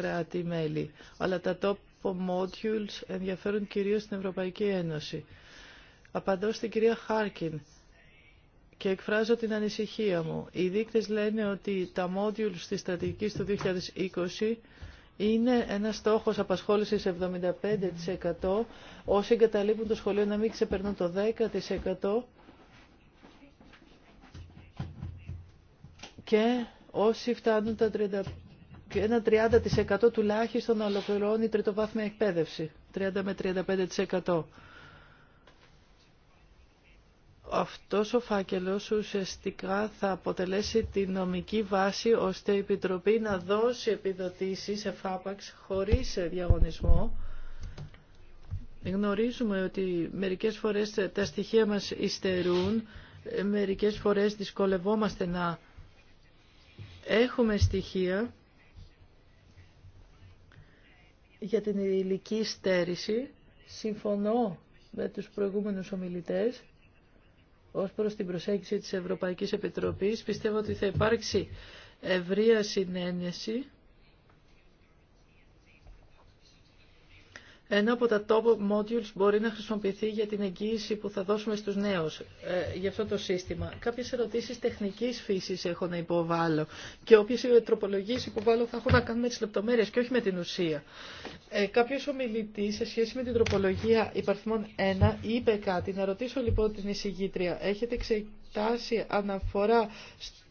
κράτη-μέλη. Αλλά τα top modules ενδιαφέρουν κυρίως την Ευρωπαϊκή Ένωση. Απαντώ στην κυρία Χάρκιν και εκφράζω την ανησυχία μου. Οι δείκτες λένε ότι τα modules της στρατηγικής του 2020 είναι ένα στόχος απασχόλησης 75%. Όσοι εγκαταλείπουν το σχολείο να μην ξεπερνούν το 10% και όσοι φτάνουν τα ένα 30% τουλάχιστον να ολοκληρώνει τριτοβάθμια εκπαίδευση. 30 με 35%. Αυτός ο φάκελος ουσιαστικά θα αποτελέσει τη νομική βάση ώστε η Επιτροπή να δώσει επιδοτήσεις σε χωρίς διαγωνισμό. Γνωρίζουμε ότι μερικές φορές τα στοιχεία μας υστερούν, μερικές φορές δυσκολευόμαστε να έχουμε στοιχεία για την ηλική στέρηση. Συμφωνώ με τους προηγούμενους ομιλητές ως προς την προσέγγιση της Ευρωπαϊκής Επιτροπής. Πιστεύω ότι θα υπάρξει ευρεία συνένεση Ένα από τα top modules μπορεί να χρησιμοποιηθεί για την εγγύηση που θα δώσουμε στους νέους ε, για αυτό το σύστημα. Κάποιες ερωτήσεις τεχνικής φύσης έχω να υποβάλω και όποιες τροπολογίες υποβάλλω θα έχω να κάνουν με τις λεπτομέρειες και όχι με την ουσία. Ε, κάποιος ομιλητής σε σχέση με την τροπολογία υπαρθμών 1 είπε κάτι. Να ρωτήσω λοιπόν την εισηγήτρια. Έχετε τάση αναφορά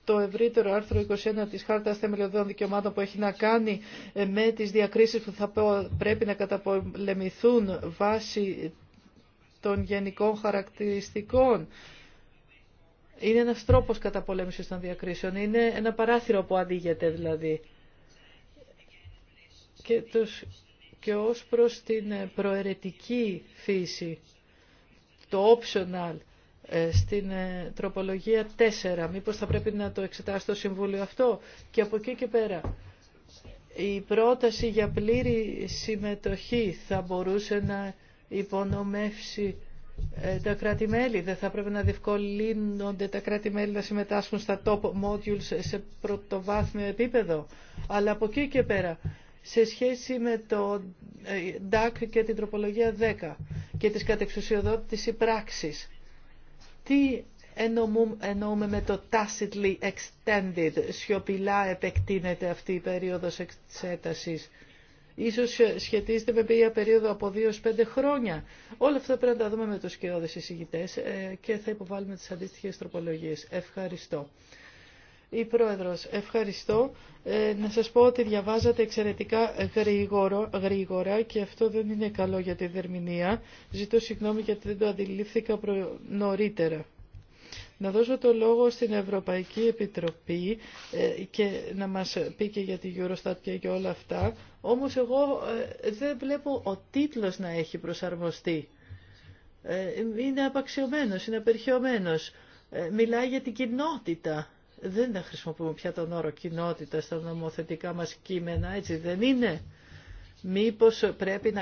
το ευρύτερο άρθρο 21 της Χάρτας Θεμελιωδών Δικαιωμάτων που έχει να κάνει ε, με τις διακρίσεις που θα πρέπει να καταπολεμηθούν βάσει των γενικών χαρακτηριστικών. Είναι ένας τρόπος καταπολέμησης των διακρίσεων. Είναι ένα παράθυρο που αντίγεται δηλαδή. Και, τους, και ως προς την προαιρετική φύση, το optional, ε, στην ε, τροπολογία 4. Μήπως θα πρέπει να το εξετάσει το Συμβούλιο αυτό. Και από εκεί και πέρα, η πρόταση για πλήρη συμμετοχή θα μπορούσε να υπονομεύσει ε, τα κράτη-μέλη. Δεν θα πρέπει να διευκολύνονται τα κράτη-μέλη να συμμετάσχουν στα top modules σε πρωτοβάθμιο επίπεδο. Αλλά από εκεί και πέρα, σε σχέση με το DAC και την τροπολογία 10 και τις κατεξουσιοδότηση πράξης, τι εννοούμε με το tacitly extended, σιωπηλά επεκτείνεται αυτή η περίοδος εξέτασης. Ίσως σχετίζεται με μια περίοδο από 2-5 χρόνια. Όλα αυτά πρέπει να τα δούμε με τους κυρώδες εισηγητές ε, και θα υποβάλουμε τις αντίστοιχες τροπολογίες. Ευχαριστώ. Η Πρόεδρος, ευχαριστώ. Ε, να σας πω ότι διαβάζατε εξαιρετικά γρήγορο, γρήγορα και αυτό δεν είναι καλό για τη δερμηνία. Ζητώ συγγνώμη γιατί δεν το αντιλήφθηκα προ... νωρίτερα. Να δώσω το λόγο στην Ευρωπαϊκή Επιτροπή ε, και να μας πει και για τη Eurostat και όλα αυτά. Όμως εγώ ε, δεν βλέπω ο τίτλος να έχει προσαρμοστεί. Είναι απαξιωμένος, είναι απερχιωμένος. Μιλάει για την κοινότητα δεν θα χρησιμοποιούμε πια τον όρο κοινότητα στα νομοθετικά μας κείμενα, έτσι δεν είναι. Μήπως πρέπει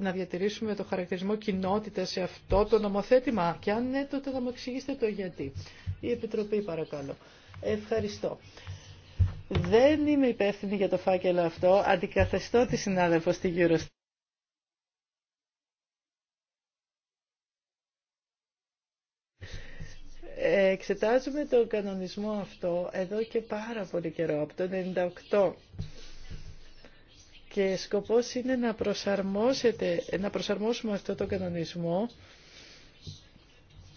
να, διατηρήσουμε το χαρακτηρισμό κοινότητα σε αυτό το νομοθέτημα και αν ναι τότε θα μου εξηγήσετε το γιατί. Η Επιτροπή παρακαλώ. Ευχαριστώ. Δεν είμαι υπεύθυνη για το φάκελο αυτό. Αντικαθεστώ τη συνάδελφο στη γύρω. εξετάζουμε τον κανονισμό αυτό εδώ και πάρα πολύ καιρό, από το 1998. Και σκοπός είναι να, προσαρμόσετε, να προσαρμόσουμε αυτό το κανονισμό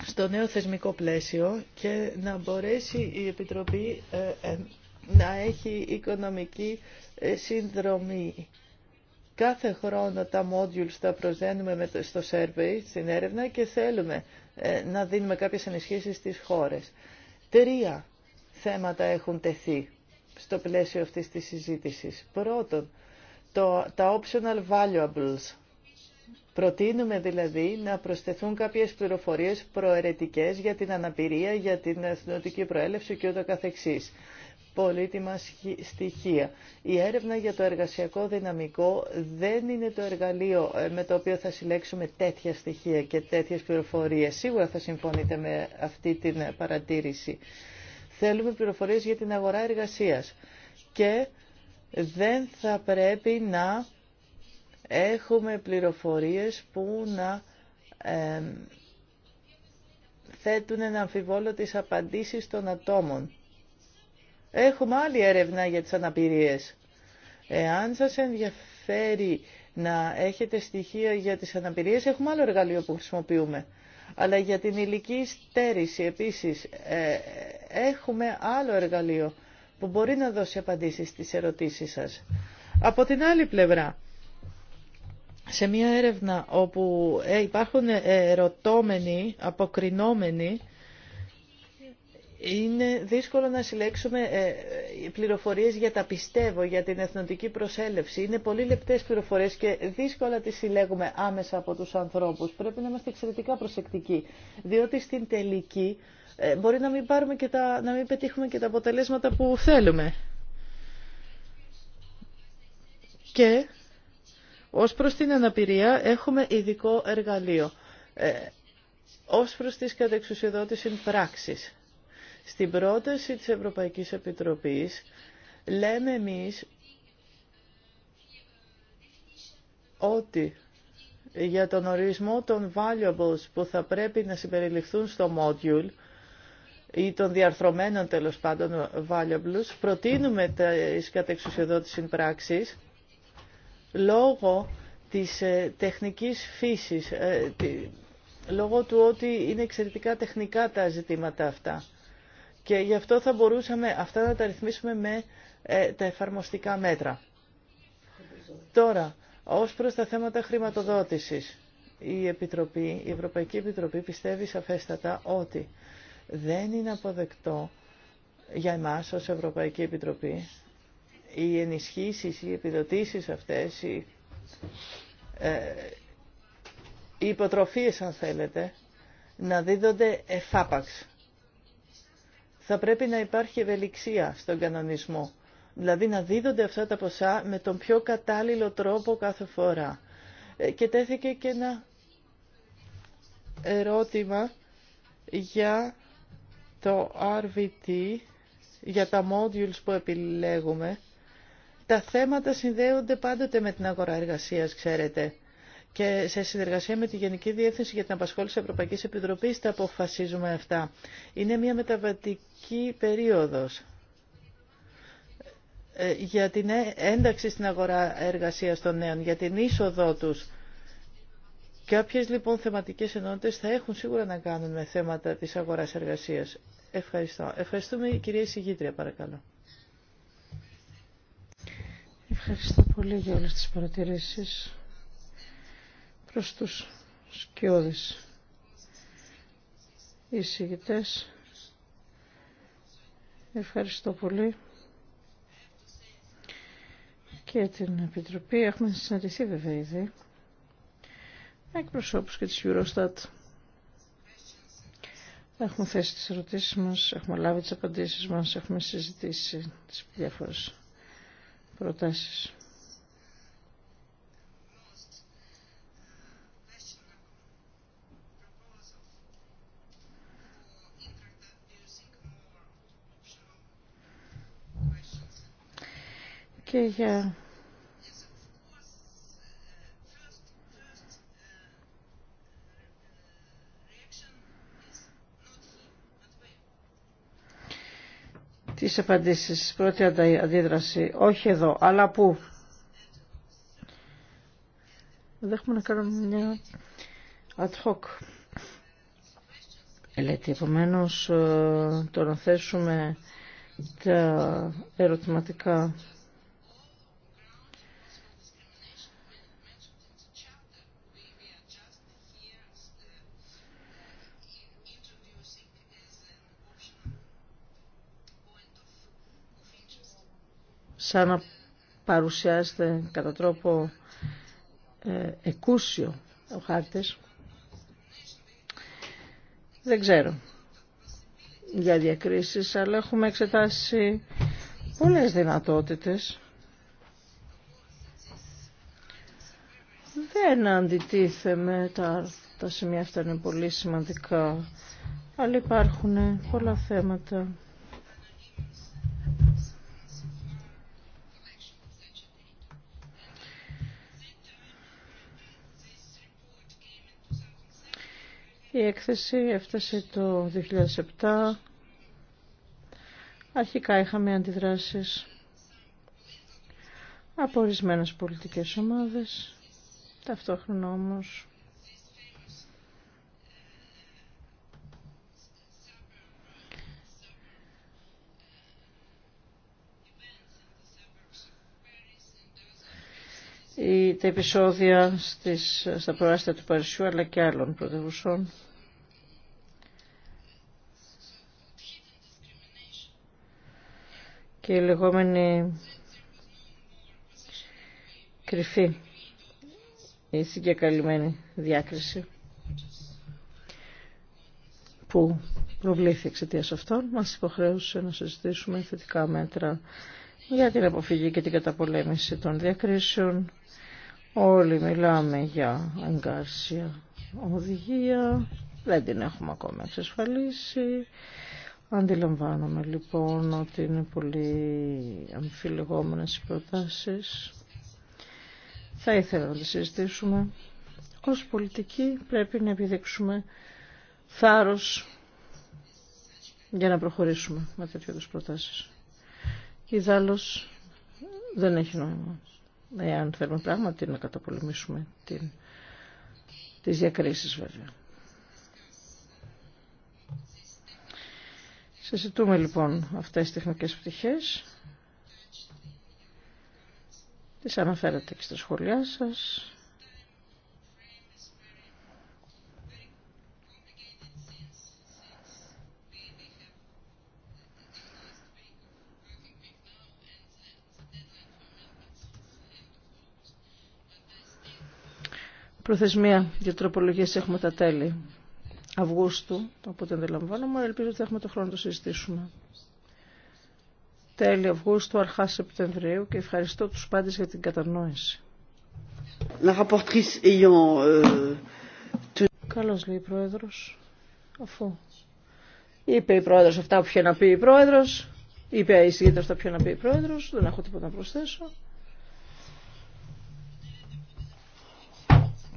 στο νέο θεσμικό πλαίσιο και να μπορέσει η Επιτροπή ε, ε, να έχει οικονομική ε, συνδρομή. Κάθε χρόνο τα modules τα προσδένουμε στο survey, στην έρευνα και θέλουμε ε, να δίνουμε κάποιες ενισχύσεις στις χώρες. Τρία θέματα έχουν τεθεί στο πλαίσιο αυτής της συζήτησης. Πρώτον, το, τα optional valuables. Προτείνουμε δηλαδή να προσθεθούν κάποιες πληροφορίες προαιρετικές για την αναπηρία, για την εθνοτική προέλευση και ούτω καθεξής πολύτιμα στοιχεία. Η έρευνα για το εργασιακό δυναμικό δεν είναι το εργαλείο ε, με το οποίο θα συλλέξουμε τέτοια στοιχεία και τέτοιες πληροφορίες. Σίγουρα θα συμφωνείτε με αυτή την ε, παρατήρηση. Θέλουμε πληροφορίες για την αγορά εργασίας και δεν θα πρέπει να έχουμε πληροφορίες που να θέτουν ένα αμφιβόλο τις απαντήσεις των ατόμων. Έχουμε άλλη έρευνα για τις αναπηρίες. Εάν σας ενδιαφέρει να έχετε στοιχεία για τις αναπηρίες, έχουμε άλλο εργαλείο που χρησιμοποιούμε. Αλλά για την ηλική στέρηση επίσης ε, έχουμε άλλο εργαλείο που μπορεί να δώσει απαντήσεις στις ερωτήσεις σας. Από την άλλη πλευρά, σε μια έρευνα όπου ε, υπάρχουν ερωτώμενοι, αποκρινόμενοι, είναι δύσκολο να συλλέξουμε ε, ε, πληροφορίες για τα πιστεύω, για την εθνοτική προσέλευση. Είναι πολύ λεπτές πληροφορίες και δύσκολα τις συλλέγουμε άμεσα από τους ανθρώπους. Πρέπει να είμαστε εξαιρετικά προσεκτικοί, διότι στην τελική ε, μπορεί να μην, πάρουμε και να μην πετύχουμε και τα αποτελέσματα που θέλουμε. Και ως προς την αναπηρία έχουμε ειδικό εργαλείο. Ε, ως προς τις κατεξουσιοδότηση πράξης στην πρόταση της Ευρωπαϊκής Επιτροπής λέμε εμείς ότι για τον ορισμό των valuables που θα πρέπει να συμπεριληφθούν στο module ή των διαρθρωμένων τέλος πάντων valuables, προτείνουμε τις κατεξουσιοδότηση πράξη λόγω της ε, τεχνικής φύσης, ε, λόγω του ότι είναι εξαιρετικά τεχνικά τα ζητήματα αυτά. Και γι' αυτό θα μπορούσαμε αυτά να τα ρυθμίσουμε με ε, τα εφαρμοστικά μέτρα. Τώρα, ως προς τα θέματα χρηματοδότησης, η, Επιτροπή, η Ευρωπαϊκή Επιτροπή πιστεύει σαφέστατα ότι δεν είναι αποδεκτό για εμάς ως Ευρωπαϊκή Επιτροπή οι ενισχύσεις, οι επιδοτήσεις αυτές, οι, ε, υποτροφίες αν θέλετε, να δίδονται εφάπαξ θα πρέπει να υπάρχει ευελιξία στον κανονισμό. Δηλαδή να δίδονται αυτά τα ποσά με τον πιο κατάλληλο τρόπο κάθε φορά. Ε, και τέθηκε και ένα ερώτημα για το RVT, για τα modules που επιλέγουμε. Τα θέματα συνδέονται πάντοτε με την αγορά εργασίας, ξέρετε και σε συνεργασία με τη Γενική Διεύθυνση για την Απασχόληση Ευρωπαϊκής Επιτροπής τα αποφασίζουμε αυτά. Είναι μια μεταβατική περίοδος ε, για την ένταξη στην αγορά εργασίας των νέων, για την είσοδό τους. Κάποιες λοιπόν θεματικές ενότητες θα έχουν σίγουρα να κάνουν με θέματα της αγοράς εργασίας. Ευχαριστώ. Ευχαριστούμε η κυρία Συγήτρια παρακαλώ. Ευχαριστώ πολύ για όλες τις παρατηρήσεις προς τους σκιώδεις εισηγητές. Ευχαριστώ πολύ και την Επιτροπή. Έχουμε συναντηθεί βέβαια ήδη με εκπροσώπους και της Eurostat. Έχουμε θέσει τις ερωτήσεις μας, έχουμε λάβει τις απαντήσεις μας, έχουμε συζητήσει τις διάφορες προτάσεις. και για... τις απαντήσεις. Πρώτη αντίδραση, όχι εδώ, αλλά πού. Δεν έχουμε να κάνουμε μια ad hoc. ελέτη. επομένως, ε, το να θέσουμε τα ερωτηματικά σαν να παρουσιάζεται κατά τρόπο ε, εκούσιο ο χάρτης. Δεν ξέρω για διακρίσεις, αλλά έχουμε εξετάσει πολλές δυνατότητες. Δεν αντιτίθεμε, τα, τα σημεία αυτά είναι πολύ σημαντικά, αλλά υπάρχουν πολλά θέματα Η έκθεση έφτασε το 2007. Αρχικά είχαμε αντιδράσεις από ορισμένε πολιτικές ομάδες. Ταυτόχρονα όμως τα επεισόδια στις, στα προάστια του Παρισιού αλλά και άλλων πρωτεύουσων. Και η λεγόμενη κρυφή, η συγκεκαλυμμένη διάκριση που προβλήθη εξαιτία αυτών, μας υποχρέωσε να συζητήσουμε θετικά μέτρα για την αποφυγή και την καταπολέμηση των διακρίσεων, Όλοι μιλάμε για εγκάρσια οδηγία. Δεν την έχουμε ακόμα εξασφαλίσει. Αντιλαμβάνομαι λοιπόν ότι είναι πολύ αμφιλεγόμενες οι προτάσεις. Θα ήθελα να τις συζητήσουμε. Ως πολιτικοί πρέπει να επιδείξουμε θάρρος για να προχωρήσουμε με τέτοιου είδους προτάσεις. Ιδάλλως δεν έχει νόημα εάν θέλουμε πράγματι να καταπολεμήσουμε την, τις διακρίσεις βέβαια. ζητούμε λοιπόν αυτές τις τεχνικές πτυχές. Τις αναφέρατε και στα σχόλιά σας. Προθεσμία για τροπολογίε έχουμε τα τέλη Αυγούστου, από ό,τι αντιλαμβάνομαι. Ελπίζω ότι θα έχουμε το χρόνο να το συζητήσουμε. Τέλη Αυγούστου, αρχά Σεπτεμβρίου και ευχαριστώ του πάντες για την κατανόηση. La euh, λέει η πρόεδρο. αφού είπε η Πρόεδρος αυτά που είχε να πει η πρόεδρο, είπε η συγκέντρωση αυτά που είχε να πει η πρόεδρο, δεν έχω τίποτα να προσθέσω.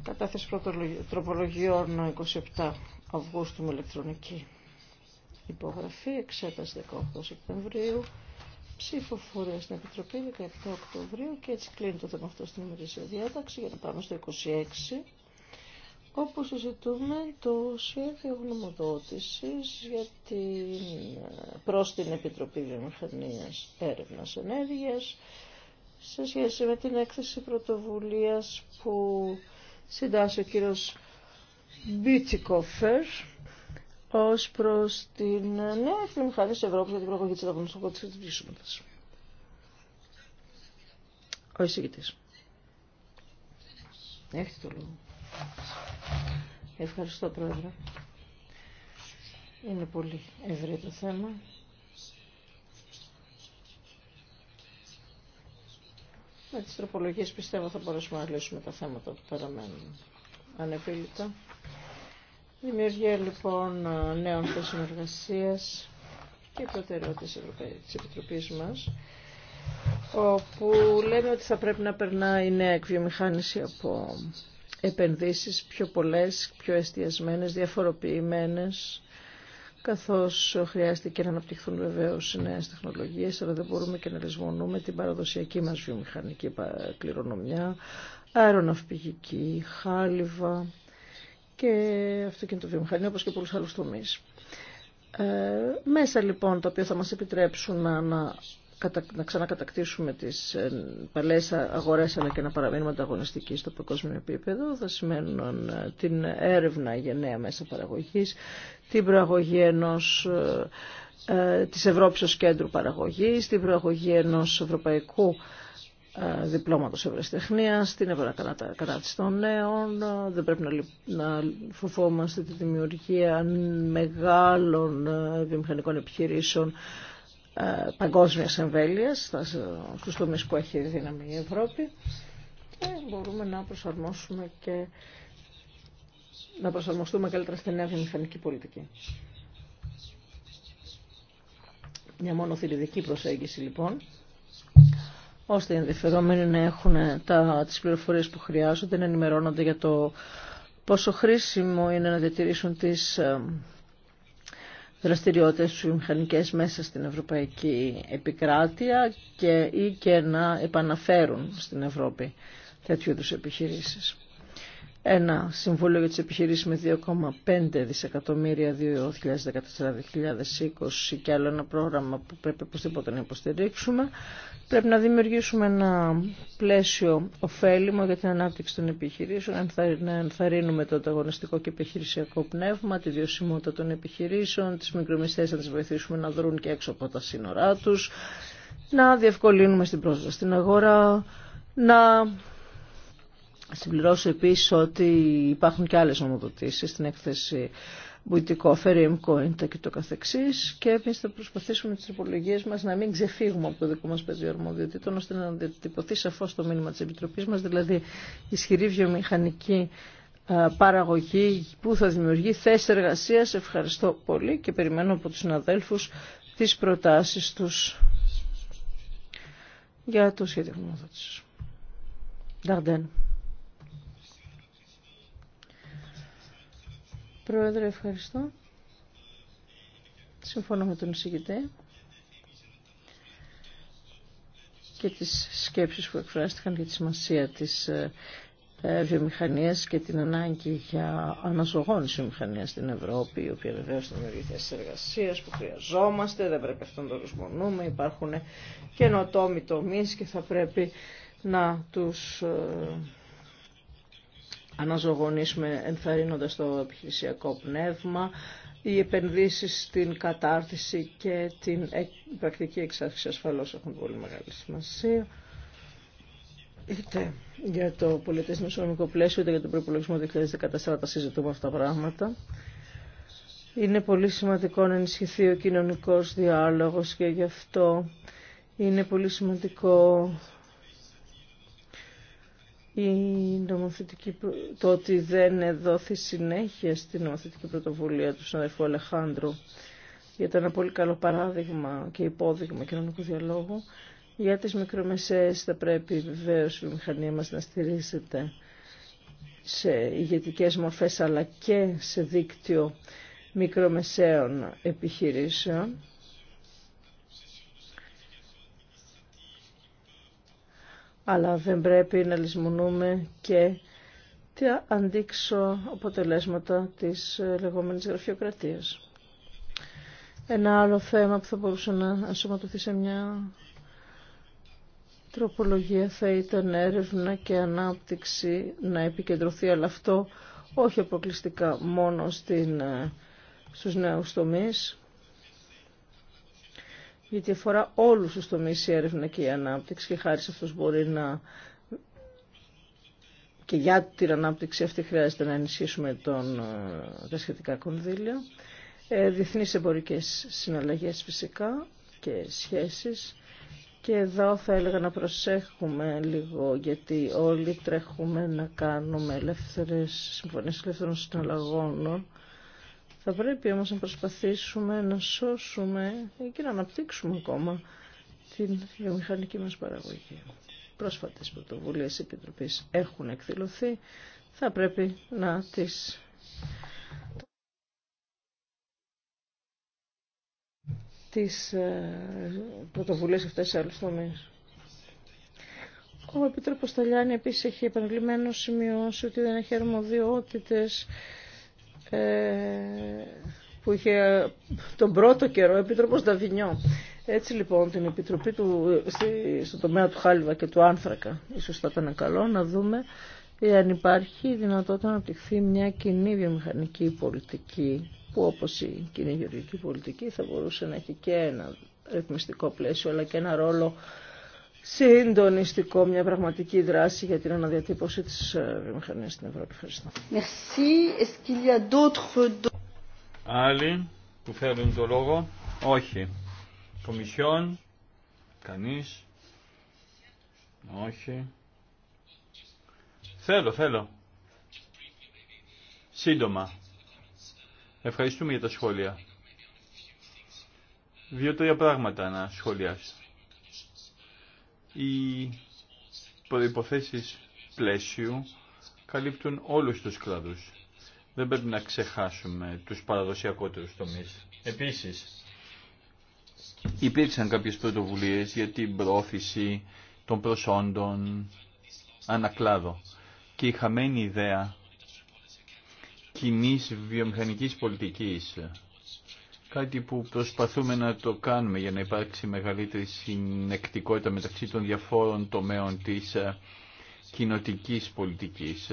Κατάθεση τροπολογιών 27 Αυγούστου με ηλεκτρονική υπογραφή, εξέταση 18 Σεπτεμβρίου, ψηφοφορία στην Επιτροπή 17 Οκτωβρίου και έτσι κλείνει το θέμα αυτό στην ημερήσια διάταξη για να πάμε στο 26 όπου συζητούμε το σχέδιο γνωμοδότησης για την, ε, προς την Επιτροπή Βιομηχανίας Έρευνας ενέργεια σε σχέση με την έκθεση πρωτοβουλίας που συντάσσει ο κύριος Μπίτσικοφερ ως προς την νέα εθνομηχανή της Ευρώπης για την προαγωγή της ανταγωνιστικότητας και της Ο εισηγητής. Έχετε το λόγο. Ευχαριστώ, Πρόεδρε. Είναι πολύ ευρύ το θέμα. Με τις τροπολογίες πιστεύω θα μπορέσουμε να λύσουμε τα θέματα που παραμένουν ανεπίλητα. Δημιουργία λοιπόν νέων θέσεων εργασία και προτεραιότητες τη Επιτροπή μα, όπου λέμε ότι θα πρέπει να περνάει η νέα εκβιομηχάνηση από επενδύσεις πιο πολλές, πιο εστιασμένες, διαφοροποιημένες καθώς χρειάστηκε να αναπτυχθούν βεβαίως νέες τεχνολογίες, αλλά δεν μπορούμε και να λησμονούμε την παραδοσιακή μας βιομηχανική κληρονομιά, αεροναυπηγική, χάλιβα και αυτοκινητοβιομηχανία, όπως και πολλούς άλλους τομείς. Ε, μέσα λοιπόν τα οποία θα μας επιτρέψουν να, να να ξανακατακτήσουμε τις ε, παλαιές αγορές αλλά και να παραμείνουμε ανταγωνιστικοί στο παγκόσμιο επίπεδο θα σημαίνουν ε, την έρευνα για νέα μέσα παραγωγής, την προαγωγή ενός ε, της Ευρώπης ως κέντρου παραγωγής, την προαγωγή ενός ευρωπαϊκού διπλώματος ευρεσιτεχνίας, την ευρωκατάτηση των νέων. Δεν πρέπει να φοβόμαστε τη δημιουργία μεγάλων βιομηχανικών επιχειρήσεων ε, παγκόσμια εμβέλεια, στου τομεί που έχει δύναμη η Ευρώπη και μπορούμε να προσαρμόσουμε και να προσαρμοστούμε καλύτερα στην νέα βιομηχανική πολιτική. Μια μόνο θηριδική προσέγγιση λοιπόν, ώστε οι ενδιαφερόμενοι να έχουν τα, τις πληροφορίες που χρειάζονται, να ενημερώνονται για το πόσο χρήσιμο είναι να διατηρήσουν τις ε, δραστηριότητες του μηχανικές μέσα στην ευρωπαϊκή επικράτεια και, ή και να επαναφέρουν στην Ευρώπη τέτοιου είδους επιχειρήσεις ένα συμβούλιο για τις επιχειρήσεις με 2,5 δισεκατομμύρια 2014-2020 και άλλο ένα πρόγραμμα που πρέπει οπωσδήποτε να υποστηρίξουμε. Πρέπει να δημιουργήσουμε ένα πλαίσιο ωφέλιμο για την ανάπτυξη των επιχειρήσεων, να ενθαρρύνουμε το ανταγωνιστικό και επιχειρησιακό πνεύμα, τη βιωσιμότητα των επιχειρήσεων, τις μικρομεσαίες να τις βοηθήσουμε να δρουν και έξω από τα σύνορά τους, να διευκολύνουμε στην πρόσβαση στην αγορά, να Συμπληρώσω επίσης ότι υπάρχουν και άλλες νομοδοτήσεις στην έκθεση Μπουτικό, Φερίμ, Κόιντα και το καθεξής και εμείς θα προσπαθήσουμε τις υπολογίες μας να μην ξεφύγουμε από το δικό μας πεδίο αρμοδιοτήτων ώστε να διατυπωθεί σαφώς το μήνυμα της Επιτροπής μας, δηλαδή ισχυρή βιομηχανική παραγωγή που θα δημιουργεί θέσεις εργασίας. Ευχαριστώ πολύ και περιμένω από τους συναδέλφους τις προτάσεις τους για το σχέδιο γνωμοδότησης. Πρόεδρε, ευχαριστώ. Συμφωνώ με τον εισηγητή και τις σκέψεις που εκφράστηκαν για τη σημασία της ε, ε, βιομηχανίας και την ανάγκη για αναζωογόνηση βιομηχανίας στην Ευρώπη, η οποία βεβαίω δημιουργεί θέσει εργασία που χρειαζόμαστε, δεν πρέπει αυτόν τον ρυθμονούμε, υπάρχουν καινοτόμοι τομεί και θα πρέπει να τους ε, αναζωογονήσουμε ενθαρρύνοντας το επιχειρησιακό πνεύμα, οι επενδύσεις στην κατάρτιση και την πρακτική εξάρτηση ασφαλώς έχουν πολύ μεγάλη σημασία. Είτε για το πολιτισμικό πλαίσιο, είτε για τον προπολογισμό 2014 τα συζητούμε αυτά τα πράγματα. Είναι πολύ σημαντικό να ενισχυθεί ο κοινωνικός διάλογος και γι' αυτό είναι πολύ σημαντικό η το ότι δεν δόθη συνέχεια στην νομοθετική πρωτοβουλία του συναδελφού Αλεχάνδρου για ένα πολύ καλό παράδειγμα και υπόδειγμα κοινωνικού διαλόγου για τις μικρομεσαίες θα πρέπει βεβαίω η μηχανία μας να στηρίζεται σε ηγετικέ μορφές αλλά και σε δίκτυο μικρομεσαίων επιχειρήσεων αλλά δεν πρέπει να λησμονούμε και τα αντίξω αποτελέσματα της λεγόμενης γραφειοκρατίας. Ένα άλλο θέμα που θα μπορούσε να ασωματωθεί σε μια τροπολογία θα ήταν έρευνα και ανάπτυξη να επικεντρωθεί, αλλά αυτό όχι αποκλειστικά μόνο στην, ε, στους νέους τομείς, γιατί αφορά όλους τους τομείς η έρευνα και η ανάπτυξη και χάρη σε αυτός μπορεί να και για την ανάπτυξη αυτή χρειάζεται να ενισχύσουμε τον, ε, τα σχετικά κονδύλια. Ε, διεθνείς εμπορικές συναλλαγές φυσικά και σχέσεις. Και εδώ θα έλεγα να προσέχουμε λίγο, γιατί όλοι τρέχουμε να κάνουμε ελεύθερες συμφωνίες ελεύθερων συναλλαγών θα πρέπει όμως να προσπαθήσουμε να σώσουμε και να αναπτύξουμε ακόμα την βιομηχανική μας παραγωγή. Πρόσφατες πρωτοβουλίε Επιτροπής έχουν εκδηλωθεί. Θα πρέπει να τις... τις ε, πρωτοβουλίες αυτές σε άλλους τομείς. Ο Επίτροπος Ταλιάνη επίσης έχει επαναλημμένο σημειώσει ότι δεν έχει αρμοδιότητες ε, που είχε τον πρώτο καιρό Επίτροπος Νταβινιό. Έτσι λοιπόν την Επιτροπή του, στο τομέα του Χάλιβα και του Άνθρακα ίσως θα ήταν καλό να δούμε αν υπάρχει δυνατότητα να απτυχθεί μια κοινή βιομηχανική πολιτική που όπως η κοινή γεωργική πολιτική θα μπορούσε να έχει και ένα ρυθμιστικό πλαίσιο αλλά και ένα ρόλο συντονιστικό, μια πραγματική δράση για την αναδιατύπωση τη ε, βιομηχανία στην Ευρώπη. Ευχαριστώ. Άλλοι που θέλουν το λόγο. Όχι. Κομισιόν. κανεί, Όχι. Θέλω, θέλω. Σύντομα. Ευχαριστούμε για τα σχόλια. Δύο-τρία πράγματα να σχολιάσω. Οι προϋποθέσεις πλαίσιου καλύπτουν όλους τους κλάδους. Δεν πρέπει να ξεχάσουμε τους παραδοσιακότερους τομείς. Επίσης, υπήρξαν κάποιες πρωτοβουλίες για την πρόθεση των προσόντων ανακλάδο και η χαμένη ιδέα κοινή βιομηχανικής πολιτικής κάτι που προσπαθούμε να το κάνουμε για να υπάρξει μεγαλύτερη συνεκτικότητα μεταξύ των διαφόρων τομέων της ε, κοινοτικής πολιτικής.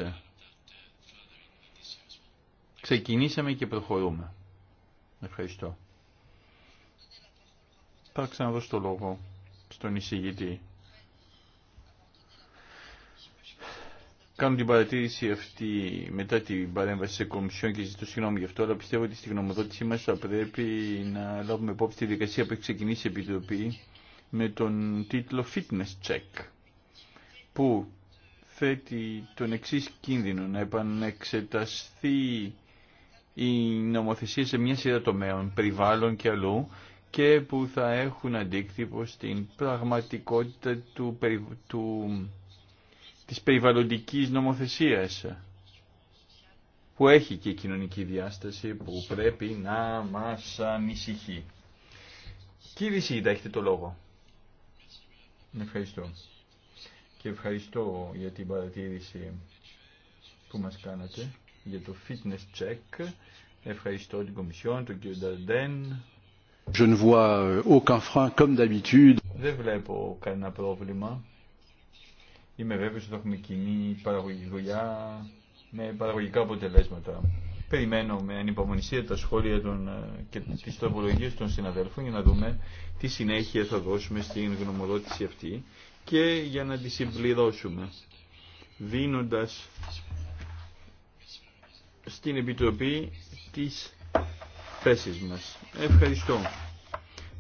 Ξεκινήσαμε και προχωρούμε. Ευχαριστώ. Θα ξαναδώ το λόγο στον εισηγητή. κάνω την παρατήρηση αυτή μετά την παρέμβαση σε κομισιόν και ζητώ συγγνώμη γι' αυτό, αλλά πιστεύω ότι στη γνωμοδότησή μα θα πρέπει να λάβουμε υπόψη τη δικασία που έχει ξεκινήσει η Επιτροπή με τον τίτλο Fitness Check, που θέτει τον εξή κίνδυνο να επανεξεταστεί η νομοθεσία σε μια σειρά τομέων, περιβάλλον και αλλού, και που θα έχουν αντίκτυπο στην πραγματικότητα του, του της περιβαλλοντικής νομοθεσίας που έχει και κοινωνική διάσταση που πρέπει να μας ανησυχεί. Κύριε Σίγητα, έχετε το λόγο. Ευχαριστώ. Και ευχαριστώ για την παρατήρηση που μας κάνατε, για το fitness check. Ευχαριστώ την Κομισιόν, τον κύριο Νταρντέν. Je Δεν βλέπω κανένα πρόβλημα Είμαι βέβαιος ότι έχουμε κοινή παραγωγική δουλειά με παραγωγικά αποτελέσματα. Περιμένω με ανυπομονησία τα σχόλια των, ε, και τι τροπολογίες των συναδέλφων για να δούμε τι συνέχεια θα δώσουμε στην γνωμοδότηση αυτή και για να τη συμπληρώσουμε δίνοντας στην Επιτροπή τις θέσεις μας. Ευχαριστώ.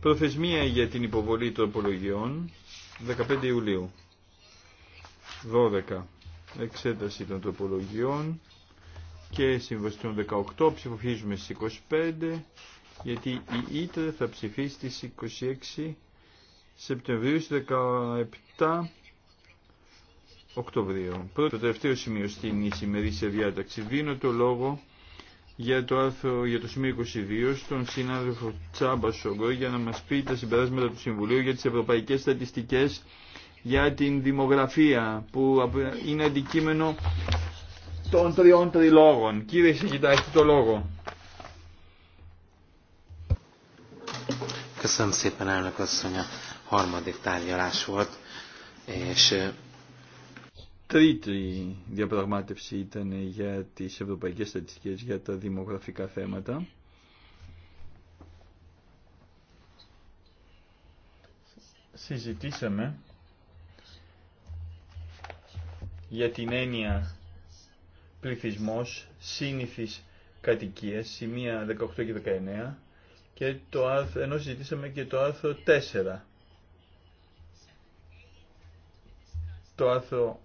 Προθεσμία για την υποβολή τροπολογιών 15 Ιουλίου. 12 εξέταση των τροπολογιών και συμβαστούν 18 ψηφοφίζουμε στις 25 γιατί η ΙΤΡΕ θα ψηφίσει στις 26 Σεπτεμβρίου στις 17 Οκτωβρίου. Πρώτο τελευταίο σημείο στην σε διάταξη. Δίνω το λόγο για το, άρθρο, για το σημείο 22 στον συνάδελφο Τσάμπα Σογκό για να μας πει τα συμπεράσματα του Συμβουλίου για τις ευρωπαϊκές στατιστικές για την δημογραφία που είναι αντικείμενο των τριών τριλόγων. Κύριε Σιγητά, έχετε το λόγο. Köszönöm szépen, elnök asszony, a harmadik tárgyalás volt, Τρίτη διαπραγμάτευση ήταν για τις ευρωπαϊκές στατιστικές για τα δημογραφικά θέματα. Συζητήσαμε για την έννοια πληθυσμός, σύνηθις κατοικίες, σημεία 18 και 19, και το άρθρο, ενώ συζητήσαμε και το άρθρο 4. Το άρθρο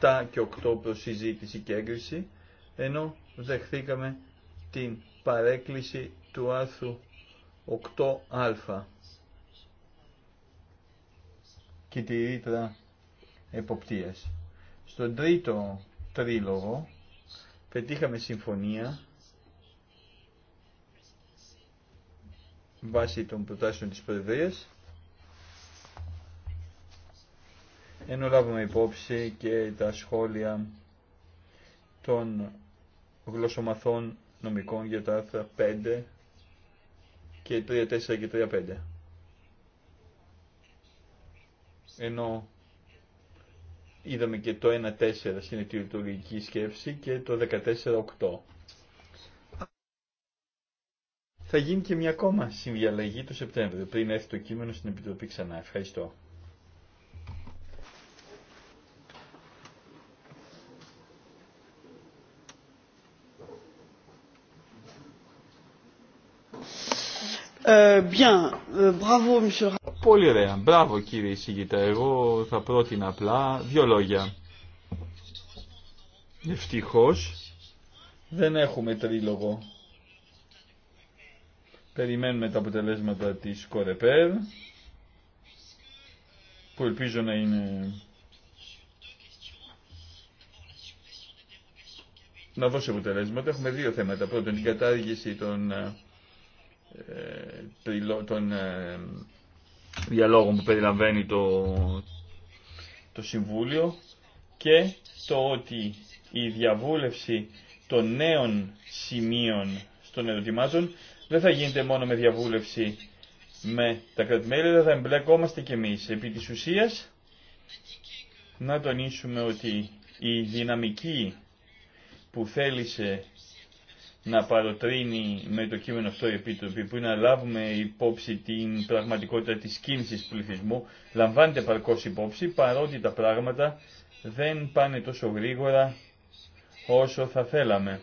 7 και 8 προ συζήτηση και έγκριση, ενώ δεχθήκαμε την παρέκκληση του άρθρου 8α και τη ρήτρα εποπτείας. Στον τρίτο τρίλογο πετύχαμε συμφωνία βάσει των προτάσεων της Προεδρίας ενώ λάβουμε υπόψη και τα σχόλια των γλωσσομαθών νομικών για τα άρθρα 5 και 3, 4 και 3, 5. Ενώ είδαμε και το 4 στην αιτιολογική σκέψη και το 1-4 στην αιτητογραφική σκέψη και το 14-8. Θα γίνει και μια ακόμα συνδιαλλαγή το Σεπτέμβριο, πριν έρθει το κείμενο στην Επιτροπή ξανά. Ευχαριστώ. Euh, bien, ε, bravo, monsieur. Πολύ ωραία. Μπράβο κύριε εισηγητά. Εγώ θα πρότεινα απλά δύο λόγια. Ευτυχώς δεν έχουμε τρίλογο. Περιμένουμε τα αποτελέσματα της Κορεπέρ που ελπίζω να είναι να δώσει αποτελέσματα. Έχουμε δύο θέματα. Πρώτον, την κατάργηση των, ε, ε, των ε, διαλόγων που περιλαμβάνει το, το Συμβούλιο και το ότι η διαβούλευση των νέων σημείων στον ερωτημάτων δεν θα γίνεται μόνο με διαβούλευση με τα κρατημέρια, αλλά θα εμπλεκόμαστε κι εμείς. Επί της ουσίας, να τονίσουμε ότι η δυναμική που θέλησε να παροτρύνει με το κείμενο αυτό η Επίτροπη που είναι να λάβουμε υπόψη την πραγματικότητα της κίνησης πληθυσμού λαμβάνεται παρκώς υπόψη παρότι τα πράγματα δεν πάνε τόσο γρήγορα όσο θα θέλαμε.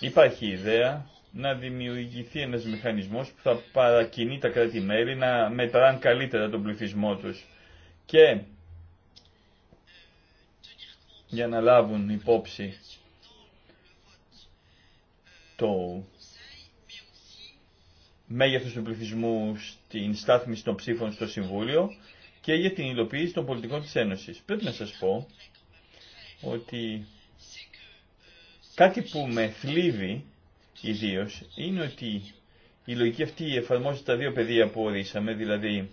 Υπάρχει ιδέα να δημιουργηθεί ένας μηχανισμός που θα παρακινεί τα κράτη-μέλη να μετράν καλύτερα τον πληθυσμό τους και για να λάβουν υπόψη το μέγεθος του πληθυσμού στην στάθμιση των ψήφων στο Συμβούλιο και για την υλοποίηση των πολιτικών της Ένωσης. Πρέπει να σας πω ότι κάτι που με θλίβει ιδίω είναι ότι η λογική αυτή εφαρμόζεται τα δύο πεδία που ορίσαμε, δηλαδή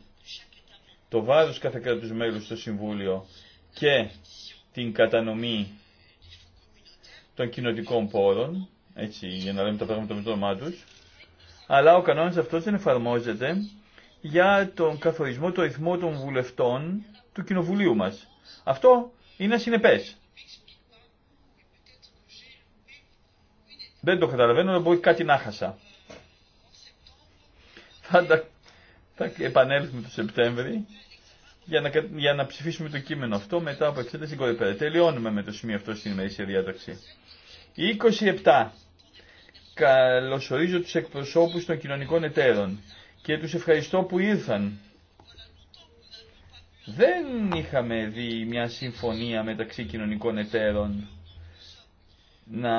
το βάρος κάθε κράτους μέλους στο Συμβούλιο και την κατανομή των κοινοτικών πόρων, έτσι, για να λέμε τα πράγματα με το όνομά του, αλλά ο κανόνας αυτός δεν εφαρμόζεται για τον καθορισμό του αριθμού των βουλευτών του κοινοβουλίου μας. Αυτό είναι συνεπές. Δεν το καταλαβαίνω, αλλά μπορεί κάτι να χάσα. Θα, τα... θα επανέλθουμε το Σεπτέμβρη για να, για να ψηφίσουμε το κείμενο αυτό μετά από εξέταση κορυφαία. Τελειώνουμε με το σημείο αυτό στην ημερήσια διάταξη. 27. Καλωσορίζω τους εκπροσώπους των κοινωνικών εταίρων και τους ευχαριστώ που ήρθαν. Δεν είχαμε δει μια συμφωνία μεταξύ κοινωνικών εταίρων να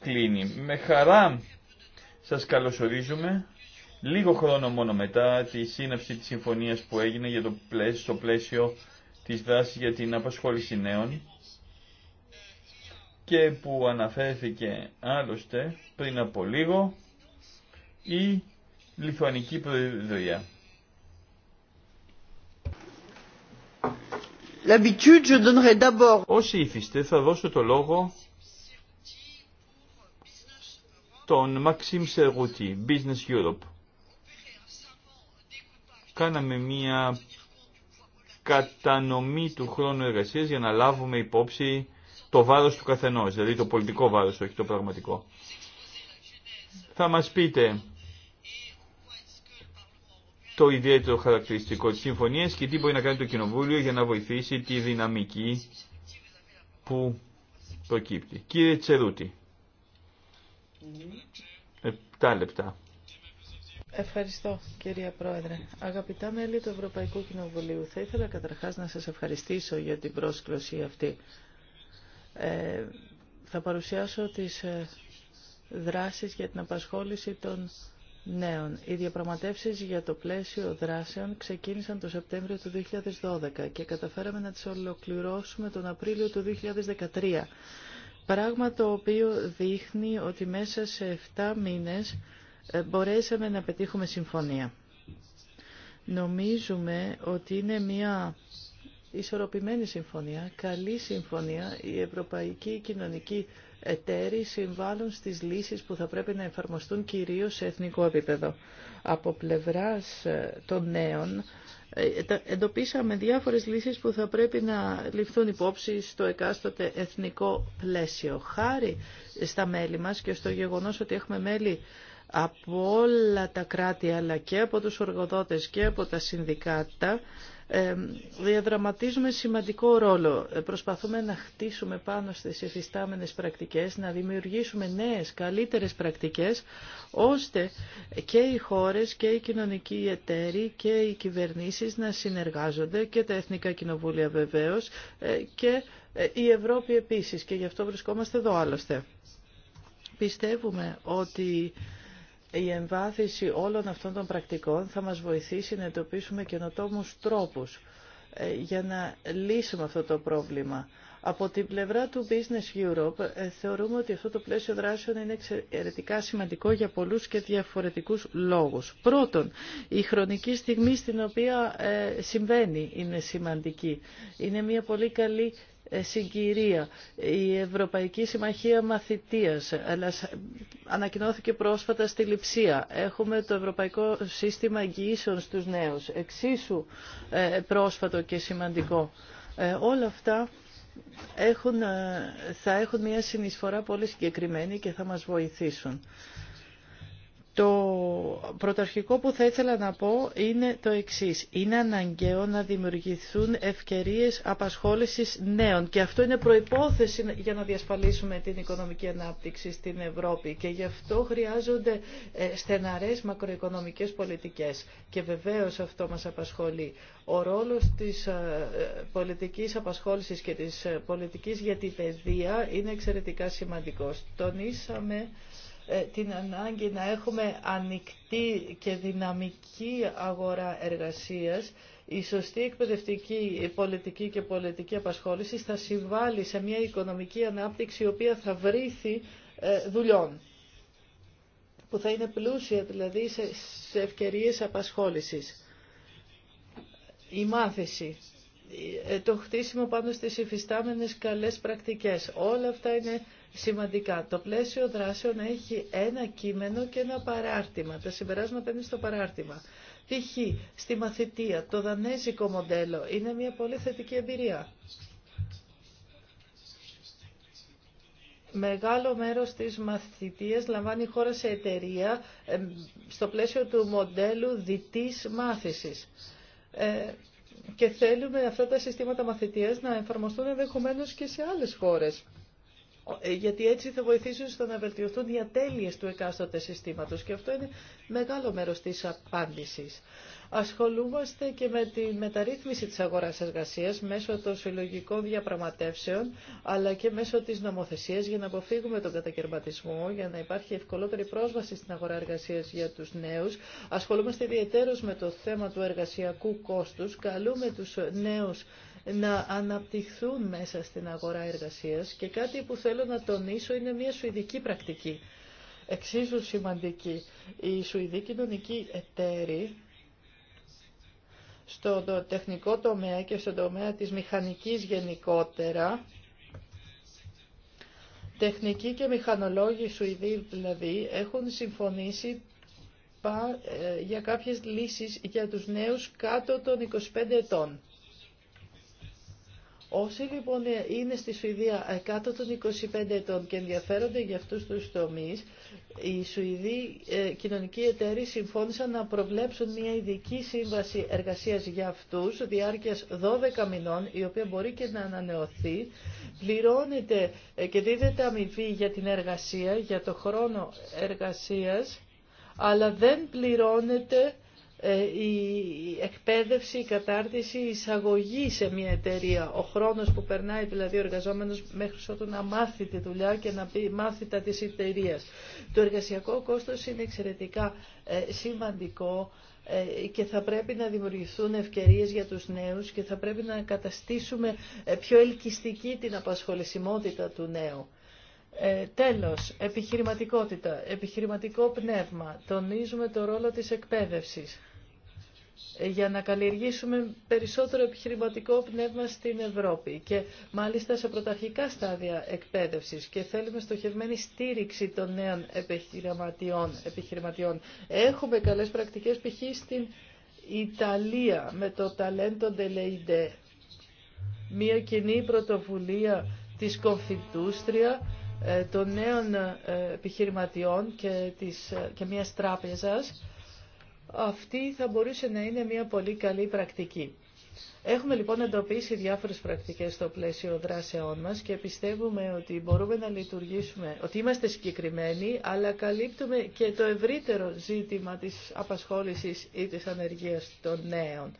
κλείνει. Με χαρά σας καλωσορίζουμε Λίγο χρόνο μόνο μετά τη σύναψη της συμφωνίας που έγινε για το πλαίσιο, στο πλαίσιο της δράσης για την απασχόληση νέων και που αναφέρθηκε άλλωστε πριν από λίγο η Λιθουανική Προεδρία. Όσοι ήθιστε θα δώσω το λόγο τον Μαξίμ Σεργούτη, Business Europe κάναμε μία κατανομή του χρόνου εργασίας για να λάβουμε υπόψη το βάρος του καθενός, δηλαδή το πολιτικό βάρος, όχι το πραγματικό. Θα μας πείτε το ιδιαίτερο χαρακτηριστικό της συμφωνίας και τι μπορεί να κάνει το Κοινοβούλιο για να βοηθήσει τη δυναμική που προκύπτει. Κύριε Τσερούτη, 7 mm-hmm. λεπτά. Ευχαριστώ κυρία Πρόεδρε. Αγαπητά μέλη του Ευρωπαϊκού Κοινοβουλίου, θα ήθελα καταρχάς να σας ευχαριστήσω για την πρόσκληση αυτή. Ε, θα παρουσιάσω τις ε, δράσεις για την απασχόληση των νέων. Οι διαπραγματεύσεις για το πλαίσιο δράσεων ξεκίνησαν το Σεπτέμβριο του 2012 και καταφέραμε να τις ολοκληρώσουμε τον Απρίλιο του 2013. Πράγμα το οποίο δείχνει ότι μέσα σε 7 μήνες ε, μπορέσαμε να πετύχουμε συμφωνία. Νομίζουμε ότι είναι μια ισορροπημένη συμφωνία, καλή συμφωνία. Η Ευρωπαϊκή Κοινωνική εταίροι συμβάλλουν στις λύσεις που θα πρέπει να εφαρμοστούν κυρίως σε εθνικό επίπεδο. Από πλευράς ε, των νέων ε, εντοπίσαμε διάφορες λύσεις που θα πρέπει να ληφθούν υπόψη στο εκάστοτε εθνικό πλαίσιο. Χάρη στα μέλη μας και στο γεγονός ότι έχουμε μέλη από όλα τα κράτη αλλά και από τους οργοδότες και από τα συνδικάτα ε, διαδραματίζουμε σημαντικό ρόλο. Ε, προσπαθούμε να χτίσουμε πάνω στις εφιστάμενες πρακτικές, να δημιουργήσουμε νέες, καλύτερες πρακτικές, ώστε και οι χώρες και οι κοινωνικοί εταίροι και οι κυβερνήσεις να συνεργάζονται και τα Εθνικά Κοινοβούλια βεβαίως ε, και η Ευρώπη επίσης και γι' αυτό βρισκόμαστε εδώ άλλωστε. Πιστεύουμε ότι η εμβάθυνση όλων αυτών των πρακτικών θα μας βοηθήσει να εντοπίσουμε καινοτόμους τρόπους ε, για να λύσουμε αυτό το πρόβλημα. Από την πλευρά του Business Europe ε, θεωρούμε ότι αυτό το πλαίσιο δράσεων είναι εξαιρετικά σημαντικό για πολλούς και διαφορετικούς λόγους. Πρώτον, η χρονική στιγμή στην οποία ε, συμβαίνει είναι σημαντική. Είναι μια πολύ καλή συγκυρία, η Ευρωπαϊκή Συμμαχία Μαθητείας, αλλά ανακοινώθηκε πρόσφατα στη Λιψία. Έχουμε το Ευρωπαϊκό Σύστημα Εγγυήσεων στους νέους, εξίσου ε, πρόσφατο και σημαντικό. Ε, όλα αυτά έχουν, ε, θα έχουν μια συνεισφορά πολύ συγκεκριμένη και θα μας βοηθήσουν. Το πρωταρχικό που θα ήθελα να πω είναι το εξής. Είναι αναγκαίο να δημιουργηθούν ευκαιρίες απασχόλησης νέων και αυτό είναι προϋπόθεση για να διασφαλίσουμε την οικονομική ανάπτυξη στην Ευρώπη και γι' αυτό χρειάζονται ε, στεναρές μακροοικονομικές πολιτικές και βεβαίως αυτό μας απασχολεί. Ο ρόλος της ε, πολιτικής απασχόλησης και της ε, πολιτικής για την παιδεία είναι εξαιρετικά σημαντικός. Τονίσαμε ε, την ανάγκη να έχουμε ανοιχτή και δυναμική αγορά εργασίας. Η σωστή εκπαιδευτική πολιτική και πολιτική απασχόληση θα συμβάλλει σε μια οικονομική ανάπτυξη η οποία θα βρήθει δουλειών που θα είναι πλούσια δηλαδή σε ευκαιρίες απασχόλησης. Η μάθηση ε, το χτίσιμο πάνω στις υφιστάμενες καλές πρακτικές. Όλα αυτά είναι σημαντικά. Το πλαίσιο δράσεων έχει ένα κείμενο και ένα παράρτημα. Τα συμπεράσματα είναι στο παράρτημα. Π.χ. στη μαθητεία, το δανέζικο μοντέλο είναι μια πολύ θετική εμπειρία. Μεγάλο μέρος της μαθητείας λαμβάνει χώρα σε εταιρεία ε, στο πλαίσιο του μοντέλου διτής μάθησης. Ε, και θέλουμε αυτά τα συστήματα μαθητείας να εφαρμοστούν ενδεχομένως και σε άλλες χώρες. Ε, γιατί έτσι θα βοηθήσουν στο να βελτιωθούν οι ατέλειες του εκάστοτε συστήματος και αυτό είναι μεγάλο μέρος της απάντησης. Ασχολούμαστε και με τη μεταρρύθμιση της αγοράς εργασίας μέσω των συλλογικών διαπραγματεύσεων αλλά και μέσω της νομοθεσίας για να αποφύγουμε τον κατακαιρματισμό, για να υπάρχει ευκολότερη πρόσβαση στην αγορά εργασίας για τους νέους. Ασχολούμαστε ιδιαίτερως με το θέμα του εργασιακού κόστους. Καλούμε τους νέους να αναπτυχθούν μέσα στην αγορά εργασίας και κάτι που θέλω να τονίσω είναι μια σουηδική πρακτική, εξίσου σημαντική. Οι σουηδοί κοινωνικοί εταίροι στο τεχνικό τομέα και στο τομέα της μηχανικής γενικότερα, τεχνικοί και μηχανολόγοι Σουηδοί δηλαδή έχουν συμφωνήσει ε, για κάποιες λύσεις για τους νέους κάτω των 25 ετών. Όσοι λοιπόν είναι στη Σουηδία κάτω των 25 ετών και ενδιαφέρονται για αυτούς τους τομείς, οι Σουηδοί ε, κοινωνικοί εταίροι συμφώνησαν να προβλέψουν μια ειδική σύμβαση εργασίας για αυτούς, διάρκειας 12 μηνών, η οποία μπορεί και να ανανεωθεί. Πληρώνεται ε, και δίδεται αμοιβή για την εργασία, για το χρόνο εργασίας, αλλά δεν πληρώνεται ε, η εκπαίδευση, η κατάρτιση, η εισαγωγή σε μια εταιρεία. Ο χρόνος που περνάει δηλαδή ο εργαζόμενος μέχρι ότου να μάθει τη δουλειά και να μάθει τα της εταιρεία. Το εργασιακό κόστος είναι εξαιρετικά ε, σημαντικό ε, και θα πρέπει να δημιουργηθούν ευκαιρίες για τους νέους και θα πρέπει να καταστήσουμε πιο ελκυστική την απασχολησιμότητα του νέου. Ε, τέλος, επιχειρηματικότητα, επιχειρηματικό πνεύμα. Τονίζουμε το ρόλο της εκπαίδευσης για να καλλιεργήσουμε περισσότερο επιχειρηματικό πνεύμα στην Ευρώπη και μάλιστα σε πρωταρχικά στάδια εκπαίδευσης και θέλουμε στοχευμένη στήριξη των νέων επιχειρηματιών. επιχειρηματιών. Έχουμε καλές πρακτικές π.χ. στην Ιταλία με το Talento Deleide, μια κοινή πρωτοβουλία της Κομφιτούστρια ε, των νέων ε, επιχειρηματιών και, της, ε, και μιας τράπεζας αυτή θα μπορούσε να είναι μια πολύ καλή πρακτική. Έχουμε λοιπόν εντοπίσει διάφορες πρακτικές στο πλαίσιο δράσεών μας και πιστεύουμε ότι μπορούμε να λειτουργήσουμε, ότι είμαστε συγκεκριμένοι, αλλά καλύπτουμε και το ευρύτερο ζήτημα της απασχόλησης ή της ανεργίας των νέων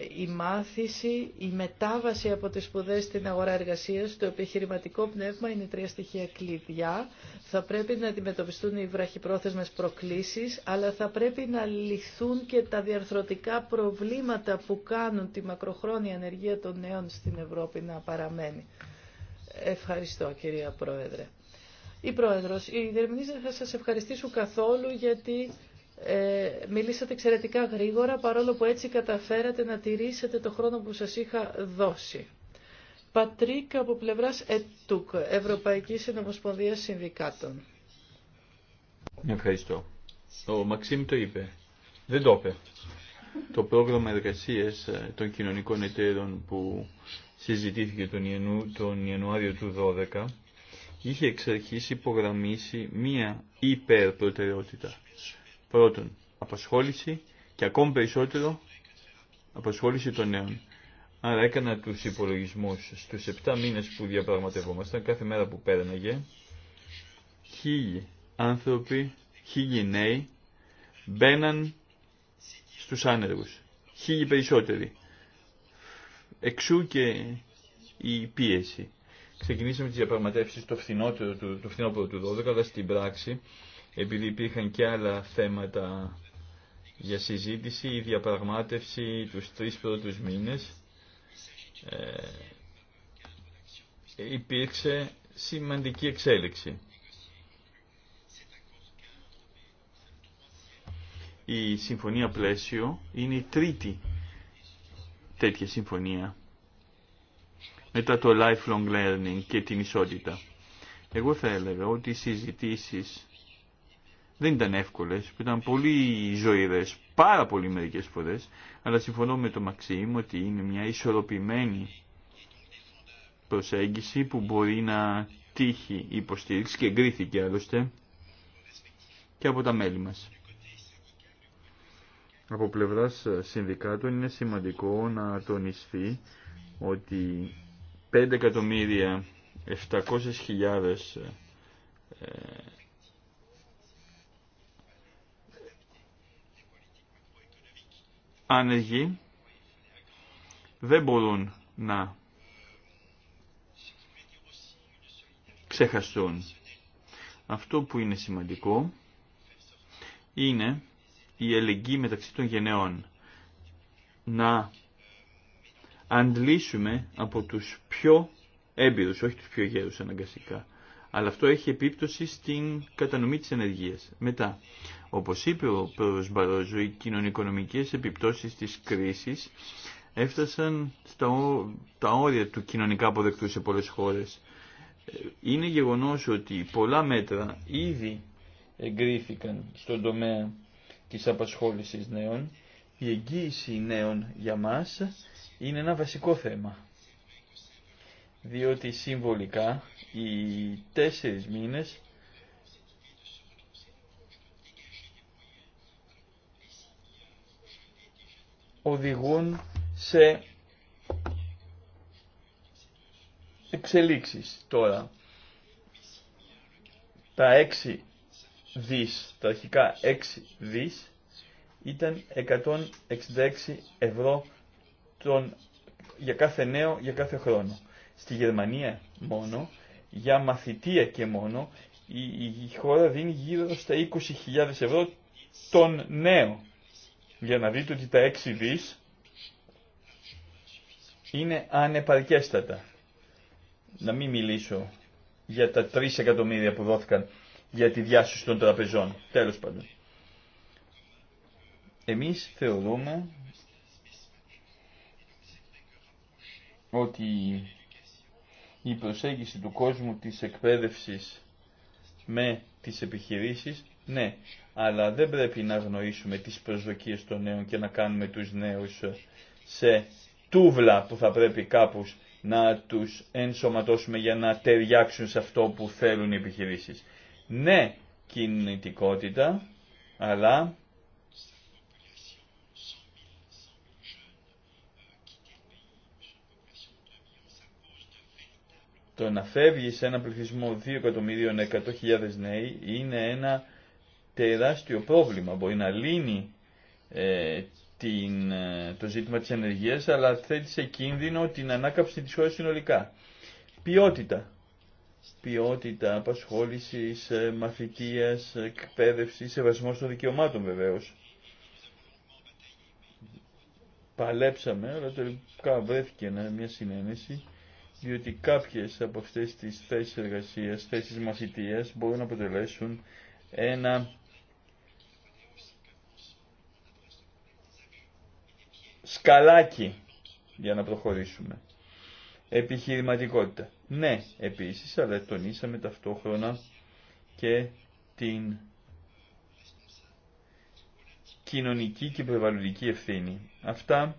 η μάθηση, η μετάβαση από τις σπουδέ στην αγορά εργασίας, το επιχειρηματικό πνεύμα είναι τρία στοιχεία κλειδιά. Θα πρέπει να αντιμετωπιστούν οι βραχυπρόθεσμες προκλήσεις, αλλά θα πρέπει να λυθούν και τα διαρθρωτικά προβλήματα που κάνουν τη μακροχρόνια ανεργία των νέων στην Ευρώπη να παραμένει. Ευχαριστώ κυρία Πρόεδρε. Η Πρόεδρος, η διερμηνείς θα σας ευχαριστήσουν καθόλου γιατί ε, μιλήσατε εξαιρετικά γρήγορα, παρόλο που έτσι καταφέρατε να τηρήσετε το χρόνο που σας είχα δώσει. Πατρίκ από πλευράς ΕΤΟΚ, Ευρωπαϊκή Συνομοσπονδία Συνδικάτων. Ευχαριστώ. Ο Μαξίμ το είπε. Δεν το είπε. Το πρόγραμμα εργασία ε, των κοινωνικών εταίρων που συζητήθηκε τον, Ιανου, τον Ιανουάριο του 2012 είχε εξ αρχής υπογραμμίσει μία υπερπροτεραιότητα Πρώτον, απασχόληση και ακόμη περισσότερο απασχόληση των νέων. Άρα έκανα τους υπολογισμούς στους 7 μήνες που διαπραγματευόμασταν, κάθε μέρα που πέρναγε, χίλιοι άνθρωποι, χίλιοι νέοι μπαίναν στους άνεργους. Χίλιοι περισσότεροι. Εξού και η πίεση. Ξεκινήσαμε τις διαπραγματεύσεις το φθινότερο του, του 12, αλλά στην πράξη επειδή υπήρχαν και άλλα θέματα για συζήτηση, η διαπραγμάτευση τους τρεις πρώτους μήνες ε, υπήρξε σημαντική εξέλιξη. Η συμφωνία πλαίσιο είναι η τρίτη τέτοια συμφωνία μετά το lifelong learning και την ισότητα. Εγώ θα έλεγα ότι οι συζητήσεις δεν ήταν εύκολες, ήταν πολύ ζωηρέ, πάρα πολύ μερικέ φορέ, αλλά συμφωνώ με τον Μαξίμ ότι είναι μια ισορροπημένη προσέγγιση που μπορεί να τύχει υποστήριξη και εγκρίθηκε άλλωστε και από τα μέλη μας. Από πλευράς συνδικάτων είναι σημαντικό να τονιστεί ότι 5 5.700.000 άνεργοι δεν μπορούν να ξεχαστούν. Αυτό που είναι σημαντικό είναι η ελεγγύη μεταξύ των γενεών. Να αντλήσουμε από τους πιο έμπειρους, όχι τους πιο γέρους αναγκαστικά. Αλλά αυτό έχει επίπτωση στην κατανομή της ενεργείας. Μετά, όπως είπε ο πρόεδρος Μπαρόζο, οι κοινωνικονομικές επιπτώσεις της κρίσης έφτασαν στα, τα όρια του κοινωνικά αποδεκτού σε πολλές χώρες. Ε, είναι γεγονός ότι πολλά μέτρα ήδη εγκρίθηκαν στον τομέα της απασχόλησης νέων. Η εγγύηση νέων για μας είναι ένα βασικό θέμα. Διότι συμβολικά οι τέσσερις μήνες οδηγούν σε εξελίξεις τώρα. Τα έξι δις, τα αρχικά 6 δις ήταν 166 ευρώ τον, για κάθε νέο, για κάθε χρόνο. Στη Γερμανία μόνο, για μαθητεία και μόνο, η, η χώρα δίνει γύρω στα 20.000 ευρώ τον νέο για να δείτε ότι τα έξι δις είναι ανεπαρκέστατα. Να μην μιλήσω για τα 3 εκατομμύρια που δόθηκαν για τη διάσωση των τραπεζών. Τέλος πάντων. Εμείς θεωρούμε ότι η προσέγγιση του κόσμου της εκπαίδευσης με τις επιχειρήσεις, ναι, αλλά δεν πρέπει να αγνοήσουμε τις προσδοκίες των νέων και να κάνουμε τους νέους σε τούβλα που θα πρέπει κάπως να τους ενσωματώσουμε για να ταιριάξουν σε αυτό που θέλουν οι επιχειρήσεις. Ναι, κινητικότητα, αλλά το να φεύγει σε ένα πληθυσμό 2.100.000 νέοι είναι ένα τεράστιο πρόβλημα. Μπορεί να λύνει ε, την, ε, το ζήτημα της ενεργείας, αλλά θέτει σε κίνδυνο την ανάκαψη της χώρας συνολικά. Ποιότητα. Ποιότητα απασχόλησης, ε, μαθητείας, εκπαίδευση, σεβασμός των δικαιωμάτων βεβαίως. Παλέψαμε, αλλά τελικά βρέθηκε μια συνένεση, διότι κάποιες από αυτές τις θέσεις εργασίας, θέσεις μαθητείας μπορούν να αποτελέσουν ένα σκαλάκι για να προχωρήσουμε. Επιχειρηματικότητα. Ναι, επίσης, αλλά τονίσαμε ταυτόχρονα και την κοινωνική και περιβαλλοντική ευθύνη. Αυτά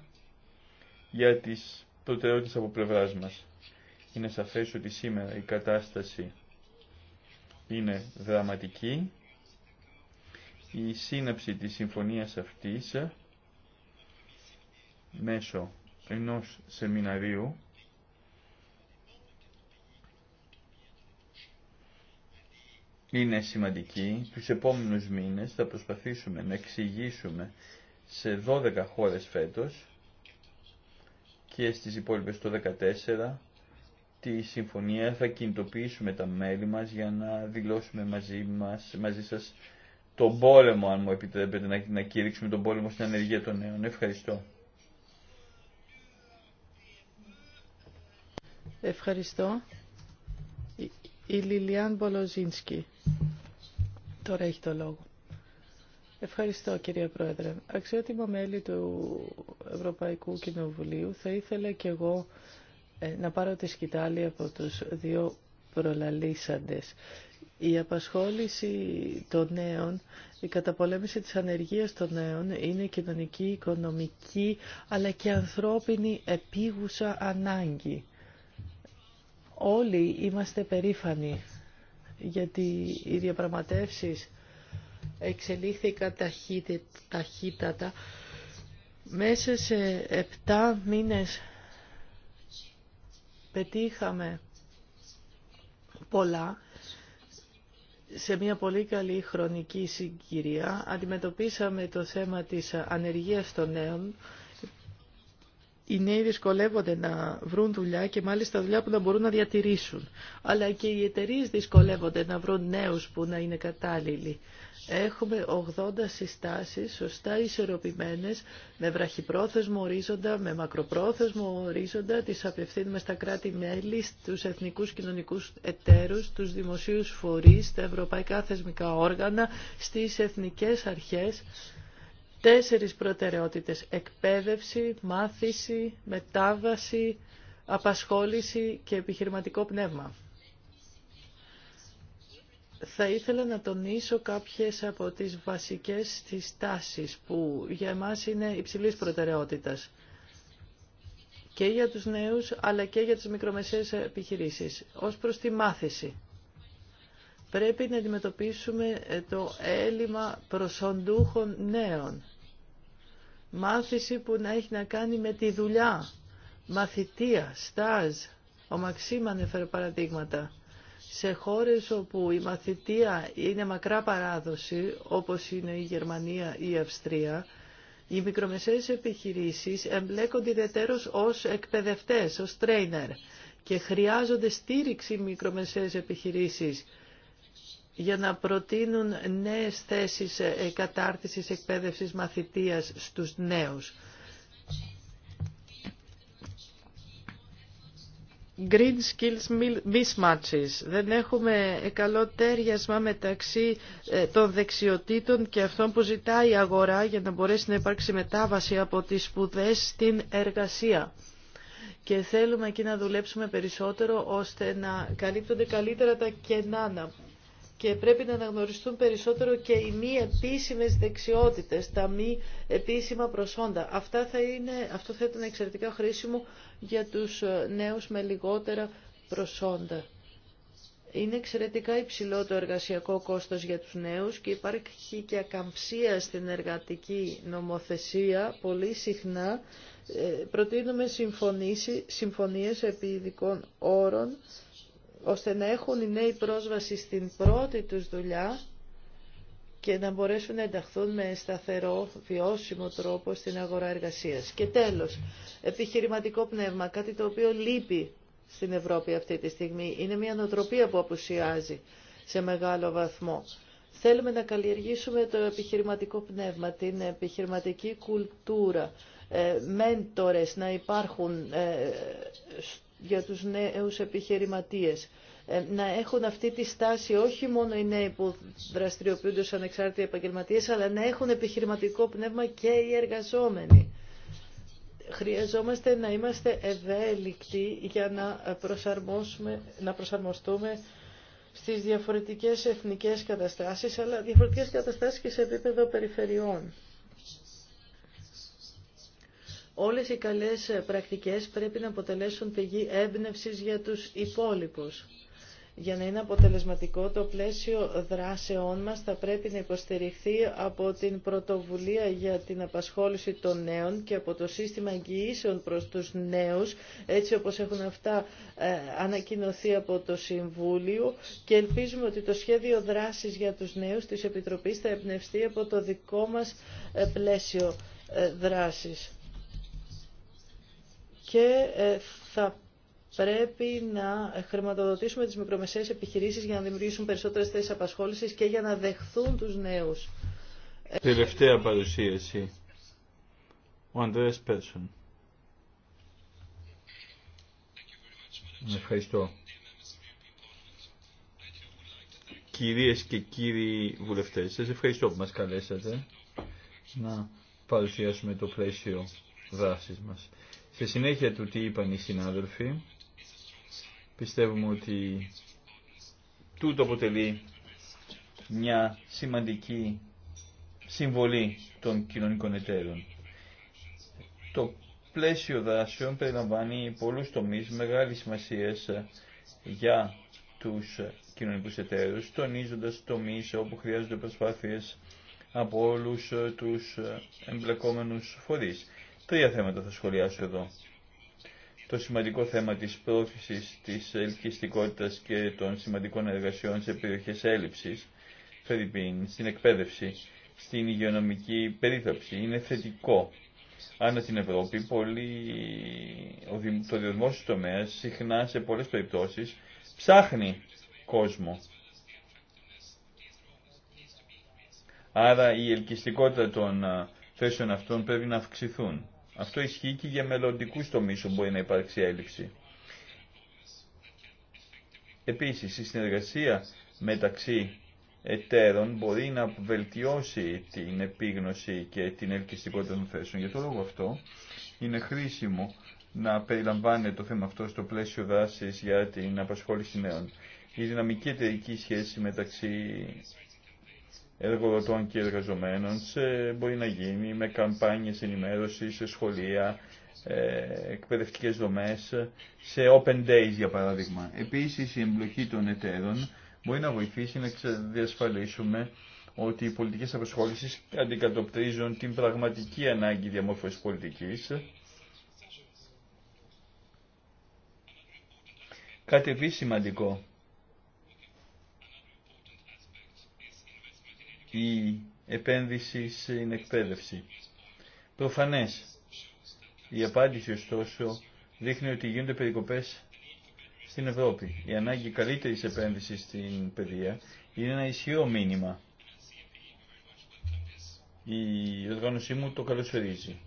για τις προτεραιότητες από πλευράς μας. Είναι σαφές ότι σήμερα η κατάσταση είναι δραματική. Η σύναψη της συμφωνίας αυτής μέσω ενός σεμιναρίου είναι σημαντική. Τους επόμενους μήνες θα προσπαθήσουμε να εξηγήσουμε σε 12 χώρες φέτος και στις υπόλοιπες το 14 τη συμφωνία θα κινητοποιήσουμε τα μέλη μας για να δηλώσουμε μαζί, μας, μαζί σας τον πόλεμο, αν μου επιτρέπετε, να, να κηρύξουμε τον πόλεμο στην ανεργία των νέων. Ευχαριστώ. Ευχαριστώ. Η Λιλιάν Μπολοζίνσκι τώρα έχει το λόγο. Ευχαριστώ κυρία Πρόεδρε. Αξιότιμο μέλη του Ευρωπαϊκού Κοινοβουλίου, θα ήθελα και εγώ ε, να πάρω τη σκητάλη από τους δύο προλαλήσαντες. Η απασχόληση των νέων, η καταπολέμηση της ανεργίας των νέων είναι κοινωνική, οικονομική αλλά και ανθρώπινη επίγουσα ανάγκη. Όλοι είμαστε περήφανοι γιατί οι διαπραγματεύσεις εξελίχθηκαν ταχύτατα. Μέσα σε επτά μήνες πετύχαμε πολλά σε μια πολύ καλή χρονική συγκυρία. Αντιμετωπίσαμε το θέμα της ανεργίας των νέων οι νέοι δυσκολεύονται να βρουν δουλειά και μάλιστα δουλειά που να μπορούν να διατηρήσουν. Αλλά και οι εταιρείε δυσκολεύονται να βρουν νέους που να είναι κατάλληλοι. Έχουμε 80 συστάσεις, σωστά ισορροπημένες, με βραχυπρόθεσμο ορίζοντα, με μακροπρόθεσμο ορίζοντα, τις απευθύνουμε στα κράτη-μέλη, στους εθνικούς κοινωνικούς εταίρους, τους δημοσίους φορείς, στα ευρωπαϊκά θεσμικά όργανα, στις εθνικές αρχές τέσσερις προτεραιότητες. Εκπαίδευση, μάθηση, μετάβαση, απασχόληση και επιχειρηματικό πνεύμα. Θα ήθελα να τονίσω κάποιες από τις βασικές της τάσεις που για εμάς είναι υψηλής προτεραιότητας και για τους νέους αλλά και για τις μικρομεσαίες επιχειρήσεις. Ως προς τη μάθηση, πρέπει να αντιμετωπίσουμε το έλλειμμα προσοντούχων νέων Μάθηση που να έχει να κάνει με τη δουλειά, μαθητεία, στάζ. Ο Μαξίμ ανέφερε παραδείγματα. Σε χώρες όπου η μαθητεία είναι μακρά παράδοση, όπως είναι η Γερμανία ή η Αυστρία, οι μικρομεσαίες επιχειρήσεις εμπλέκονται ιδιαίτερως ως εκπαιδευτές, ως τρέινερ και χρειάζονται στήριξη μικρομεσαίες επιχειρήσεις για να προτείνουν νέες θέσεις ε, κατάρτισης εκπαίδευσης μαθητείας στους νέους. Green skills mismatches. Δεν έχουμε καλό τέριασμα μεταξύ ε, των δεξιοτήτων και αυτών που ζητάει η αγορά για να μπορέσει να υπάρξει μετάβαση από τις σπουδές στην εργασία. Και θέλουμε εκεί να δουλέψουμε περισσότερο ώστε να καλύπτονται καλύτερα τα κενάνα και πρέπει να αναγνωριστούν περισσότερο και οι μη επίσημες δεξιότητες, τα μη επίσημα προσόντα. Αυτά θα είναι, αυτό θα ήταν εξαιρετικά χρήσιμο για τους ε, νέους με λιγότερα προσόντα. Είναι εξαιρετικά υψηλό το εργασιακό κόστος για τους νέους και υπάρχει και ακαμψία στην εργατική νομοθεσία πολύ συχνά. Ε, προτείνουμε συμφωνίες επί ειδικών όρων ώστε να έχουν οι νέοι πρόσβαση στην πρώτη τους δουλειά και να μπορέσουν να ενταχθούν με σταθερό, βιώσιμο τρόπο στην αγορά εργασίας. Και τέλος, επιχειρηματικό πνεύμα, κάτι το οποίο λείπει στην Ευρώπη αυτή τη στιγμή. Είναι μια νοοτροπία που απουσιάζει σε μεγάλο βαθμό. Θέλουμε να καλλιεργήσουμε το επιχειρηματικό πνεύμα, την επιχειρηματική κουλτούρα, ε, μέντορες να υπάρχουν ε, για τους νέους επιχειρηματίες. Ε, να έχουν αυτή τη στάση όχι μόνο οι νέοι που δραστηριοποιούνται ως ανεξάρτητοι επαγγελματίες, αλλά να έχουν επιχειρηματικό πνεύμα και οι εργαζόμενοι. Χρειαζόμαστε να είμαστε ευέλικτοι για να, να προσαρμοστούμε στις διαφορετικές εθνικές καταστάσεις, αλλά διαφορετικές καταστάσεις και σε επίπεδο περιφερειών. Όλες οι καλές πρακτικές πρέπει να αποτελέσουν πηγή έμπνευσης για τους υπόλοιπους. Για να είναι αποτελεσματικό το πλαίσιο δράσεών μας θα πρέπει να υποστηριχθεί από την πρωτοβουλία για την απασχόληση των νέων και από το σύστημα εγγυήσεων προς τους νέους, έτσι όπως έχουν αυτά ε, ανακοινωθεί από το Συμβούλιο και ελπίζουμε ότι το σχέδιο δράσης για τους νέους της Επιτροπής θα εμπνευστεί από το δικό μας ε, πλαίσιο ε, δράσης και ε, θα πρέπει να χρηματοδοτήσουμε τις μικρομεσαίες επιχειρήσεις για να δημιουργήσουν περισσότερες θέσεις απασχόλησης και για να δεχθούν τους νέους. Τελευταία παρουσίαση. Ο Ανδρέας Πέρσον. Ευχαριστώ. Κυρίες και κύριοι βουλευτές, σας ευχαριστώ που μας καλέσατε να παρουσιάσουμε το πλαίσιο δράσης μας. Στη συνέχεια του τι είπαν οι συνάδελφοι, πιστεύουμε ότι τούτο αποτελεί μια σημαντική συμβολή των κοινωνικών εταίρων. Το πλαίσιο δράσεων περιλαμβάνει πολλούς τομείς μεγάλης σημασίας για τους κοινωνικούς εταίρους, τονίζοντας τομείς όπου χρειάζονται προσπάθειες από όλους τους εμπλεκόμενους φορείς. Τρία θέματα θα σχολιάσω εδώ. Το σημαντικό θέμα της πρόθεσης της ελκυστικότητας και των σημαντικών εργασιών σε περιοχές έλλειψης, Φερρυπίν, στην εκπαίδευση, στην υγειονομική περίθαψη, είναι θετικό. Ανά την Ευρώπη, πολύ... το δημόσιο τομέα συχνά σε πολλές περιπτώσεις ψάχνει κόσμο. Άρα η ελκυστικότητα των ε, θέσεων αυτών πρέπει να αυξηθούν. Αυτό ισχύει και για μελλοντικού τομεί όπου μπορεί να υπάρξει έλλειψη. Επίσης, η συνεργασία μεταξύ εταίρων μπορεί να βελτιώσει την επίγνωση και την ελκυστικότητα των θέσεων. Για το λόγο αυτό, είναι χρήσιμο να περιλαμβάνει το θέμα αυτό στο πλαίσιο δράση για την απασχόληση νέων. Η δυναμική εταιρική σχέση μεταξύ εργοδοτών και εργαζομένων μπορεί να γίνει με καμπάνιες ενημέρωσης σε σχολεία, ε, εκπαιδευτικές δομές, σε open days για παράδειγμα. Επίσης η εμπλοκή των εταίρων μπορεί να βοηθήσει να διασφαλίσουμε ότι οι πολιτικές απασχόλησεις αντικατοπτρίζουν την πραγματική ανάγκη διαμόρφωσης πολιτικής. Κάτι επίσης σημαντικό η επένδυση στην εκπαίδευση. Προφανές. Η απάντηση ωστόσο δείχνει ότι γίνονται περικοπές στην Ευρώπη. Η ανάγκη καλύτερης επένδυσης στην παιδεία είναι ένα ισχυρό μήνυμα. Η οργάνωσή μου το καλωσορίζει.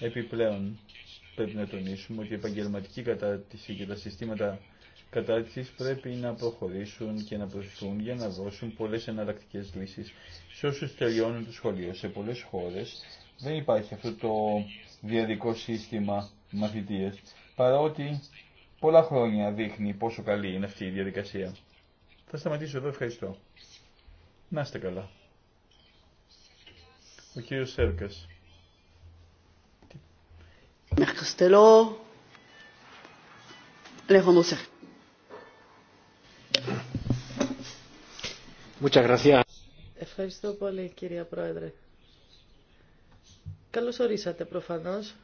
Επιπλέον, πρέπει να τονίσουμε ότι η επαγγελματική κατάρτιση και τα συστήματα κατά της πρέπει να προχωρήσουν και να προσφυγούν για να δώσουν πολλές εναλλακτικές λύσεις σε όσους τελειώνουν το σχολείο. Σε πολλές χώρες δεν υπάρχει αυτό το διαδικό σύστημα μαθητείας, παρότι πολλά χρόνια δείχνει πόσο καλή είναι αυτή η διαδικασία. Θα σταματήσω εδώ, ευχαριστώ. Να είστε καλά. Ο κύριος Σέρκας. Ευχαριστώ πολύ κυρία Πρόεδρε. Καλώς ορίσατε προφανώς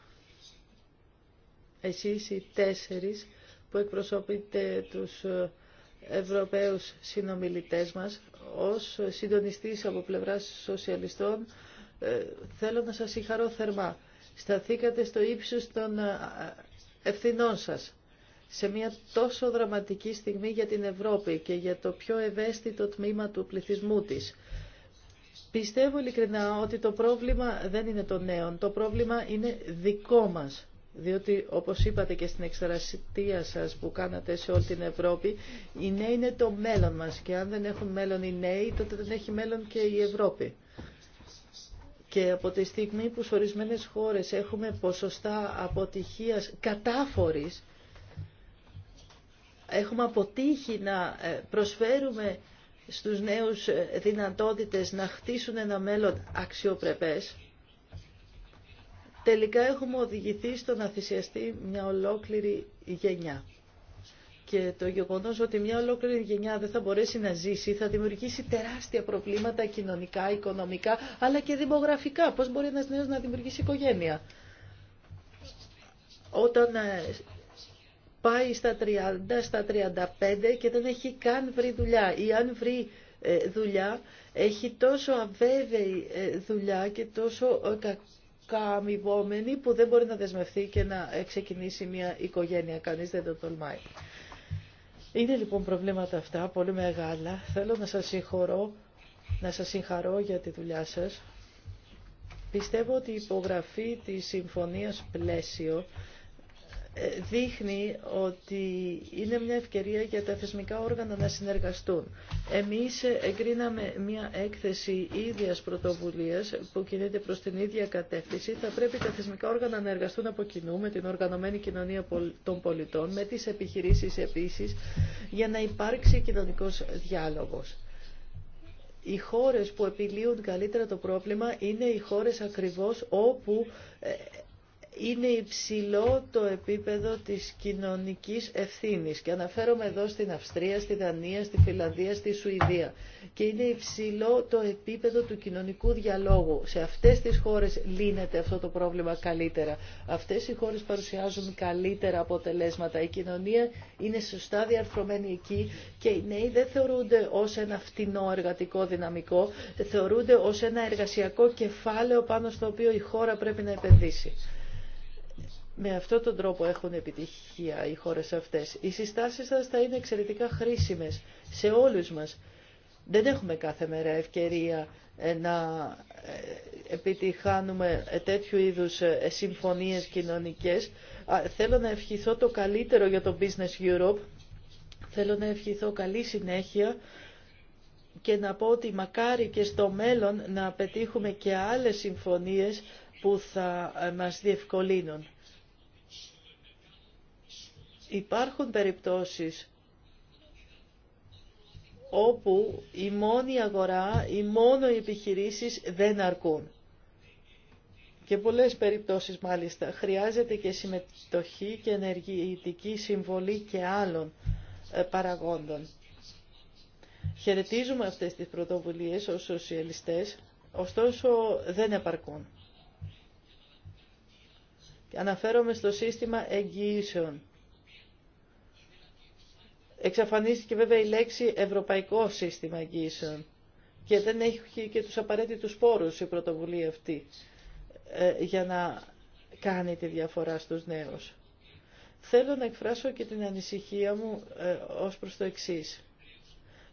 εσείς οι τέσσερις που εκπροσωπείτε τους ε, Ευρωπαίους συνομιλητές μας ως συντονιστής από πλευράς σοσιαλιστών ε, θέλω να σας συγχαρώ θερμά. Σταθήκατε στο ύψος των ε, ευθυνών σας σε μια τόσο δραματική στιγμή για την Ευρώπη και για το πιο ευαίσθητο τμήμα του πληθυσμού της. Πιστεύω ειλικρινά ότι το πρόβλημα δεν είναι των νέων, το πρόβλημα είναι δικό μας. Διότι, όπως είπατε και στην εξαρασία σας που κάνατε σε όλη την Ευρώπη, οι νέοι είναι το μέλλον μας και αν δεν έχουν μέλλον οι νέοι, τότε δεν έχει μέλλον και η Ευρώπη. Και από τη στιγμή που σε ορισμένες χώρες έχουμε ποσοστά αποτυχίας κατάφορης, έχουμε αποτύχει να ε, προσφέρουμε στους νέους ε, δυνατότητες να χτίσουν ένα μέλλον αξιοπρεπές, τελικά έχουμε οδηγηθεί στο να θυσιαστεί μια ολόκληρη γενιά. Και το γεγονός ότι μια ολόκληρη γενιά δεν θα μπορέσει να ζήσει θα δημιουργήσει τεράστια προβλήματα κοινωνικά, οικονομικά, αλλά και δημογραφικά. Πώς μπορεί ένας νέος να δημιουργήσει οικογένεια. Όταν ε, πάει στα 30, στα 35 και δεν έχει καν βρει δουλειά ή αν βρει ε, δουλειά έχει τόσο αβέβαιη ε, δουλειά και τόσο ε, καμιβόμενη... που δεν μπορεί να δεσμευτεί και να ξεκινήσει μια οικογένεια. Κανείς δεν το τολμάει. Είναι λοιπόν προβλήματα αυτά πολύ μεγάλα. Θέλω να σας συγχωρώ, να σας συγχαρώ για τη δουλειά σας. Πιστεύω ότι η υπογραφή της συμφωνίας πλαίσιο δείχνει ότι είναι μια ευκαιρία για τα θεσμικά όργανα να συνεργαστούν. Εμείς εγκρίναμε μια έκθεση ίδιας πρωτοβουλίας που κινείται προς την ίδια κατεύθυνση. Θα πρέπει τα θεσμικά όργανα να εργαστούν από κοινού με την οργανωμένη κοινωνία των πολιτών, με τις επιχειρήσεις επίσης, για να υπάρξει κοινωνικός διάλογος. Οι χώρες που επιλύουν καλύτερα το πρόβλημα είναι οι χώρες ακριβώς όπου ε, είναι υψηλό το επίπεδο της κοινωνικής ευθύνης και αναφέρομαι εδώ στην Αυστρία, στη Δανία, στη Φιλανδία, στη Σουηδία και είναι υψηλό το επίπεδο του κοινωνικού διαλόγου. Σε αυτές τις χώρες λύνεται αυτό το πρόβλημα καλύτερα. Αυτές οι χώρες παρουσιάζουν καλύτερα αποτελέσματα. Η κοινωνία είναι σωστά διαρθρωμένη εκεί και οι νέοι δεν θεωρούνται ως ένα φτηνό εργατικό δυναμικό, θεωρούνται ως ένα εργασιακό κεφάλαιο πάνω στο οποίο η χώρα πρέπει να επενδύσει. Με αυτόν τον τρόπο έχουν επιτυχία οι χώρες αυτές. Οι συστάσεις σα θα είναι εξαιρετικά χρήσιμες σε όλους μας. Δεν έχουμε κάθε μέρα ευκαιρία ε, να ε, επιτυχάνουμε ε, τέτοιου είδους συμφωνίες κοινωνικές. Θέλω να ευχηθώ το καλύτερο για το Business Europe. Θέλω να ευχηθώ καλή συνέχεια και να πω ότι μακάρι και στο μέλλον να πετύχουμε και άλλες συμφωνίες που θα μας διευκολύνουν. Υπάρχουν περιπτώσεις όπου η μόνη αγορά, η μόνο οι επιχειρήσεις δεν αρκούν. Και πολλές περιπτώσεις μάλιστα χρειάζεται και συμμετοχή και ενεργητική συμβολή και άλλων ε, παραγόντων. Χαιρετίζουμε αυτές τις πρωτοβουλίες ως σοσιαλιστές, ωστόσο δεν επαρκούν. Αναφέρομαι στο σύστημα εγγυήσεων Εξαφανίστηκε βέβαια η λέξη Ευρωπαϊκό Σύστημα Εγγύησεων και δεν έχει και τους απαραίτητους πόρους η πρωτοβουλία αυτή ε, για να κάνει τη διαφορά στους νέους. Θέλω να εκφράσω και την ανησυχία μου ε, ως προς το εξής.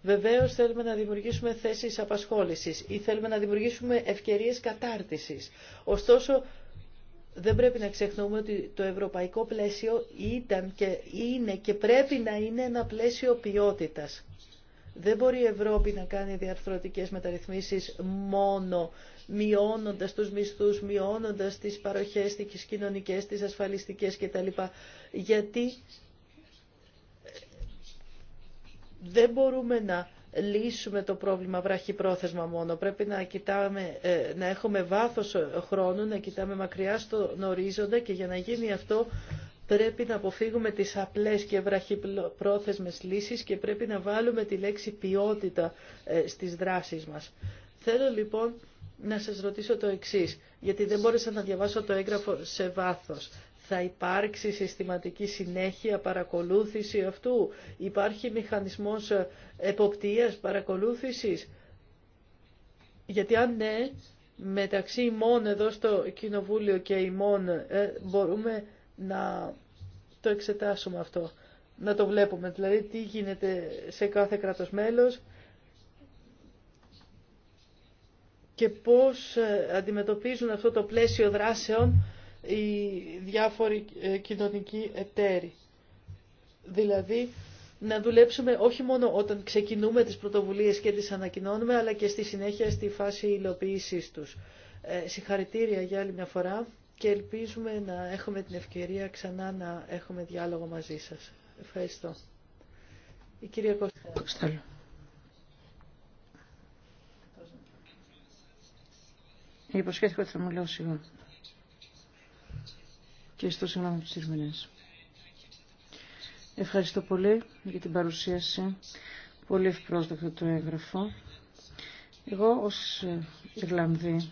Βεβαίως θέλουμε να δημιουργήσουμε θέσεις απασχόλησης ή θέλουμε να δημιουργήσουμε ευκαιρίες κατάρτισης. Ωστόσο δεν πρέπει να ξεχνούμε ότι το ευρωπαϊκό πλαίσιο ήταν και είναι και πρέπει να είναι ένα πλαίσιο ποιότητας. Δεν μπορεί η Ευρώπη να κάνει διαρθρωτικές μεταρρυθμίσεις μόνο μειώνοντας τους μισθούς, μειώνοντας τις παροχές, τις κοινωνικές, τις ασφαλιστικές κτλ. Γιατί δεν μπορούμε να λύσουμε το πρόβλημα βραχυπρόθεσμα μόνο. Πρέπει να, ε, να έχουμε βάθος χρόνου, να κοιτάμε μακριά στον ορίζοντα και για να γίνει αυτό πρέπει να αποφύγουμε τις απλές και βραχυπρόθεσμες λύσεις και πρέπει να βάλουμε τη λέξη ποιότητα ε, στις δράσεις μας. Θέλω λοιπόν να σας ρωτήσω το εξής, γιατί δεν μπόρεσα να διαβάσω το έγγραφο σε βάθος. Θα υπάρξει συστηματική συνέχεια, παρακολούθηση αυτού. Υπάρχει μηχανισμός ε, εποπτείας, παρακολούθησης. Γιατί αν ναι, μεταξύ ημών εδώ στο Κοινοβούλιο και ημών ε, μπορούμε να το εξετάσουμε αυτό. Να το βλέπουμε, δηλαδή τι γίνεται σε κάθε κράτος μέλος και πώς ε, αντιμετωπίζουν αυτό το πλαίσιο δράσεων οι διάφοροι ε, κοινωνικοί εταίροι. Δηλαδή, να δουλέψουμε όχι μόνο όταν ξεκινούμε τις πρωτοβουλίες και τις ανακοινώνουμε, αλλά και στη συνέχεια στη φάση υλοποίησής τους. Ε, συγχαρητήρια για άλλη μια φορά και ελπίζουμε να έχουμε την ευκαιρία ξανά να έχουμε διάλογο μαζί σας. Ευχαριστώ. Η κυρία Κώστα. Υποσχέθηκα ότι θα μου λέω σίγουρα και στο συγγνώμη τους Ιρμηνές. Ευχαριστώ πολύ για την παρουσίαση. Πολύ ευπρόσδεκτο το έγγραφο. Εγώ ως Ιρλανδή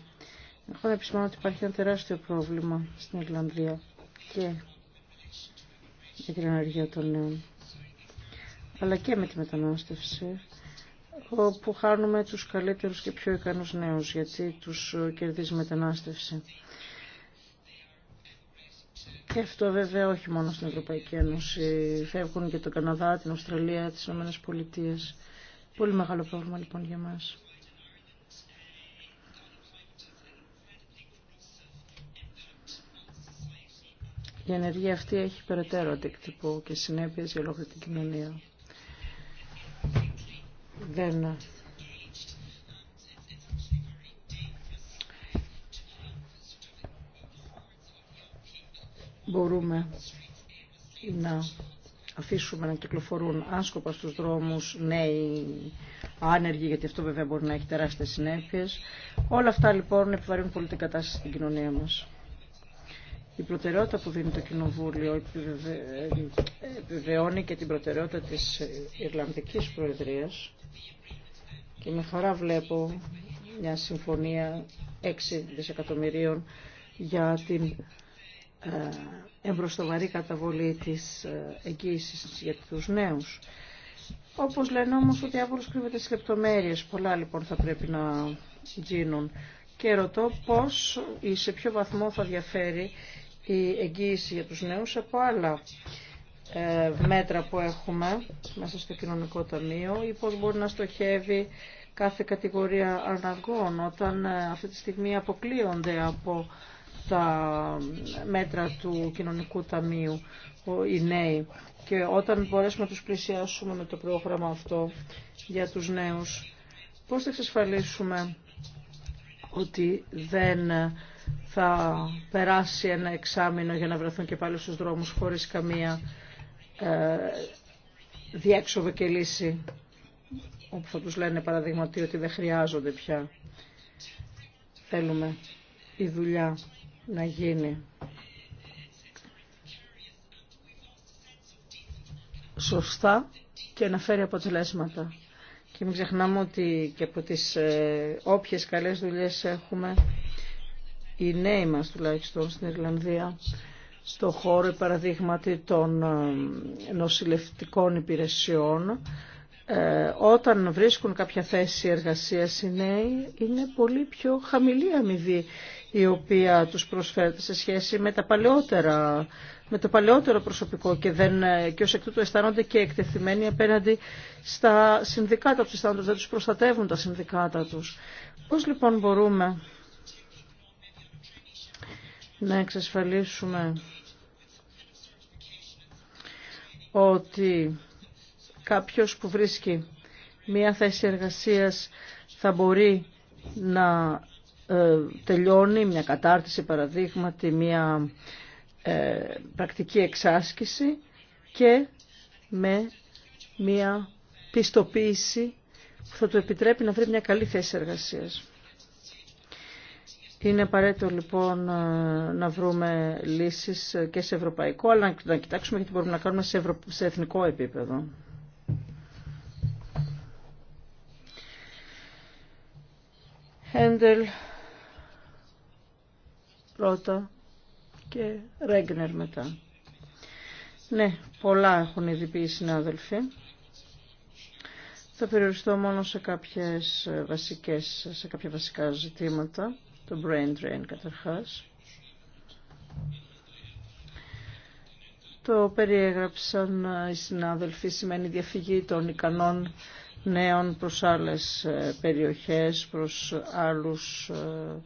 έχω να επισημάνω ότι υπάρχει ένα τεράστιο πρόβλημα στην Ιρλανδία και για την ενεργεία των νέων αλλά και με τη μετανάστευση όπου χάνουμε τους καλύτερους και πιο ικανούς νέους γιατί τους κερδίζει μετανάστευση. Και αυτό βέβαια όχι μόνο στην Ευρωπαϊκή Ένωση. Φεύγουν και το Καναδά, την Αυστραλία, τις Ηνωμένες Πολιτείες. Πολύ μεγάλο πρόβλημα λοιπόν για μας. Η ενέργεια αυτή έχει περαιτέρω αντίκτυπο και συνέπειες για ολόκληρη την κοινωνία. Δεν μπορούμε να αφήσουμε να κυκλοφορούν άσκοπα στους δρόμους νέοι άνεργοι, γιατί αυτό βέβαια μπορεί να έχει τεράστιες συνέπειες. Όλα αυτά λοιπόν επιβαρύνουν πολύ την κατάσταση στην κοινωνία μας. Η προτεραιότητα που δίνει το Κοινοβούλιο επιβεβαιώνει και την προτεραιότητα της Ιρλανδικής Προεδρίας και με χαρά βλέπω μια συμφωνία 6 δισεκατομμυρίων για την ε, εμπροστοβαρή καταβολή της ε, εγγύησης για τους νέους. Όπως λένε όμως ότι άβολος κρύβεται στις λεπτομέρειες. Πολλά λοιπόν θα πρέπει να γίνουν. Και ρωτώ πώς ή σε ποιο βαθμό θα διαφέρει η εγγύηση για τους νέους από άλλα ε, μέτρα που έχουμε μέσα στο κοινωνικό ταμείο ή πώς μπορεί να στοχεύει κάθε κατηγορία αναγκών όταν αυτή τη στιγμή αποκλείονται από τα μέτρα του κοινωνικού ταμείου οι νέοι και όταν μπορέσουμε να τους πλησιάσουμε με το πρόγραμμα αυτό για τους νέους πώς θα εξασφαλίσουμε ότι δεν θα περάσει ένα εξάμεινο για να βρεθούν και πάλι στους δρόμους χωρίς καμία ε, διέξοδο και λύση όπου θα τους λένε παραδειγματί ότι δεν χρειάζονται πια. Θέλουμε η δουλειά να γίνει σωστά και να φέρει αποτελέσματα. Και μην ξεχνάμε ότι και από τις ε, όποιες καλές δουλειές έχουμε, οι νέοι μας τουλάχιστον στην Ιρλανδία, στο χώρο παραδείγματι των ε, νοσηλευτικών υπηρεσιών, ε, όταν βρίσκουν κάποια θέση εργασίας οι νέοι, είναι πολύ πιο χαμηλή αμοιβή η οποία τους προσφέρεται σε σχέση με, τα παλαιότερα, με το παλαιότερο προσωπικό και, δεν, και ως εκ τούτου αισθάνονται και εκτεθειμένοι απέναντι στα συνδικάτα τους, αισθάνονται δεν τους προστατεύουν τα συνδικάτα τους. Πώς λοιπόν μπορούμε να εξασφαλίσουμε ότι κάποιος που βρίσκει μία θέση εργασίας θα μπορεί να ε, τελειώνει μια κατάρτιση παραδείγματι, μια ε, πρακτική εξάσκηση και με μια πιστοποίηση που θα του επιτρέπει να βρει μια καλή θέση εργασίας. Είναι απαραίτητο λοιπόν ε, να βρούμε λύσεις και σε ευρωπαϊκό, αλλά να κοιτάξουμε γιατί μπορούμε να κάνουμε σε, σε εθνικό επίπεδο. Handel πρώτα και Ρέγκνερ μετά. Ναι, πολλά έχουν ήδη πει οι συνάδελφοι. Θα περιοριστώ μόνο σε, κάποιες βασικές, σε κάποια βασικά ζητήματα, το brain drain καταρχάς. Το περιέγραψαν οι συνάδελφοι, σημαίνει διαφυγή των ικανών νέων προς άλλες περιοχές, προς άλλους ε,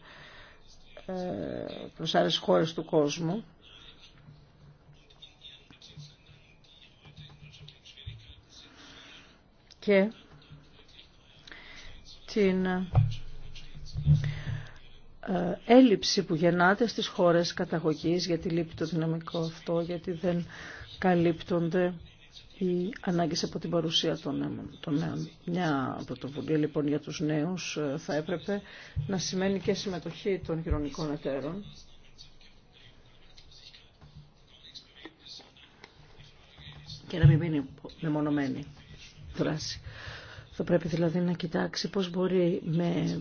προς άλλες χώρες του κόσμου. Και την ε, έλλειψη που γεννάται στις χώρες καταγωγής γιατί λείπει το δυναμικό αυτό, γιατί δεν καλύπτονται η ανάγκες από την παρουσία των νέων. Μια πρωτοβουλία λοιπόν για τους νέους ε, θα έπρεπε να σημαίνει και συμμετοχή των κοινωνικών εταίρων. και να μην μείνει μεμονωμένη δράση. Θα πρέπει δηλαδή να κοιτάξει πώς μπορεί με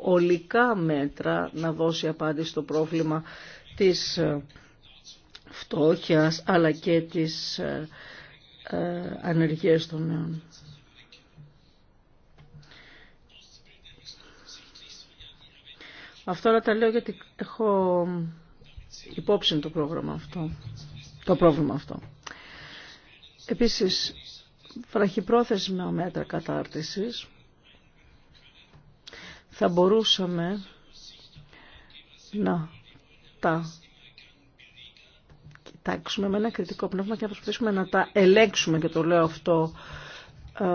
ολικά μέτρα να δώσει απάντηση στο πρόβλημα της ε, αλλά και της ε, ε, ανεργίας των νέων. Αυτό όλα τα λέω γιατί έχω υπόψη το πρόγραμμα αυτό, το πρόβλημα αυτό. Επίσης, βραχυπρόθεσμα μέτρα κατάρτισης θα μπορούσαμε να τα κοιτάξουμε με ένα κριτικό πνεύμα και να προσπαθήσουμε να τα ελέγξουμε και το λέω αυτό ε,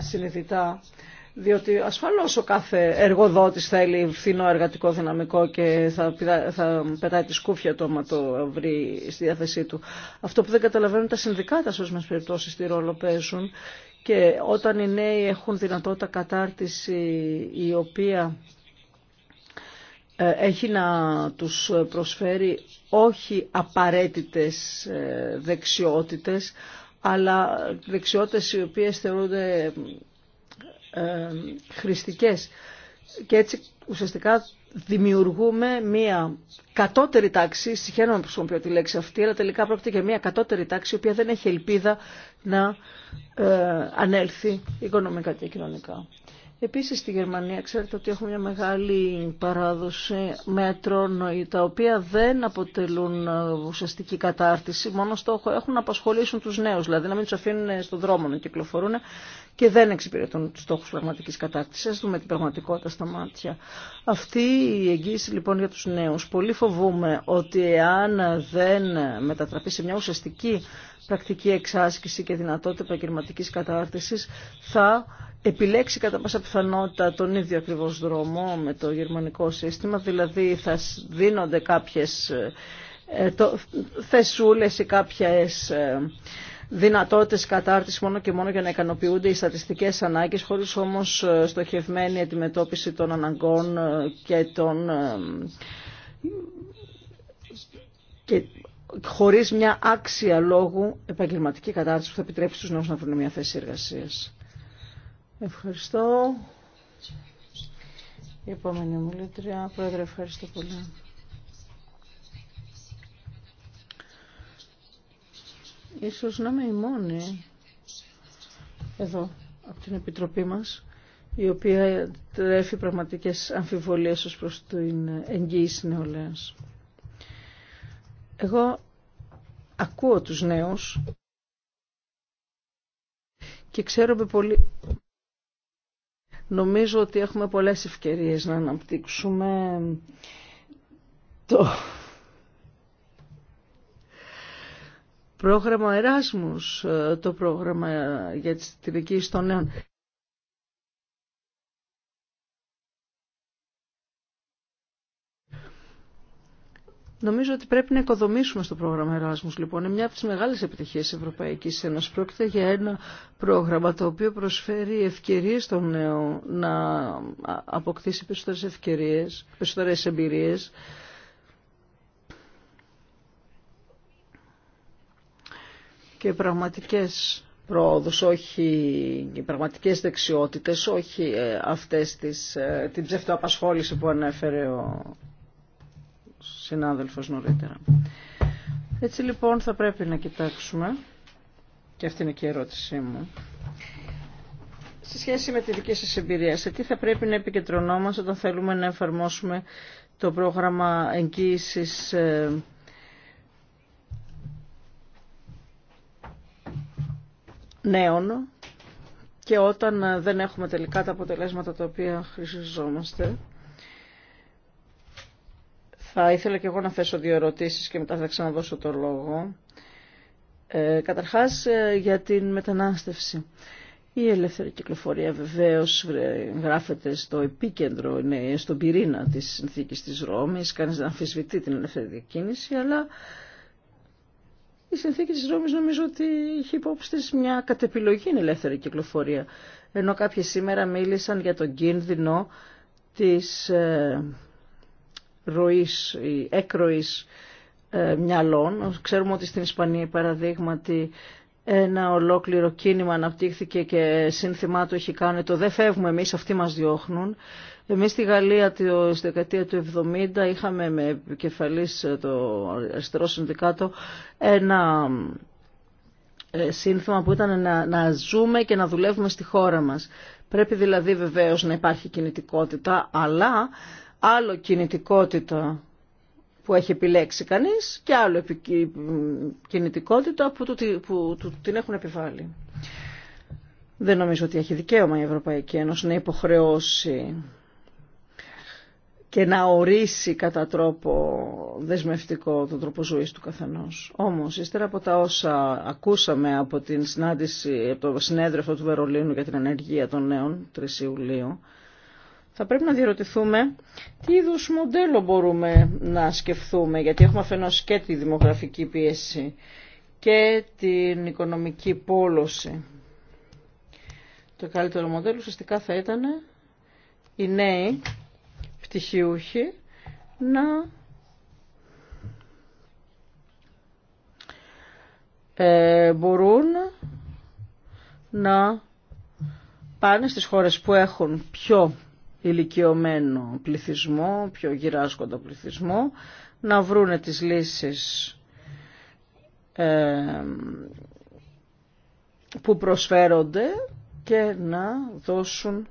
συνειδητά. Διότι ασφαλώς ο κάθε εργοδότης θέλει φθηνό εργατικό δυναμικό και θα, θα πετάει τη σκούφια το άμα το βρει στη διάθεσή του. Αυτό που δεν καταλαβαίνουν τα συνδικάτα σε όσες περιπτώσεις τι ρόλο παίζουν και όταν οι νέοι έχουν δυνατότητα κατάρτιση η οποία ε, έχει να τους προσφέρει όχι απαραίτητες ε, δεξιότητες, αλλά δεξιότητες οι οποίες θεωρούνται ε, χρηστικές. Και έτσι ουσιαστικά δημιουργούμε μία κατώτερη τάξη, συγχαίρομαι να χρησιμοποιώ τη λέξη αυτή, αλλά τελικά πρόκειται για μία κατώτερη τάξη, η οποία δεν έχει ελπίδα να ανέλθει οικονομικά και κοινωνικά. Επίσης στη Γερμανία ξέρετε ότι έχουμε μια μεγάλη παράδοση μέτρων τα οποία δεν αποτελούν ε, ουσιαστική κατάρτιση, μόνο στόχο έχουν να απασχολήσουν τους νέους, δηλαδή να μην τους αφήνουν στον δρόμο να κυκλοφορούν και δεν εξυπηρετούν τους στόχους πραγματικής κατάρτισης. Ας δούμε την πραγματικότητα στα μάτια. Αυτή η εγγύηση λοιπόν για τους νέους. Πολύ φοβούμε ότι εάν δεν μετατραπεί σε μια ουσιαστική πρακτική εξάσκηση και δυνατότητα επαγγελματική κατάρτιση, θα επιλέξει κατά πάσα πιθανότητα τον ίδιο ακριβώς δρόμο με το γερμανικό σύστημα, δηλαδή θα δίνονται κάποιες ε, το, θεσούλες ή κάποιες ε, δυνατότητες κατάρτισης μόνο και μόνο για να ικανοποιούνται οι στατιστικές ανάγκες χωρίς όμως ε, στοχευμένη αντιμετώπιση των αναγκών και των Χωρί μια άξια λόγου επαγγελματική κατάρτιση που θα επιτρέψει του νέους να βρουν μια θέση εργασία. Ευχαριστώ. Η επόμενη μου Πρόεδρε, ευχαριστώ πολύ. Ίσως να είμαι η μόνη εδώ από την Επιτροπή μας η οποία τρέφει πραγματικές αμφιβολίες ως προς την εγγύηση νεολαίας. Εγώ ακούω τους νέους και ξέρω πολύ... Νομίζω ότι έχουμε πολλές ευκαιρίες να αναπτύξουμε το πρόγραμμα Εράσμους, το πρόγραμμα για τις δική των νέων. Νομίζω ότι πρέπει να οικοδομήσουμε στο πρόγραμμα Εράσμου. λοιπόν. Είναι μια από τι μεγάλε επιτυχίες τη Ευρωπαϊκή Ένωση. Πρόκειται για ένα πρόγραμμα το οποίο προσφέρει ευκαιρίε στον νέο να αποκτήσει περισσότερε ευκαιρίε, περισσότερε εμπειρίε. Και πραγματικές πρόοδους, όχι οι πραγματικές δεξιότητες, όχι ε, αυτές ε, την ψευτοαπασχόληση που ανέφερε ο συνάδελφος νωρίτερα. Έτσι λοιπόν θα πρέπει να κοιτάξουμε, και αυτή είναι και η ερώτησή μου, σε σχέση με τη δική σας εμπειρία, σε τι θα πρέπει να επικεντρωνόμαστε όταν θέλουμε να εφαρμόσουμε το πρόγραμμα εγγύησης ε, νέων και όταν ε, δεν έχουμε τελικά τα αποτελέσματα τα οποία χρησιζόμαστε θα ήθελα και εγώ να θέσω δύο ερωτήσεις και μετά θα ξαναδώσω το λόγο. Ε, καταρχάς ε, για την μετανάστευση. Η ελεύθερη κυκλοφορία βεβαίως γράφεται στο επίκεντρο, είναι στον πυρήνα της συνθήκης της Ρώμης. Κανείς δεν αμφισβητεί την ελεύθερη διακίνηση, αλλά η συνθήκη της Ρώμης νομίζω ότι είχε υπόψη της μια κατεπιλογή ελεύθερη κυκλοφορία. Ενώ κάποιοι σήμερα μίλησαν για τον κίνδυνο της ε, ροής, έκροης ε, μυαλών. Ξέρουμε ότι στην Ισπανία παραδείγματι ένα ολόκληρο κίνημα αναπτύχθηκε και σύνθημά του έχει κάνει το «Δεν φεύγουμε εμείς, αυτοί μας διώχνουν». Εμείς στη Γαλλία στη δεκαετία του 70 είχαμε με επικεφαλής ε, το αριστερό συνδικάτο ένα ε, σύνθημα που ήταν να, να ζούμε και να δουλεύουμε στη χώρα μας. Πρέπει δηλαδή βεβαίως να υπάρχει κινητικότητα, αλλά άλλο κινητικότητα που έχει επιλέξει κανείς και άλλο κινητικότητα που, του, που την έχουν επιβάλει. Δεν νομίζω ότι έχει δικαίωμα η Ευρωπαϊκή Ένωση να υποχρεώσει και να ορίσει κατά τρόπο δεσμευτικό τον τρόπο ζωής του καθενός. Όμως, ύστερα από τα όσα ακούσαμε από την συνάντηση, από το συνέδριο του Βερολίνου για την ενεργεία των νέων 3 Ιουλίου, θα πρέπει να διερωτηθούμε τι είδους μοντέλο μπορούμε να σκεφτούμε, γιατί έχουμε αφενός και τη δημογραφική πίεση και την οικονομική πόλωση. Το καλύτερο μοντέλο ουσιαστικά θα ήταν οι νέοι πτυχιούχοι να ε, μπορούν να πάνε στις χώρες που έχουν πιο ηλικιωμένο πληθυσμό, πιο γυράσκοντο πληθυσμό, να βρούνε τις λύσεις που προσφέρονται και να δώσουν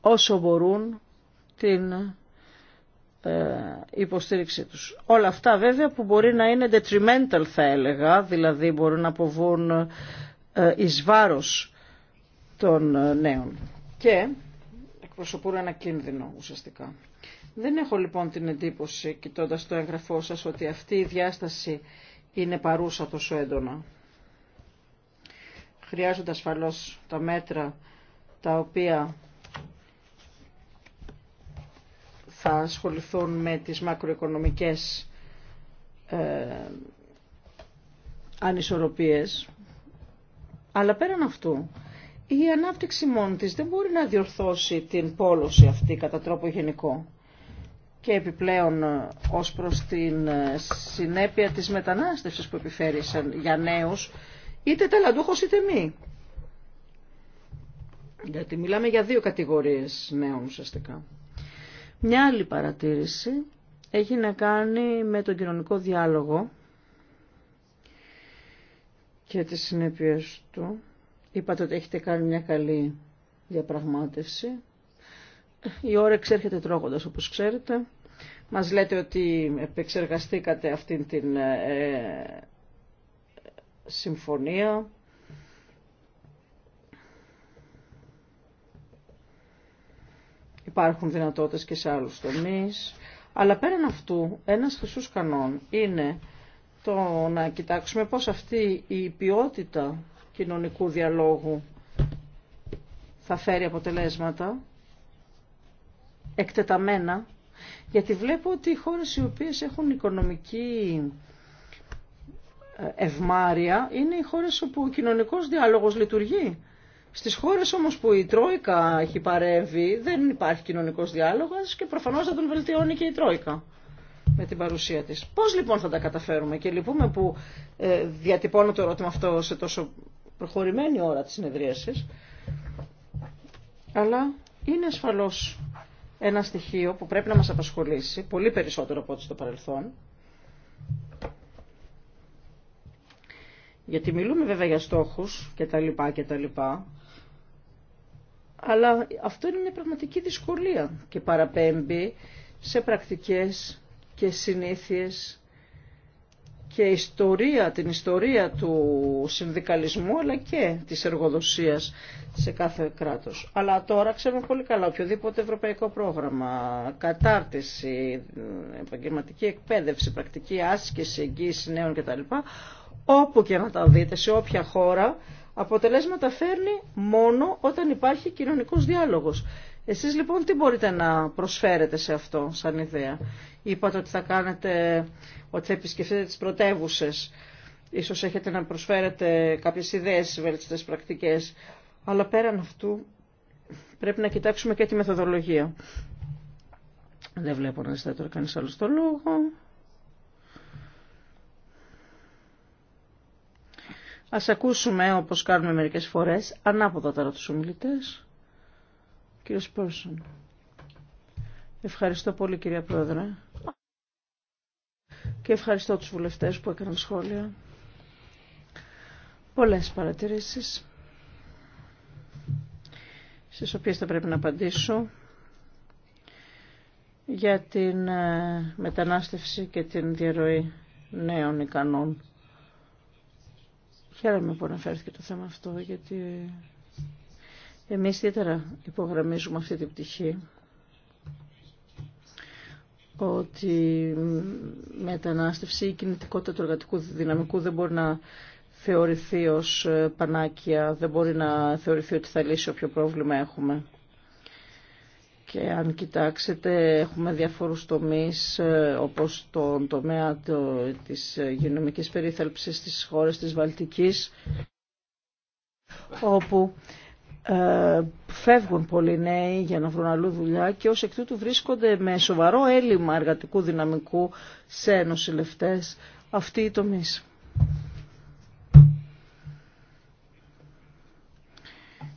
όσο μπορούν την ε, υποστήριξή τους. Όλα αυτά βέβαια που μπορεί να είναι detrimental θα έλεγα, δηλαδή μπορούν να αποβούν ε, εις βάρος των ε, νέων και εκπροσωπούν ένα κίνδυνο ουσιαστικά. Δεν έχω λοιπόν την εντύπωση, κοιτώντα το έγγραφό σας, ότι αυτή η διάσταση είναι παρούσα τόσο έντονα. Χρειάζονται ασφαλώς τα μέτρα τα οποία θα ασχοληθούν με τις μακροοικονομικές ε, ανισορροπίες αλλά πέραν αυτού, η ανάπτυξη μόνη της δεν μπορεί να διορθώσει την πόλωση αυτή κατά τρόπο γενικό. Και επιπλέον ως προς την ε, συνέπεια της μετανάστευσης που επιφέρει για νέους, είτε ταλαντούχος είτε μη. Γιατί μιλάμε για δύο κατηγορίες νέων ουσιαστικά. Μια άλλη παρατήρηση έχει να κάνει με τον κοινωνικό διάλογο και τις συνέπειες του. Είπατε ότι έχετε κάνει μια καλή διαπραγμάτευση. Η ώρα εξέρχεται τρώγοντας όπως ξέρετε. Μας λέτε ότι επεξεργαστήκατε αυτήν την ε, συμφωνία. Υπάρχουν δυνατότητες και σε άλλους τομείς. Αλλά πέραν αυτού, ένας χρυσούς κανόν είναι το να κοιτάξουμε πώς αυτή η ποιότητα κοινωνικού διαλόγου θα φέρει αποτελέσματα εκτεταμένα, γιατί βλέπω ότι οι χώρες οι οποίες έχουν οικονομική ε, ευμάρεια είναι οι χώρες όπου ο κοινωνικός διάλογος λειτουργεί. Στις χώρες όμως που η Τρόικα έχει παρεύει δεν υπάρχει κοινωνικός διάλογος και προφανώς θα τον βελτιώνει και η Τρόικα με την παρουσία της. Πώς λοιπόν θα τα καταφέρουμε και λυπούμε που ε, διατυπώνω το ερώτημα αυτό σε τόσο προχωρημένη ώρα της συνεδρίασης, αλλά είναι ασφαλώς ένα στοιχείο που πρέπει να μας απασχολήσει πολύ περισσότερο από ό,τι στο παρελθόν. Γιατί μιλούμε βέβαια για στόχους και τα λοιπά και τα λοιπά, αλλά αυτό είναι μια πραγματική δυσκολία και παραπέμπει σε πρακτικές και συνήθειες και ιστορία, την ιστορία του συνδικαλισμού αλλά και της εργοδοσίας σε κάθε κράτος. Αλλά τώρα ξέρουμε πολύ καλά οποιοδήποτε ευρωπαϊκό πρόγραμμα, κατάρτιση, επαγγελματική εκπαίδευση, πρακτική άσκηση, εγγύηση νέων κτλ. Όπου και να τα δείτε, σε όποια χώρα, αποτελέσματα φέρνει μόνο όταν υπάρχει κοινωνικός διάλογος. Εσείς λοιπόν τι μπορείτε να προσφέρετε σε αυτό σαν ιδέα. Είπατε ότι θα κάνετε, ότι θα επισκεφτείτε τις πρωτεύουσε. Ίσως έχετε να προσφέρετε κάποιες ιδέες βέλτιστες πρακτικές. Αλλά πέραν αυτού πρέπει να κοιτάξουμε και τη μεθοδολογία. Δεν βλέπω να ζητάει τώρα κανείς άλλος το λόγο. Ας ακούσουμε, όπως κάνουμε μερικές φορές, ανάποδα τώρα τους ομιλητές. Κύριος Πόρσον. Ευχαριστώ πολύ κυρία Πρόεδρε. Και ευχαριστώ τους βουλευτές που έκαναν σχόλια. Πολλές παρατηρήσεις στις οποίες θα πρέπει να απαντήσω για την ε, μετανάστευση και την διαρροή νέων ικανών. Χαίρομαι που αναφέρθηκε το θέμα αυτό, γιατί εμείς ιδιαίτερα υπογραμμίζουμε αυτή την πτυχή ότι μετανάστευση ή κινητικότητα του εργατικού δυναμικού δεν μπορεί να θεωρηθεί ως ε, πανάκια, δεν μπορεί να θεωρηθεί ότι θα λύσει όποιο πρόβλημα έχουμε. Και αν κοιτάξετε, έχουμε διαφορούς τομείς, ε, όπως τον τομέα της ε, υγειονομικής περίθαλψης στις χώρες της Βαλτικής, όπου ε, φεύγουν πολλοί νέοι για να βρουν αλλού δουλειά και ως εκ τούτου βρίσκονται με σοβαρό έλλειμμα εργατικού δυναμικού σε νοσηλευτέ αυτοί οι τομεί.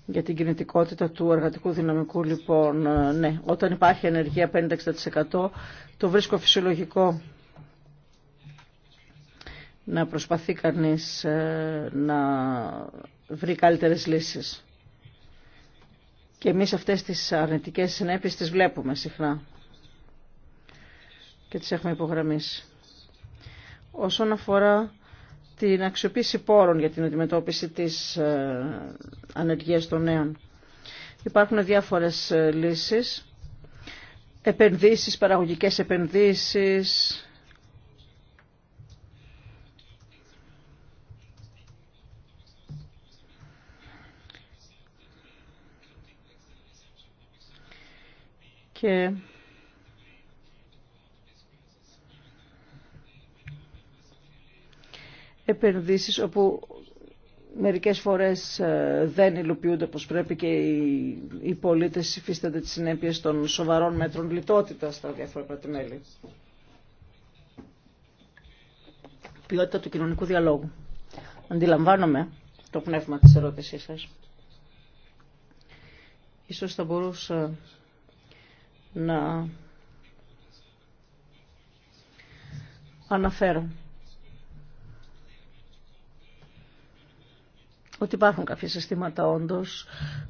Για την κινητικότητα του εργατικού δυναμικού, λοιπόν, ε, ναι, όταν υπάρχει ενεργεια 50-60% το βρίσκω φυσιολογικό να προσπαθεί κανείς ε, να βρει καλύτερες λύσεις. Και εμείς αυτές τις αρνητικές συνέπειες τις βλέπουμε συχνά και τις έχουμε υπογραμμίσει. Όσον αφορά την αξιοποίηση πόρων για την αντιμετώπιση της ε, ανεργίας των νέων, υπάρχουν διάφορες ε, λύσεις, επενδύσεις, παραγωγικές επενδύσεις, και επενδύσεις όπου μερικές φορές ε, δεν υλοποιούνται όπως πρέπει και οι πολίτες υφίστανται τις συνέπειες των σοβαρών μέτρων λιτότητας στα διάφορα κρατημέλη. Ποιότητα του κοινωνικού διαλόγου. Αντιλαμβάνομαι το πνεύμα της ερώτησής σας. Ίσως θα μπορούσα να αναφέρω ότι υπάρχουν κάποια συστήματα όντως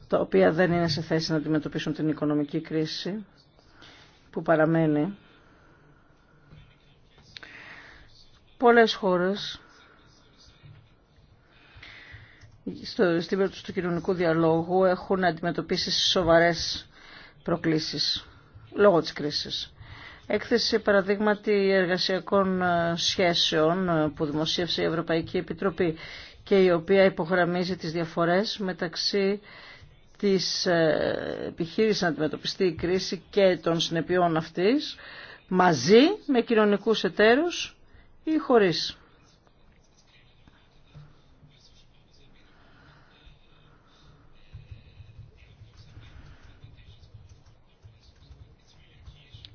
τα οποία δεν είναι σε θέση να αντιμετωπίσουν την οικονομική κρίση που παραμένει. Πολλές χώρες στο, στην περίπτωση του κοινωνικού διαλόγου έχουν αντιμετωπίσει σοβαρές προκλήσεις λόγω της κρίσης. Έκθεση παραδείγματι εργασιακών ε, σχέσεων ε, που δημοσίευσε η Ευρωπαϊκή Επιτροπή και η οποία υπογραμμίζει τις διαφορές μεταξύ της ε, επιχείρησης να αντιμετωπιστεί η κρίση και των συνεπειών αυτής μαζί με κοινωνικούς εταίρους ή χωρίς.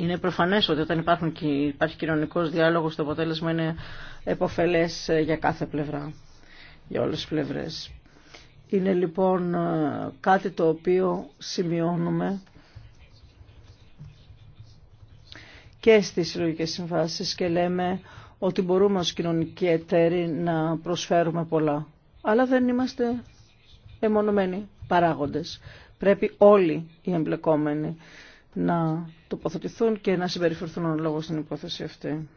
Είναι προφανές ότι όταν υπάρχουν, υπάρχει κοινωνικός διάλογος το αποτέλεσμα είναι εποφελές ε, για κάθε πλευρά, για όλες τις πλευρές. Είναι λοιπόν ε, κάτι το οποίο σημειώνουμε και στις συλλογικέ συμβάσει και λέμε ότι μπορούμε ως κοινωνικοί εταίροι να προσφέρουμε πολλά. Αλλά δεν είμαστε εμονωμένοι παράγοντες. Πρέπει όλοι οι εμπλεκόμενοι να τοποθετηθούν και να συμπεριφερθούν ο λόγος στην υπόθεση αυτή.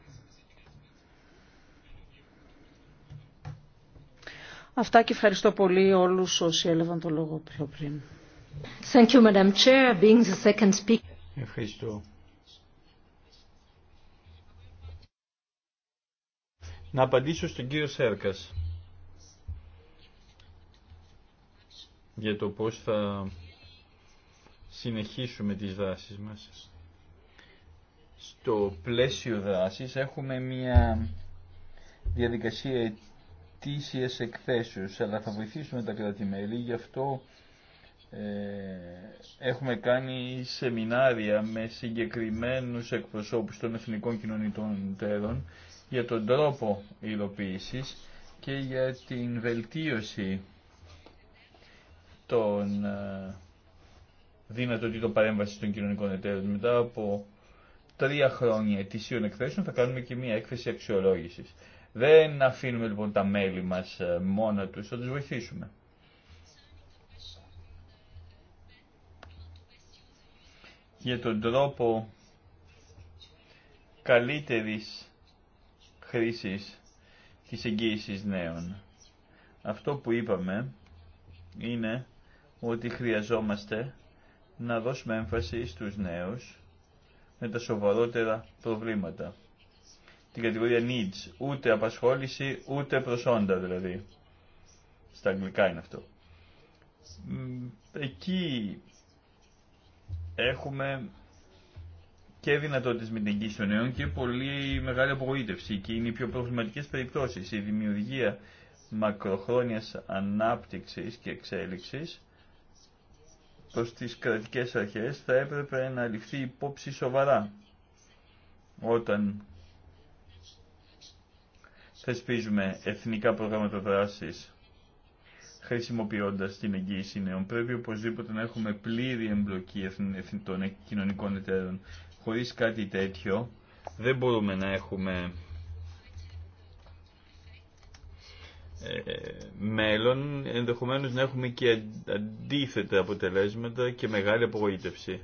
Αυτά και ευχαριστώ πολύ όλους όσοι έλαβαν το λόγο πιο πριν. Thank you, Madam Chair, being the second speaker. Ευχαριστώ. Να απαντήσω στον κύριο Σέρκας για το πώς θα συνεχίσουμε τις δράσεις μας. Στο πλαίσιο δράσης έχουμε μια διαδικασία ετήσιες εκθέσεως, αλλά θα βοηθήσουμε τα κράτη-μέλη. γι' αυτό ε, έχουμε κάνει σεμινάρια με συγκεκριμένους εκπροσώπους των εθνικών κοινωνιτών τέρων για τον τρόπο υλοποίησης και για την βελτίωση των ε, δυνατοτήτων παρέμβαση των κοινωνικών εταίρων. Μετά από τρία χρόνια ετησίων εκθέσεων θα κάνουμε και μία έκθεση αξιολόγηση. Δεν αφήνουμε λοιπόν τα μέλη μα ε, μόνα του, θα του βοηθήσουμε. Για τον τρόπο καλύτερης χρήσης της εγγύησης νέων. Αυτό που είπαμε είναι ότι χρειαζόμαστε να δώσουμε έμφαση στους νέους με τα σοβαρότερα προβλήματα. Την κατηγορία needs, ούτε απασχόληση, ούτε προσόντα δηλαδή. Στα αγγλικά είναι αυτό. Εκεί έχουμε και δυνατότητε με την εγγύηση των νέων και πολύ μεγάλη απογοήτευση και είναι οι πιο προβληματικές περιπτώσεις. Η δημιουργία μακροχρόνιας ανάπτυξη και εξέλιξη προς τις κρατικές αρχές θα έπρεπε να ληφθεί υπόψη σοβαρά όταν θεσπίζουμε εθνικά προγράμματα δράσης χρησιμοποιώντας την εγγύηση νέων. Πρέπει οπωσδήποτε να έχουμε πλήρη εμπλοκή των κοινωνικών εταίρων. Χωρίς κάτι τέτοιο δεν μπορούμε να έχουμε Ε, μέλλον ενδεχομένως να έχουμε και αντίθετα αποτελέσματα και μεγάλη απογοήτευση.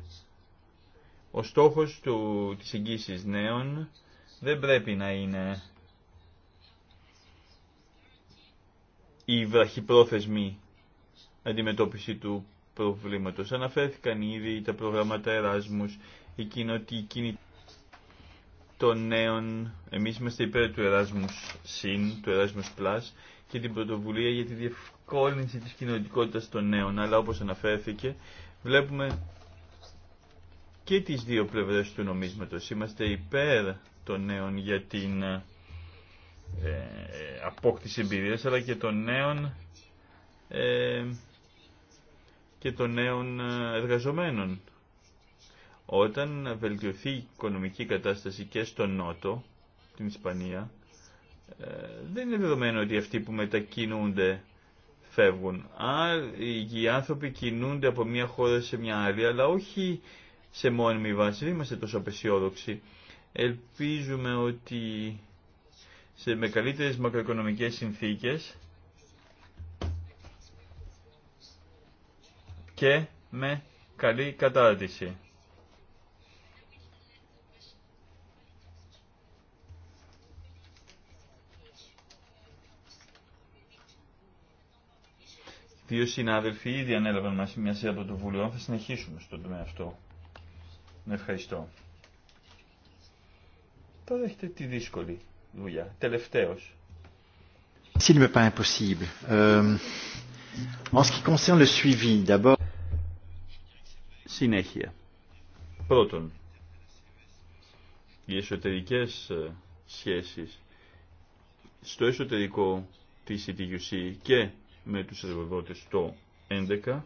Ο στόχος του, της εγγύησης νέων δεν πρέπει να είναι η βραχυπρόθεσμη αντιμετώπιση του προβλήματος. Αναφέρθηκαν ήδη τα προγράμματα Εράσμους, η κοινότητα των νέων, εμείς είμαστε υπέρ του Εράσμους Συν, του Erasmus Plus και την πρωτοβουλία για τη διευκόλυνση της κοινωνικότητας των νέων, αλλά όπως αναφέρθηκε, βλέπουμε και τις δύο πλευρές του νομίσματος. Είμαστε υπέρ των νέων για την ε, ε, απόκτηση εμπειρίας, αλλά και των νέων ε, και των νέων εργαζομένων. Όταν βελτιωθεί η οικονομική κατάσταση και στον Νότο, την Ισπανία, ε, δεν είναι δεδομένο ότι αυτοί που μετακινούνται φεύγουν. Α οι άνθρωποι κινούνται από μια χώρα σε μια άλλη, αλλά όχι σε μόνιμη βάση. Δεν είμαστε τόσο απεσιόδοξοι. Ελπίζουμε ότι σε, με καλύτερες μακροοικονομικές συνθήκες και με καλή κατάρτιση. Δύο συνάδελφοι ήδη ανέλαβαν μας μια σειρά πρωτοβουλειών. Θα συνεχίσουμε στον τομέα αυτό. Ευχαριστώ. Τώρα έχετε τη δύσκολη δουλειά. Τελευταίος. S'il me pas impossible. Euh, en ce qui concerne le suivi, Συνέχεια. Πρώτον, οι εσωτερικέ ε, σχέσει στο εσωτερικό τη ETUC και με τους εργοδότες το 11,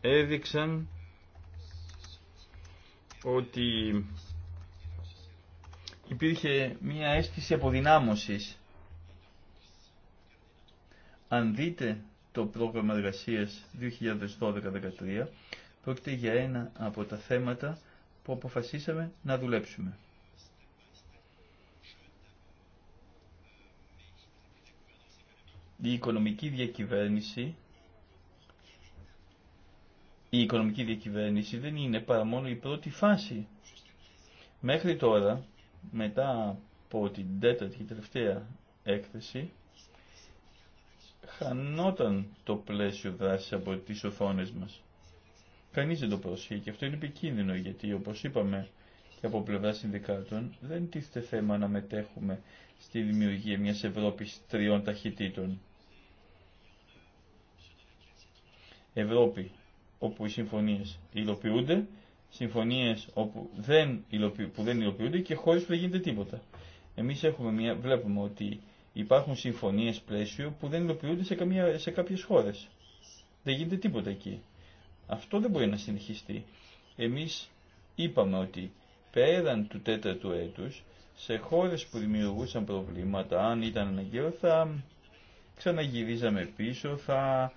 έδειξαν ότι υπήρχε μία αίσθηση αποδυνάμωσης. Αν δείτε το πρόγραμμα εργασίας 2012-2013, πρόκειται για ένα από τα θέματα που αποφασίσαμε να δουλέψουμε. η οικονομική διακυβέρνηση η οικονομική διακυβέρνηση δεν είναι παρά μόνο η πρώτη φάση. Μέχρι τώρα, μετά από την τέταρτη και τελευταία έκθεση, χανόταν το πλαίσιο δράση από τις οθόνες μας. Κανείς δεν το προσχεί και αυτό είναι επικίνδυνο γιατί όπως είπαμε και από πλευρά συνδικάτων δεν τίθεται θέμα να μετέχουμε στη δημιουργία μιας Ευρώπης τριών ταχυτήτων. Ευρώπη όπου οι συμφωνίες υλοποιούνται, συμφωνίες όπου δεν που δεν υλοποιούνται και χώρες που δεν γίνεται τίποτα. Εμείς έχουμε βλέπουμε ότι υπάρχουν συμφωνίες πλαίσιο που δεν υλοποιούνται σε, καμία, σε κάποιες χώρες. Δεν γίνεται τίποτα εκεί. Αυτό δεν μπορεί να συνεχιστεί. Εμείς είπαμε ότι πέραν του τέταρτου έτους, σε χώρες που δημιουργούσαν προβλήματα, αν ήταν αναγκαίο, θα ξαναγυρίζαμε πίσω, θα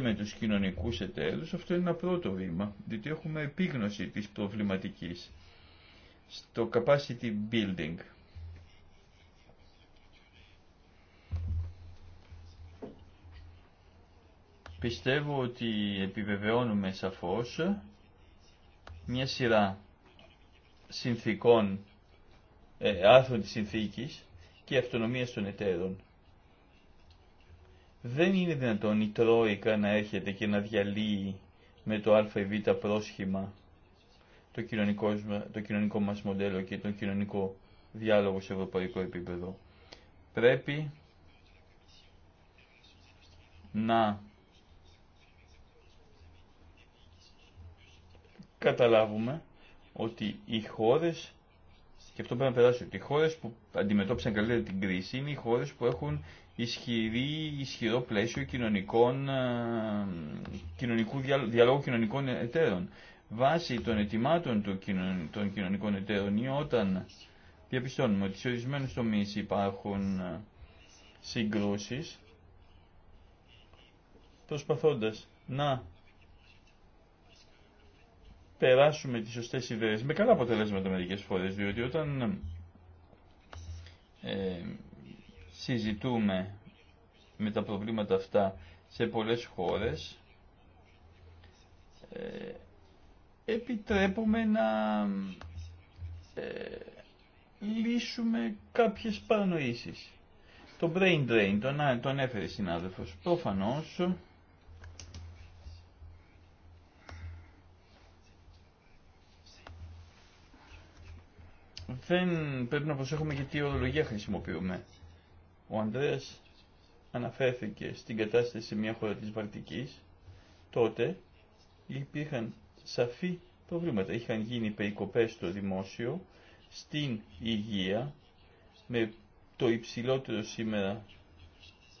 με τους κοινωνικούς εταίρους, αυτό είναι ένα πρώτο βήμα, διότι έχουμε επίγνωση της προβληματικής στο capacity building. Πιστεύω ότι επιβεβαιώνουμε σαφώς μια σειρά συνθήκων, ε, άρθρων της συνθήκης και αυτονομίας των εταίρων. Δεν είναι δυνατόν η Τρόικα να έρχεται και να διαλύει με το α ή β πρόσχημα το κοινωνικό, το μας μοντέλο και τον κοινωνικό διάλογο σε ευρωπαϊκό επίπεδο. Πρέπει να καταλάβουμε ότι οι χώρες, και αυτό πρέπει να περάσει, ότι οι χώρες που αντιμετώπισαν καλύτερα την κρίση είναι οι χώρες που έχουν ισχυρή, ισχυρό πλαίσιο κοινωνικών, ε, κοινωνικού, διαλόγου κοινωνικών εταίρων. Βάσει των ετοιμάτων των κοινωνικών εταίρων ή όταν διαπιστώνουμε ότι σε ορισμένους τομείς υπάρχουν ε, συγκρούσεις, προσπαθώντας να περάσουμε τις σωστές ιδέες με καλά αποτελέσματα μερικές φορές, διότι όταν ε, συζητούμε με τα προβλήματα αυτά σε πολλές χώρες, ε, επιτρέπουμε να ε, λύσουμε κάποιες παρανοήσεις. Το brain drain, τον, τον έφερε συνάδελφος, προφανώς δεν πρέπει να προσέχουμε γιατί ορολογία χρησιμοποιούμε. Ο Ανδρέας αναφέρθηκε στην κατάσταση σε μια χώρα της Βαλτικής, τότε υπήρχαν σαφή προβλήματα. Είχαν γίνει περικοπές στο δημόσιο, στην υγεία, με το υψηλότερο σήμερα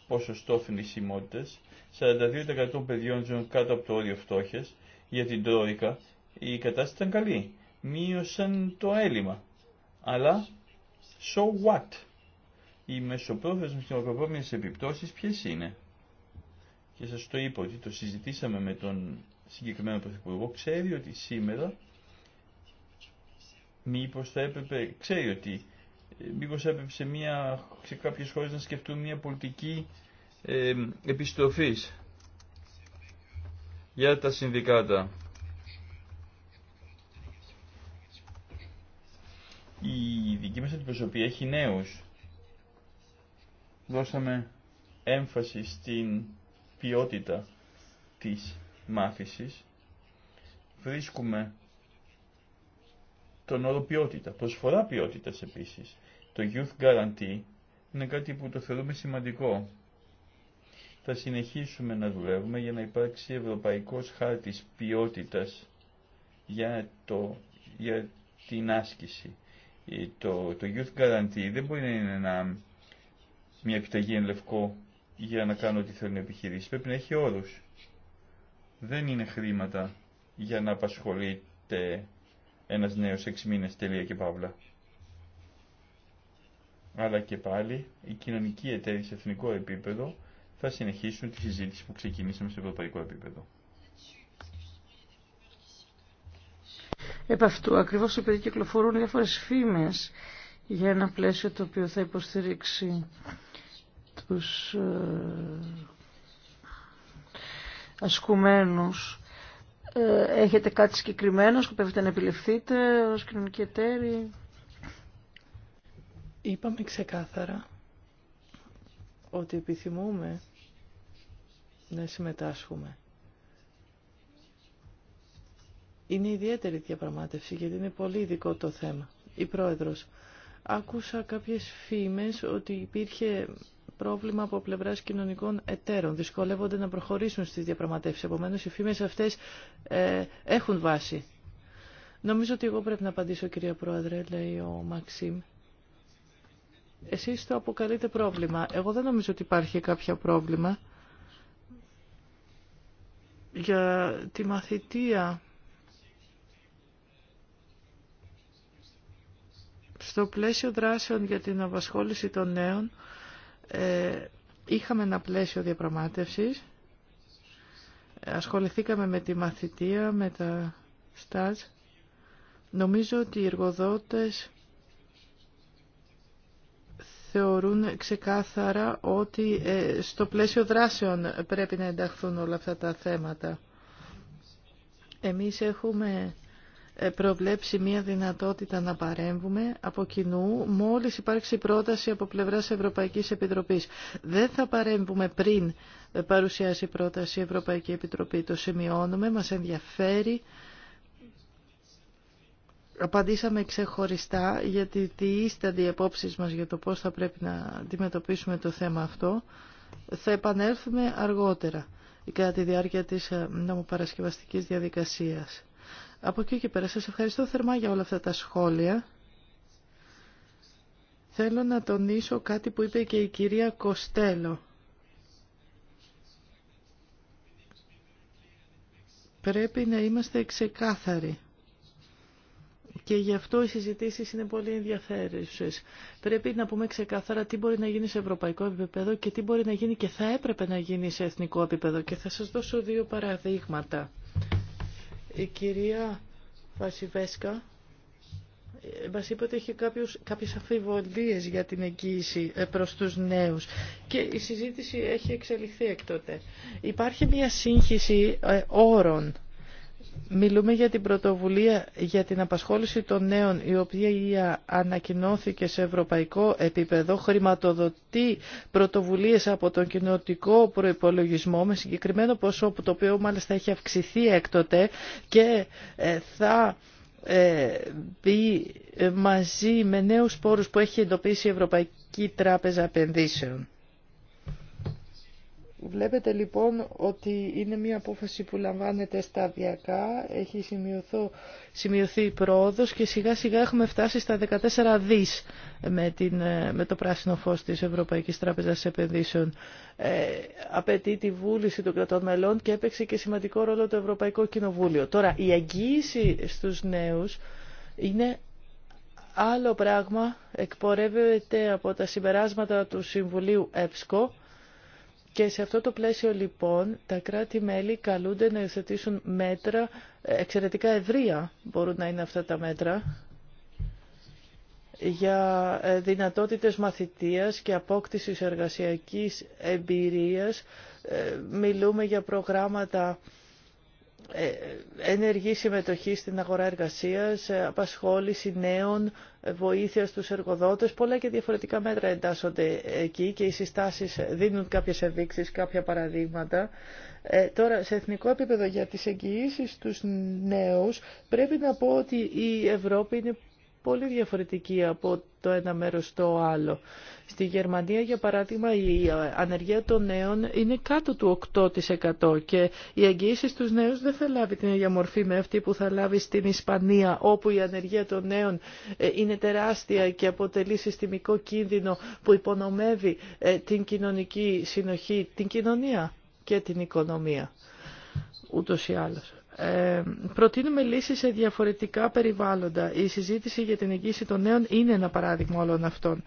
ποσοστό θνησιμότητας, 42% παιδιών ζουν κάτω από το όριο φτώχειας, για την Τρόικα η κατάσταση ήταν καλή. Μείωσαν το έλλειμμα. Αλλά, so what? οι μεσοπρόθεσμες και σε επιπτώσεις ποιες είναι. Και σας το είπα ότι το συζητήσαμε με τον συγκεκριμένο Πρωθυπουργό, ξέρει ότι σήμερα μήπως θα έπρεπε, ξέρει ότι ε, μήπως έπρεπε σε, μια, σε κάποιες χώρες να σκεφτούν μια πολιτική ε, για τα συνδικάτα. Η δική μας αντιπροσωπή έχει νέους δώσαμε έμφαση στην ποιότητα της μάθησης. Βρίσκουμε τον όρο ποιότητα, προσφορά ποιότητας επίσης. Το Youth Guarantee είναι κάτι που το θεωρούμε σημαντικό. Θα συνεχίσουμε να δουλεύουμε για να υπάρξει ευρωπαϊκός χάρτης ποιότητας για, για την άσκηση. Ε, το, το Youth Guarantee δεν μπορεί να είναι ένα μια επιταγή εν λευκό για να κάνω ό,τι θέλουν οι επιχειρήσει Πρέπει να έχει όρους. Δεν είναι χρήματα για να απασχολείται ένας νέος έξι μήνες τελεία και παύλα. Αλλά και πάλι η κοινωνική εταίροι σε εθνικό επίπεδο θα συνεχίσουν τη συζήτηση που ξεκινήσαμε σε ευρωπαϊκό επίπεδο. Επ' αυτού ακριβώς επειδή κυκλοφορούν διάφορες φήμες για ένα πλαίσιο το οποίο θα υποστηρίξει τους ε, ασκουμένους ε, έχετε κάτι συγκεκριμένο, σκοπεύετε να επιληφθείτε ως κοινωνική Είπαμε ξεκάθαρα ότι επιθυμούμε να συμμετάσχουμε. Είναι ιδιαίτερη διαπραγμάτευση γιατί είναι πολύ ειδικό το θέμα. Η πρόεδρος, άκουσα κάποιες φήμες ότι υπήρχε πρόβλημα από πλευρά κοινωνικών εταίρων. Δυσκολεύονται να προχωρήσουν στι διαπραγματεύσει. Επομένω, οι φήμε αυτέ ε, έχουν βάση. Νομίζω ότι εγώ πρέπει να απαντήσω, κυρία Πρόεδρε, λέει ο Μαξίμ. Εσείς το αποκαλείτε πρόβλημα. Εγώ δεν νομίζω ότι υπάρχει κάποιο πρόβλημα. Για τη μαθητεία στο πλαίσιο δράσεων για την απασχόληση των νέων, ε, είχαμε ένα πλαίσιο διαπραγμάτευσης, ασχοληθήκαμε με τη μαθητεία, με τα στάζ. Νομίζω ότι οι εργοδότες θεωρούν ξεκάθαρα ότι ε, στο πλαίσιο δράσεων πρέπει να ενταχθούν όλα αυτά τα θέματα. Εμείς έχουμε προβλέψει μια δυνατότητα να παρέμβουμε από κοινού μόλις υπάρξει πρόταση από πλευράς Ευρωπαϊκής Επιτροπής. Δεν θα παρέμβουμε πριν παρουσιάσει πρόταση η Ευρωπαϊκή Επιτροπή. Το σημειώνουμε, μας ενδιαφέρει. Απαντήσαμε ξεχωριστά γιατί τι είστε οι επόψει μας για το πώς θα πρέπει να αντιμετωπίσουμε το θέμα αυτό. Θα επανέλθουμε αργότερα κατά τη διάρκεια της ε, νομοπαρασκευαστικής διαδικασίας. Από εκεί και πέρα σας ευχαριστώ θερμά για όλα αυτά τα σχόλια. Θέλω να τονίσω κάτι που είπε και η κυρία Κοστέλο. Πρέπει να είμαστε ξεκάθαροι. Και γι' αυτό οι συζητήσει είναι πολύ ενδιαφέρουσε. Πρέπει να πούμε ξεκάθαρα τι μπορεί να γίνει σε ευρωπαϊκό επίπεδο και τι μπορεί να γίνει και θα έπρεπε να γίνει σε εθνικό επίπεδο. Και θα σα δώσω δύο παραδείγματα. Η κυρία Βασιβέσκα ε, Μα είπε ότι έχει κάποιους, κάποιες αφιβολίες για την εγγύηση ε, προς τους νέους και η συζήτηση έχει εξελιχθεί εκ τότε. Υπάρχει μια σύγχυση ε, όρων Μιλούμε για την πρωτοβουλία για την απασχόληση των νέων, η οποία ανακοινώθηκε σε ευρωπαϊκό επίπεδο, χρηματοδοτεί πρωτοβουλίες από τον κοινοτικό προϋπολογισμό με συγκεκριμένο ποσό, το οποίο μάλιστα έχει αυξηθεί έκτοτε και ε, θα ε, μπει μαζί με νέους πόρους που έχει εντοπίσει η Ευρωπαϊκή Τράπεζα Επενδύσεων. Βλέπετε λοιπόν ότι είναι μια απόφαση που λαμβάνεται σταδιακά, έχει σημειωθεί η πρόοδος και σιγά σιγά έχουμε φτάσει στα 14 δις με, την, ε, με το πράσινο φως της Ευρωπαϊκής Τράπεζας Επενδύσεων. Ε, απαιτεί τη βούληση των κρατών μελών και έπαιξε και σημαντικό ρόλο το Ευρωπαϊκό Κοινοβούλιο. Τώρα, η εγγύηση στους νέους είναι άλλο πράγμα, εκπορεύεται από τα συμπεράσματα του Συμβουλίου ΕΠΣΚΟ, και σε αυτό το πλαίσιο λοιπόν τα κράτη-μέλη καλούνται να υιοθετήσουν μέτρα εξαιρετικά ευρεία μπορούν να είναι αυτά τα μέτρα για ε, δυνατότητες μαθητείας και απόκτησης εργασιακής εμπειρίας. Ε, μιλούμε για προγράμματα ε, ενεργή συμμετοχή στην αγορά εργασίας, ε, απασχόληση νέων, ε, βοήθεια στους εργοδότες. Πολλά και διαφορετικά μέτρα εντάσσονται εκεί και οι συστάσεις δίνουν κάποιες ενδείξεις, κάποια παραδείγματα. τώρα, σε εθνικό επίπεδο για τις εγγυήσεις στους νέους, πρέπει να πω ότι η Ευρώπη είναι πολύ διαφορετική από το ένα μέρος στο άλλο. Στη Γερμανία, για παράδειγμα, η ανεργία των νέων είναι κάτω του 8% και η εγγύηση στους νέους δεν θα λάβει την ίδια μορφή με αυτή που θα λάβει στην Ισπανία, όπου η ανεργία των νέων ε, είναι τεράστια και αποτελεί συστημικό κίνδυνο που υπονομεύει ε, την κοινωνική συνοχή, την κοινωνία και την οικονομία, ούτως ή άλλως. Ε, προτείνουμε λύσεις σε διαφορετικά περιβάλλοντα. Η συζήτηση για την εγγύηση των νέων είναι ένα παράδειγμα όλων αυτών.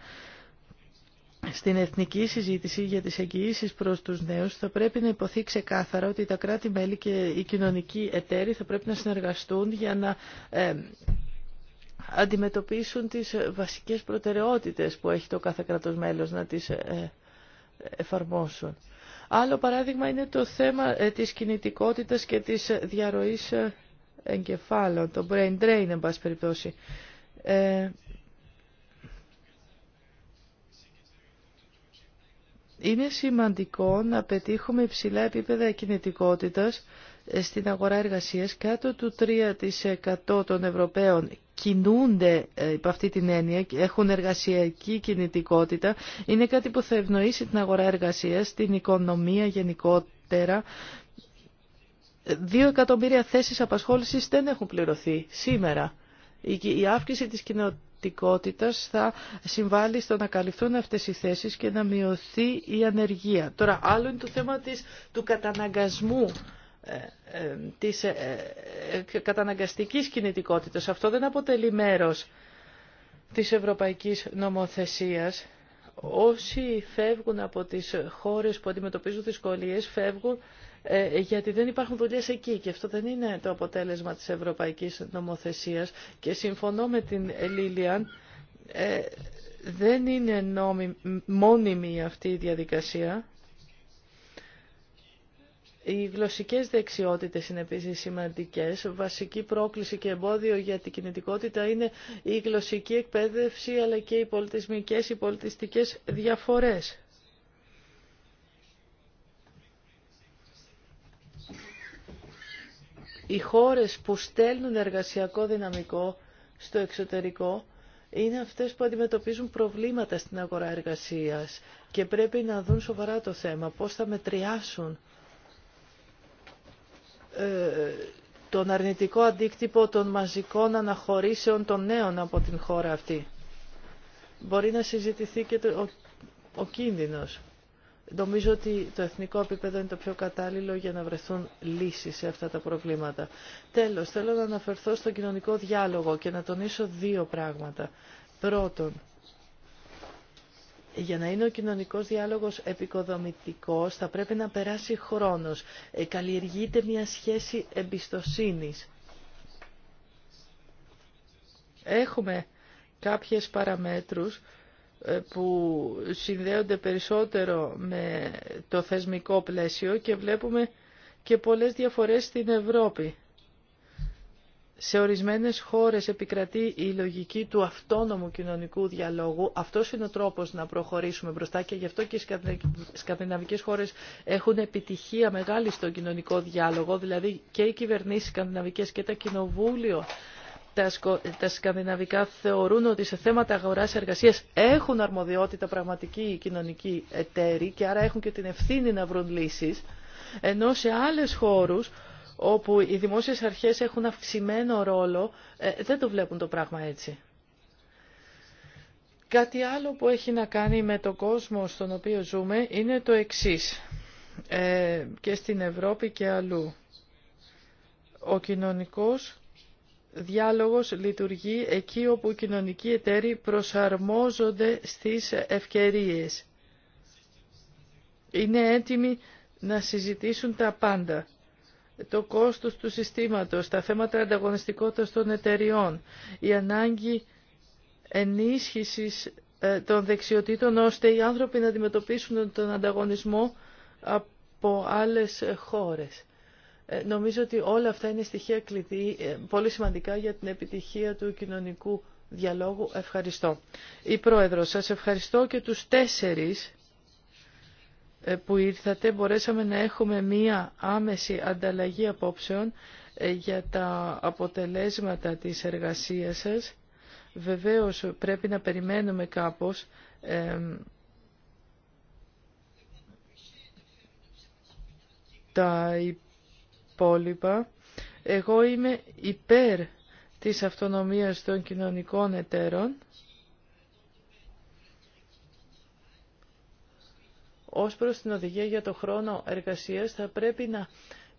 Στην εθνική συζήτηση για τις εγγυήσεις προς τους νέους θα πρέπει να υποθεί ξεκάθαρα ότι τα κράτη-μέλη και οι κοινωνικοί εταίροι θα πρέπει να συνεργαστούν για να ε, αντιμετωπίσουν τις βασικές προτεραιότητες που έχει το κάθε κράτος μέλος να τις ε, εφαρμόσουν. Άλλο παράδειγμα είναι το θέμα ε, της κινητικότητας και της διαρροής ε, εγκεφάλων, το brain drain, εν πάση περιπτώσει. Ε, είναι σημαντικό να πετύχουμε υψηλά επίπεδα κινητικότητας στην αγορά εργασίας κάτω του 3% των Ευρωπαίων κινούνται ε, υπό αυτή την έννοια, έχουν εργασιακή κινητικότητα, είναι κάτι που θα ευνοήσει την αγορά εργασίας, την οικονομία γενικότερα. Δύο εκατομμύρια θέσεις απασχόλησης δεν έχουν πληρωθεί σήμερα. Η αύξηση της κοινοτικότητας θα συμβάλλει στο να καλυφθούν αυτές οι θέσεις και να μειωθεί η ανεργία. Τώρα, άλλο είναι το θέμα του καταναγκασμού ε, ε, της ε, καταναγκαστικής κινητικότητας. Αυτό δεν αποτελεί μέρος της ευρωπαϊκής νομοθεσίας. Όσοι φεύγουν από τις χώρες που αντιμετωπίζουν δυσκολίες φεύγουν γιατί δεν υπάρχουν δουλειές εκεί και αυτό δεν είναι το αποτέλεσμα της ευρωπαϊκής νομοθεσίας και συμφωνώ με την Λίλιαν δεν είναι μόνιμη αυτή η διαδικασία οι γλωσσικές δεξιότητες είναι επίσης σημαντικές. Βασική πρόκληση και εμπόδιο για την κινητικότητα είναι η γλωσσική εκπαίδευση αλλά και οι πολιτισμικές, οι πολιτιστικές διαφορές. Οι χώρες που στέλνουν εργασιακό δυναμικό στο εξωτερικό είναι αυτές που αντιμετωπίζουν προβλήματα στην αγορά εργασίας και πρέπει να δουν σοβαρά το θέμα, πώς θα μετριάσουν ε, τον αρνητικό αντίκτυπο των μαζικών αναχωρήσεων των νέων από την χώρα αυτή. Μπορεί να συζητηθεί και το, ο, ο κίνδυνος. Νομίζω ότι το εθνικό επίπεδο είναι το πιο κατάλληλο για να βρεθούν λύσεις σε αυτά τα προβλήματα. Τέλος, θέλω να αναφερθώ στον κοινωνικό διάλογο και να τονίσω δύο πράγματα. Πρώτον, για να είναι ο κοινωνικός διάλογος επικοδομητικός θα πρέπει να περάσει χρόνος. Ε, καλλιεργείται μια σχέση εμπιστοσύνης. Έχουμε κάποιες παραμέτρους ε, που συνδέονται περισσότερο με το θεσμικό πλαίσιο και βλέπουμε και πολλές διαφορές στην Ευρώπη σε ορισμένες χώρες επικρατεί η λογική του αυτόνομου κοινωνικού διαλόγου. Αυτός είναι ο τρόπος να προχωρήσουμε μπροστά και γι' αυτό και οι σκανδιναβικές χώρες έχουν επιτυχία μεγάλη στον κοινωνικό διάλογο, δηλαδή και οι κυβερνήσεις σκανδιναβικές και τα κοινοβούλιο τα σκανδιναβικά θεωρούν ότι σε θέματα αγοράς εργασίας έχουν αρμοδιότητα πραγματική οι κοινωνικοί εταίροι και άρα έχουν και την ευθύνη να βρουν λύσεις, ενώ σε άλλες χώρους όπου οι δημόσιες αρχές έχουν αυξημένο ρόλο, ε, δεν το βλέπουν το πράγμα έτσι. Κάτι άλλο που έχει να κάνει με τον κόσμο στον οποίο ζούμε είναι το εξής, ε, και στην Ευρώπη και αλλού. Ο κοινωνικός διάλογος λειτουργεί εκεί όπου οι κοινωνικοί εταίροι προσαρμόζονται στις ευκαιρίες. Είναι έτοιμοι να συζητήσουν τα πάντα το κόστος του συστήματος, τα θέματα ανταγωνιστικότητας των εταιριών, η ανάγκη ενίσχυσης ε, των δεξιοτήτων ώστε οι άνθρωποι να αντιμετωπίσουν τον ανταγωνισμό από άλλες χώρες. Ε, νομίζω ότι όλα αυτά είναι στοιχεία κλειδί, ε, πολύ σημαντικά για την επιτυχία του κοινωνικού διαλόγου. Ευχαριστώ. Η Πρόεδρος, σας ευχαριστώ και τους τέσσερις ε, που ήρθατε μπορέσαμε να έχουμε μία άμεση ανταλλαγή απόψεων ε, για τα αποτελέσματα της εργασίας σας. Βεβαίως πρέπει να περιμένουμε κάπως ε, τα υπόλοιπα. Εγώ είμαι υπέρ της αυτονομίας των κοινωνικών εταίρων Ως προς την οδηγία για το χρόνο εργασίας θα πρέπει να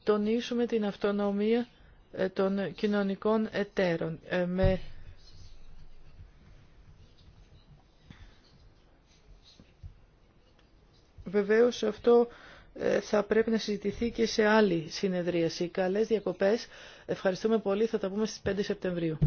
τονίσουμε την αυτονομία ε, των κοινωνικών εταίρων. Ε, με Βεβαίως αυτό ε, θα πρέπει να συζητηθεί και σε άλλη συνεδρίαση. Καλές διακοπές. Ευχαριστούμε πολύ. Θα τα πούμε στις 5 Σεπτεμβρίου.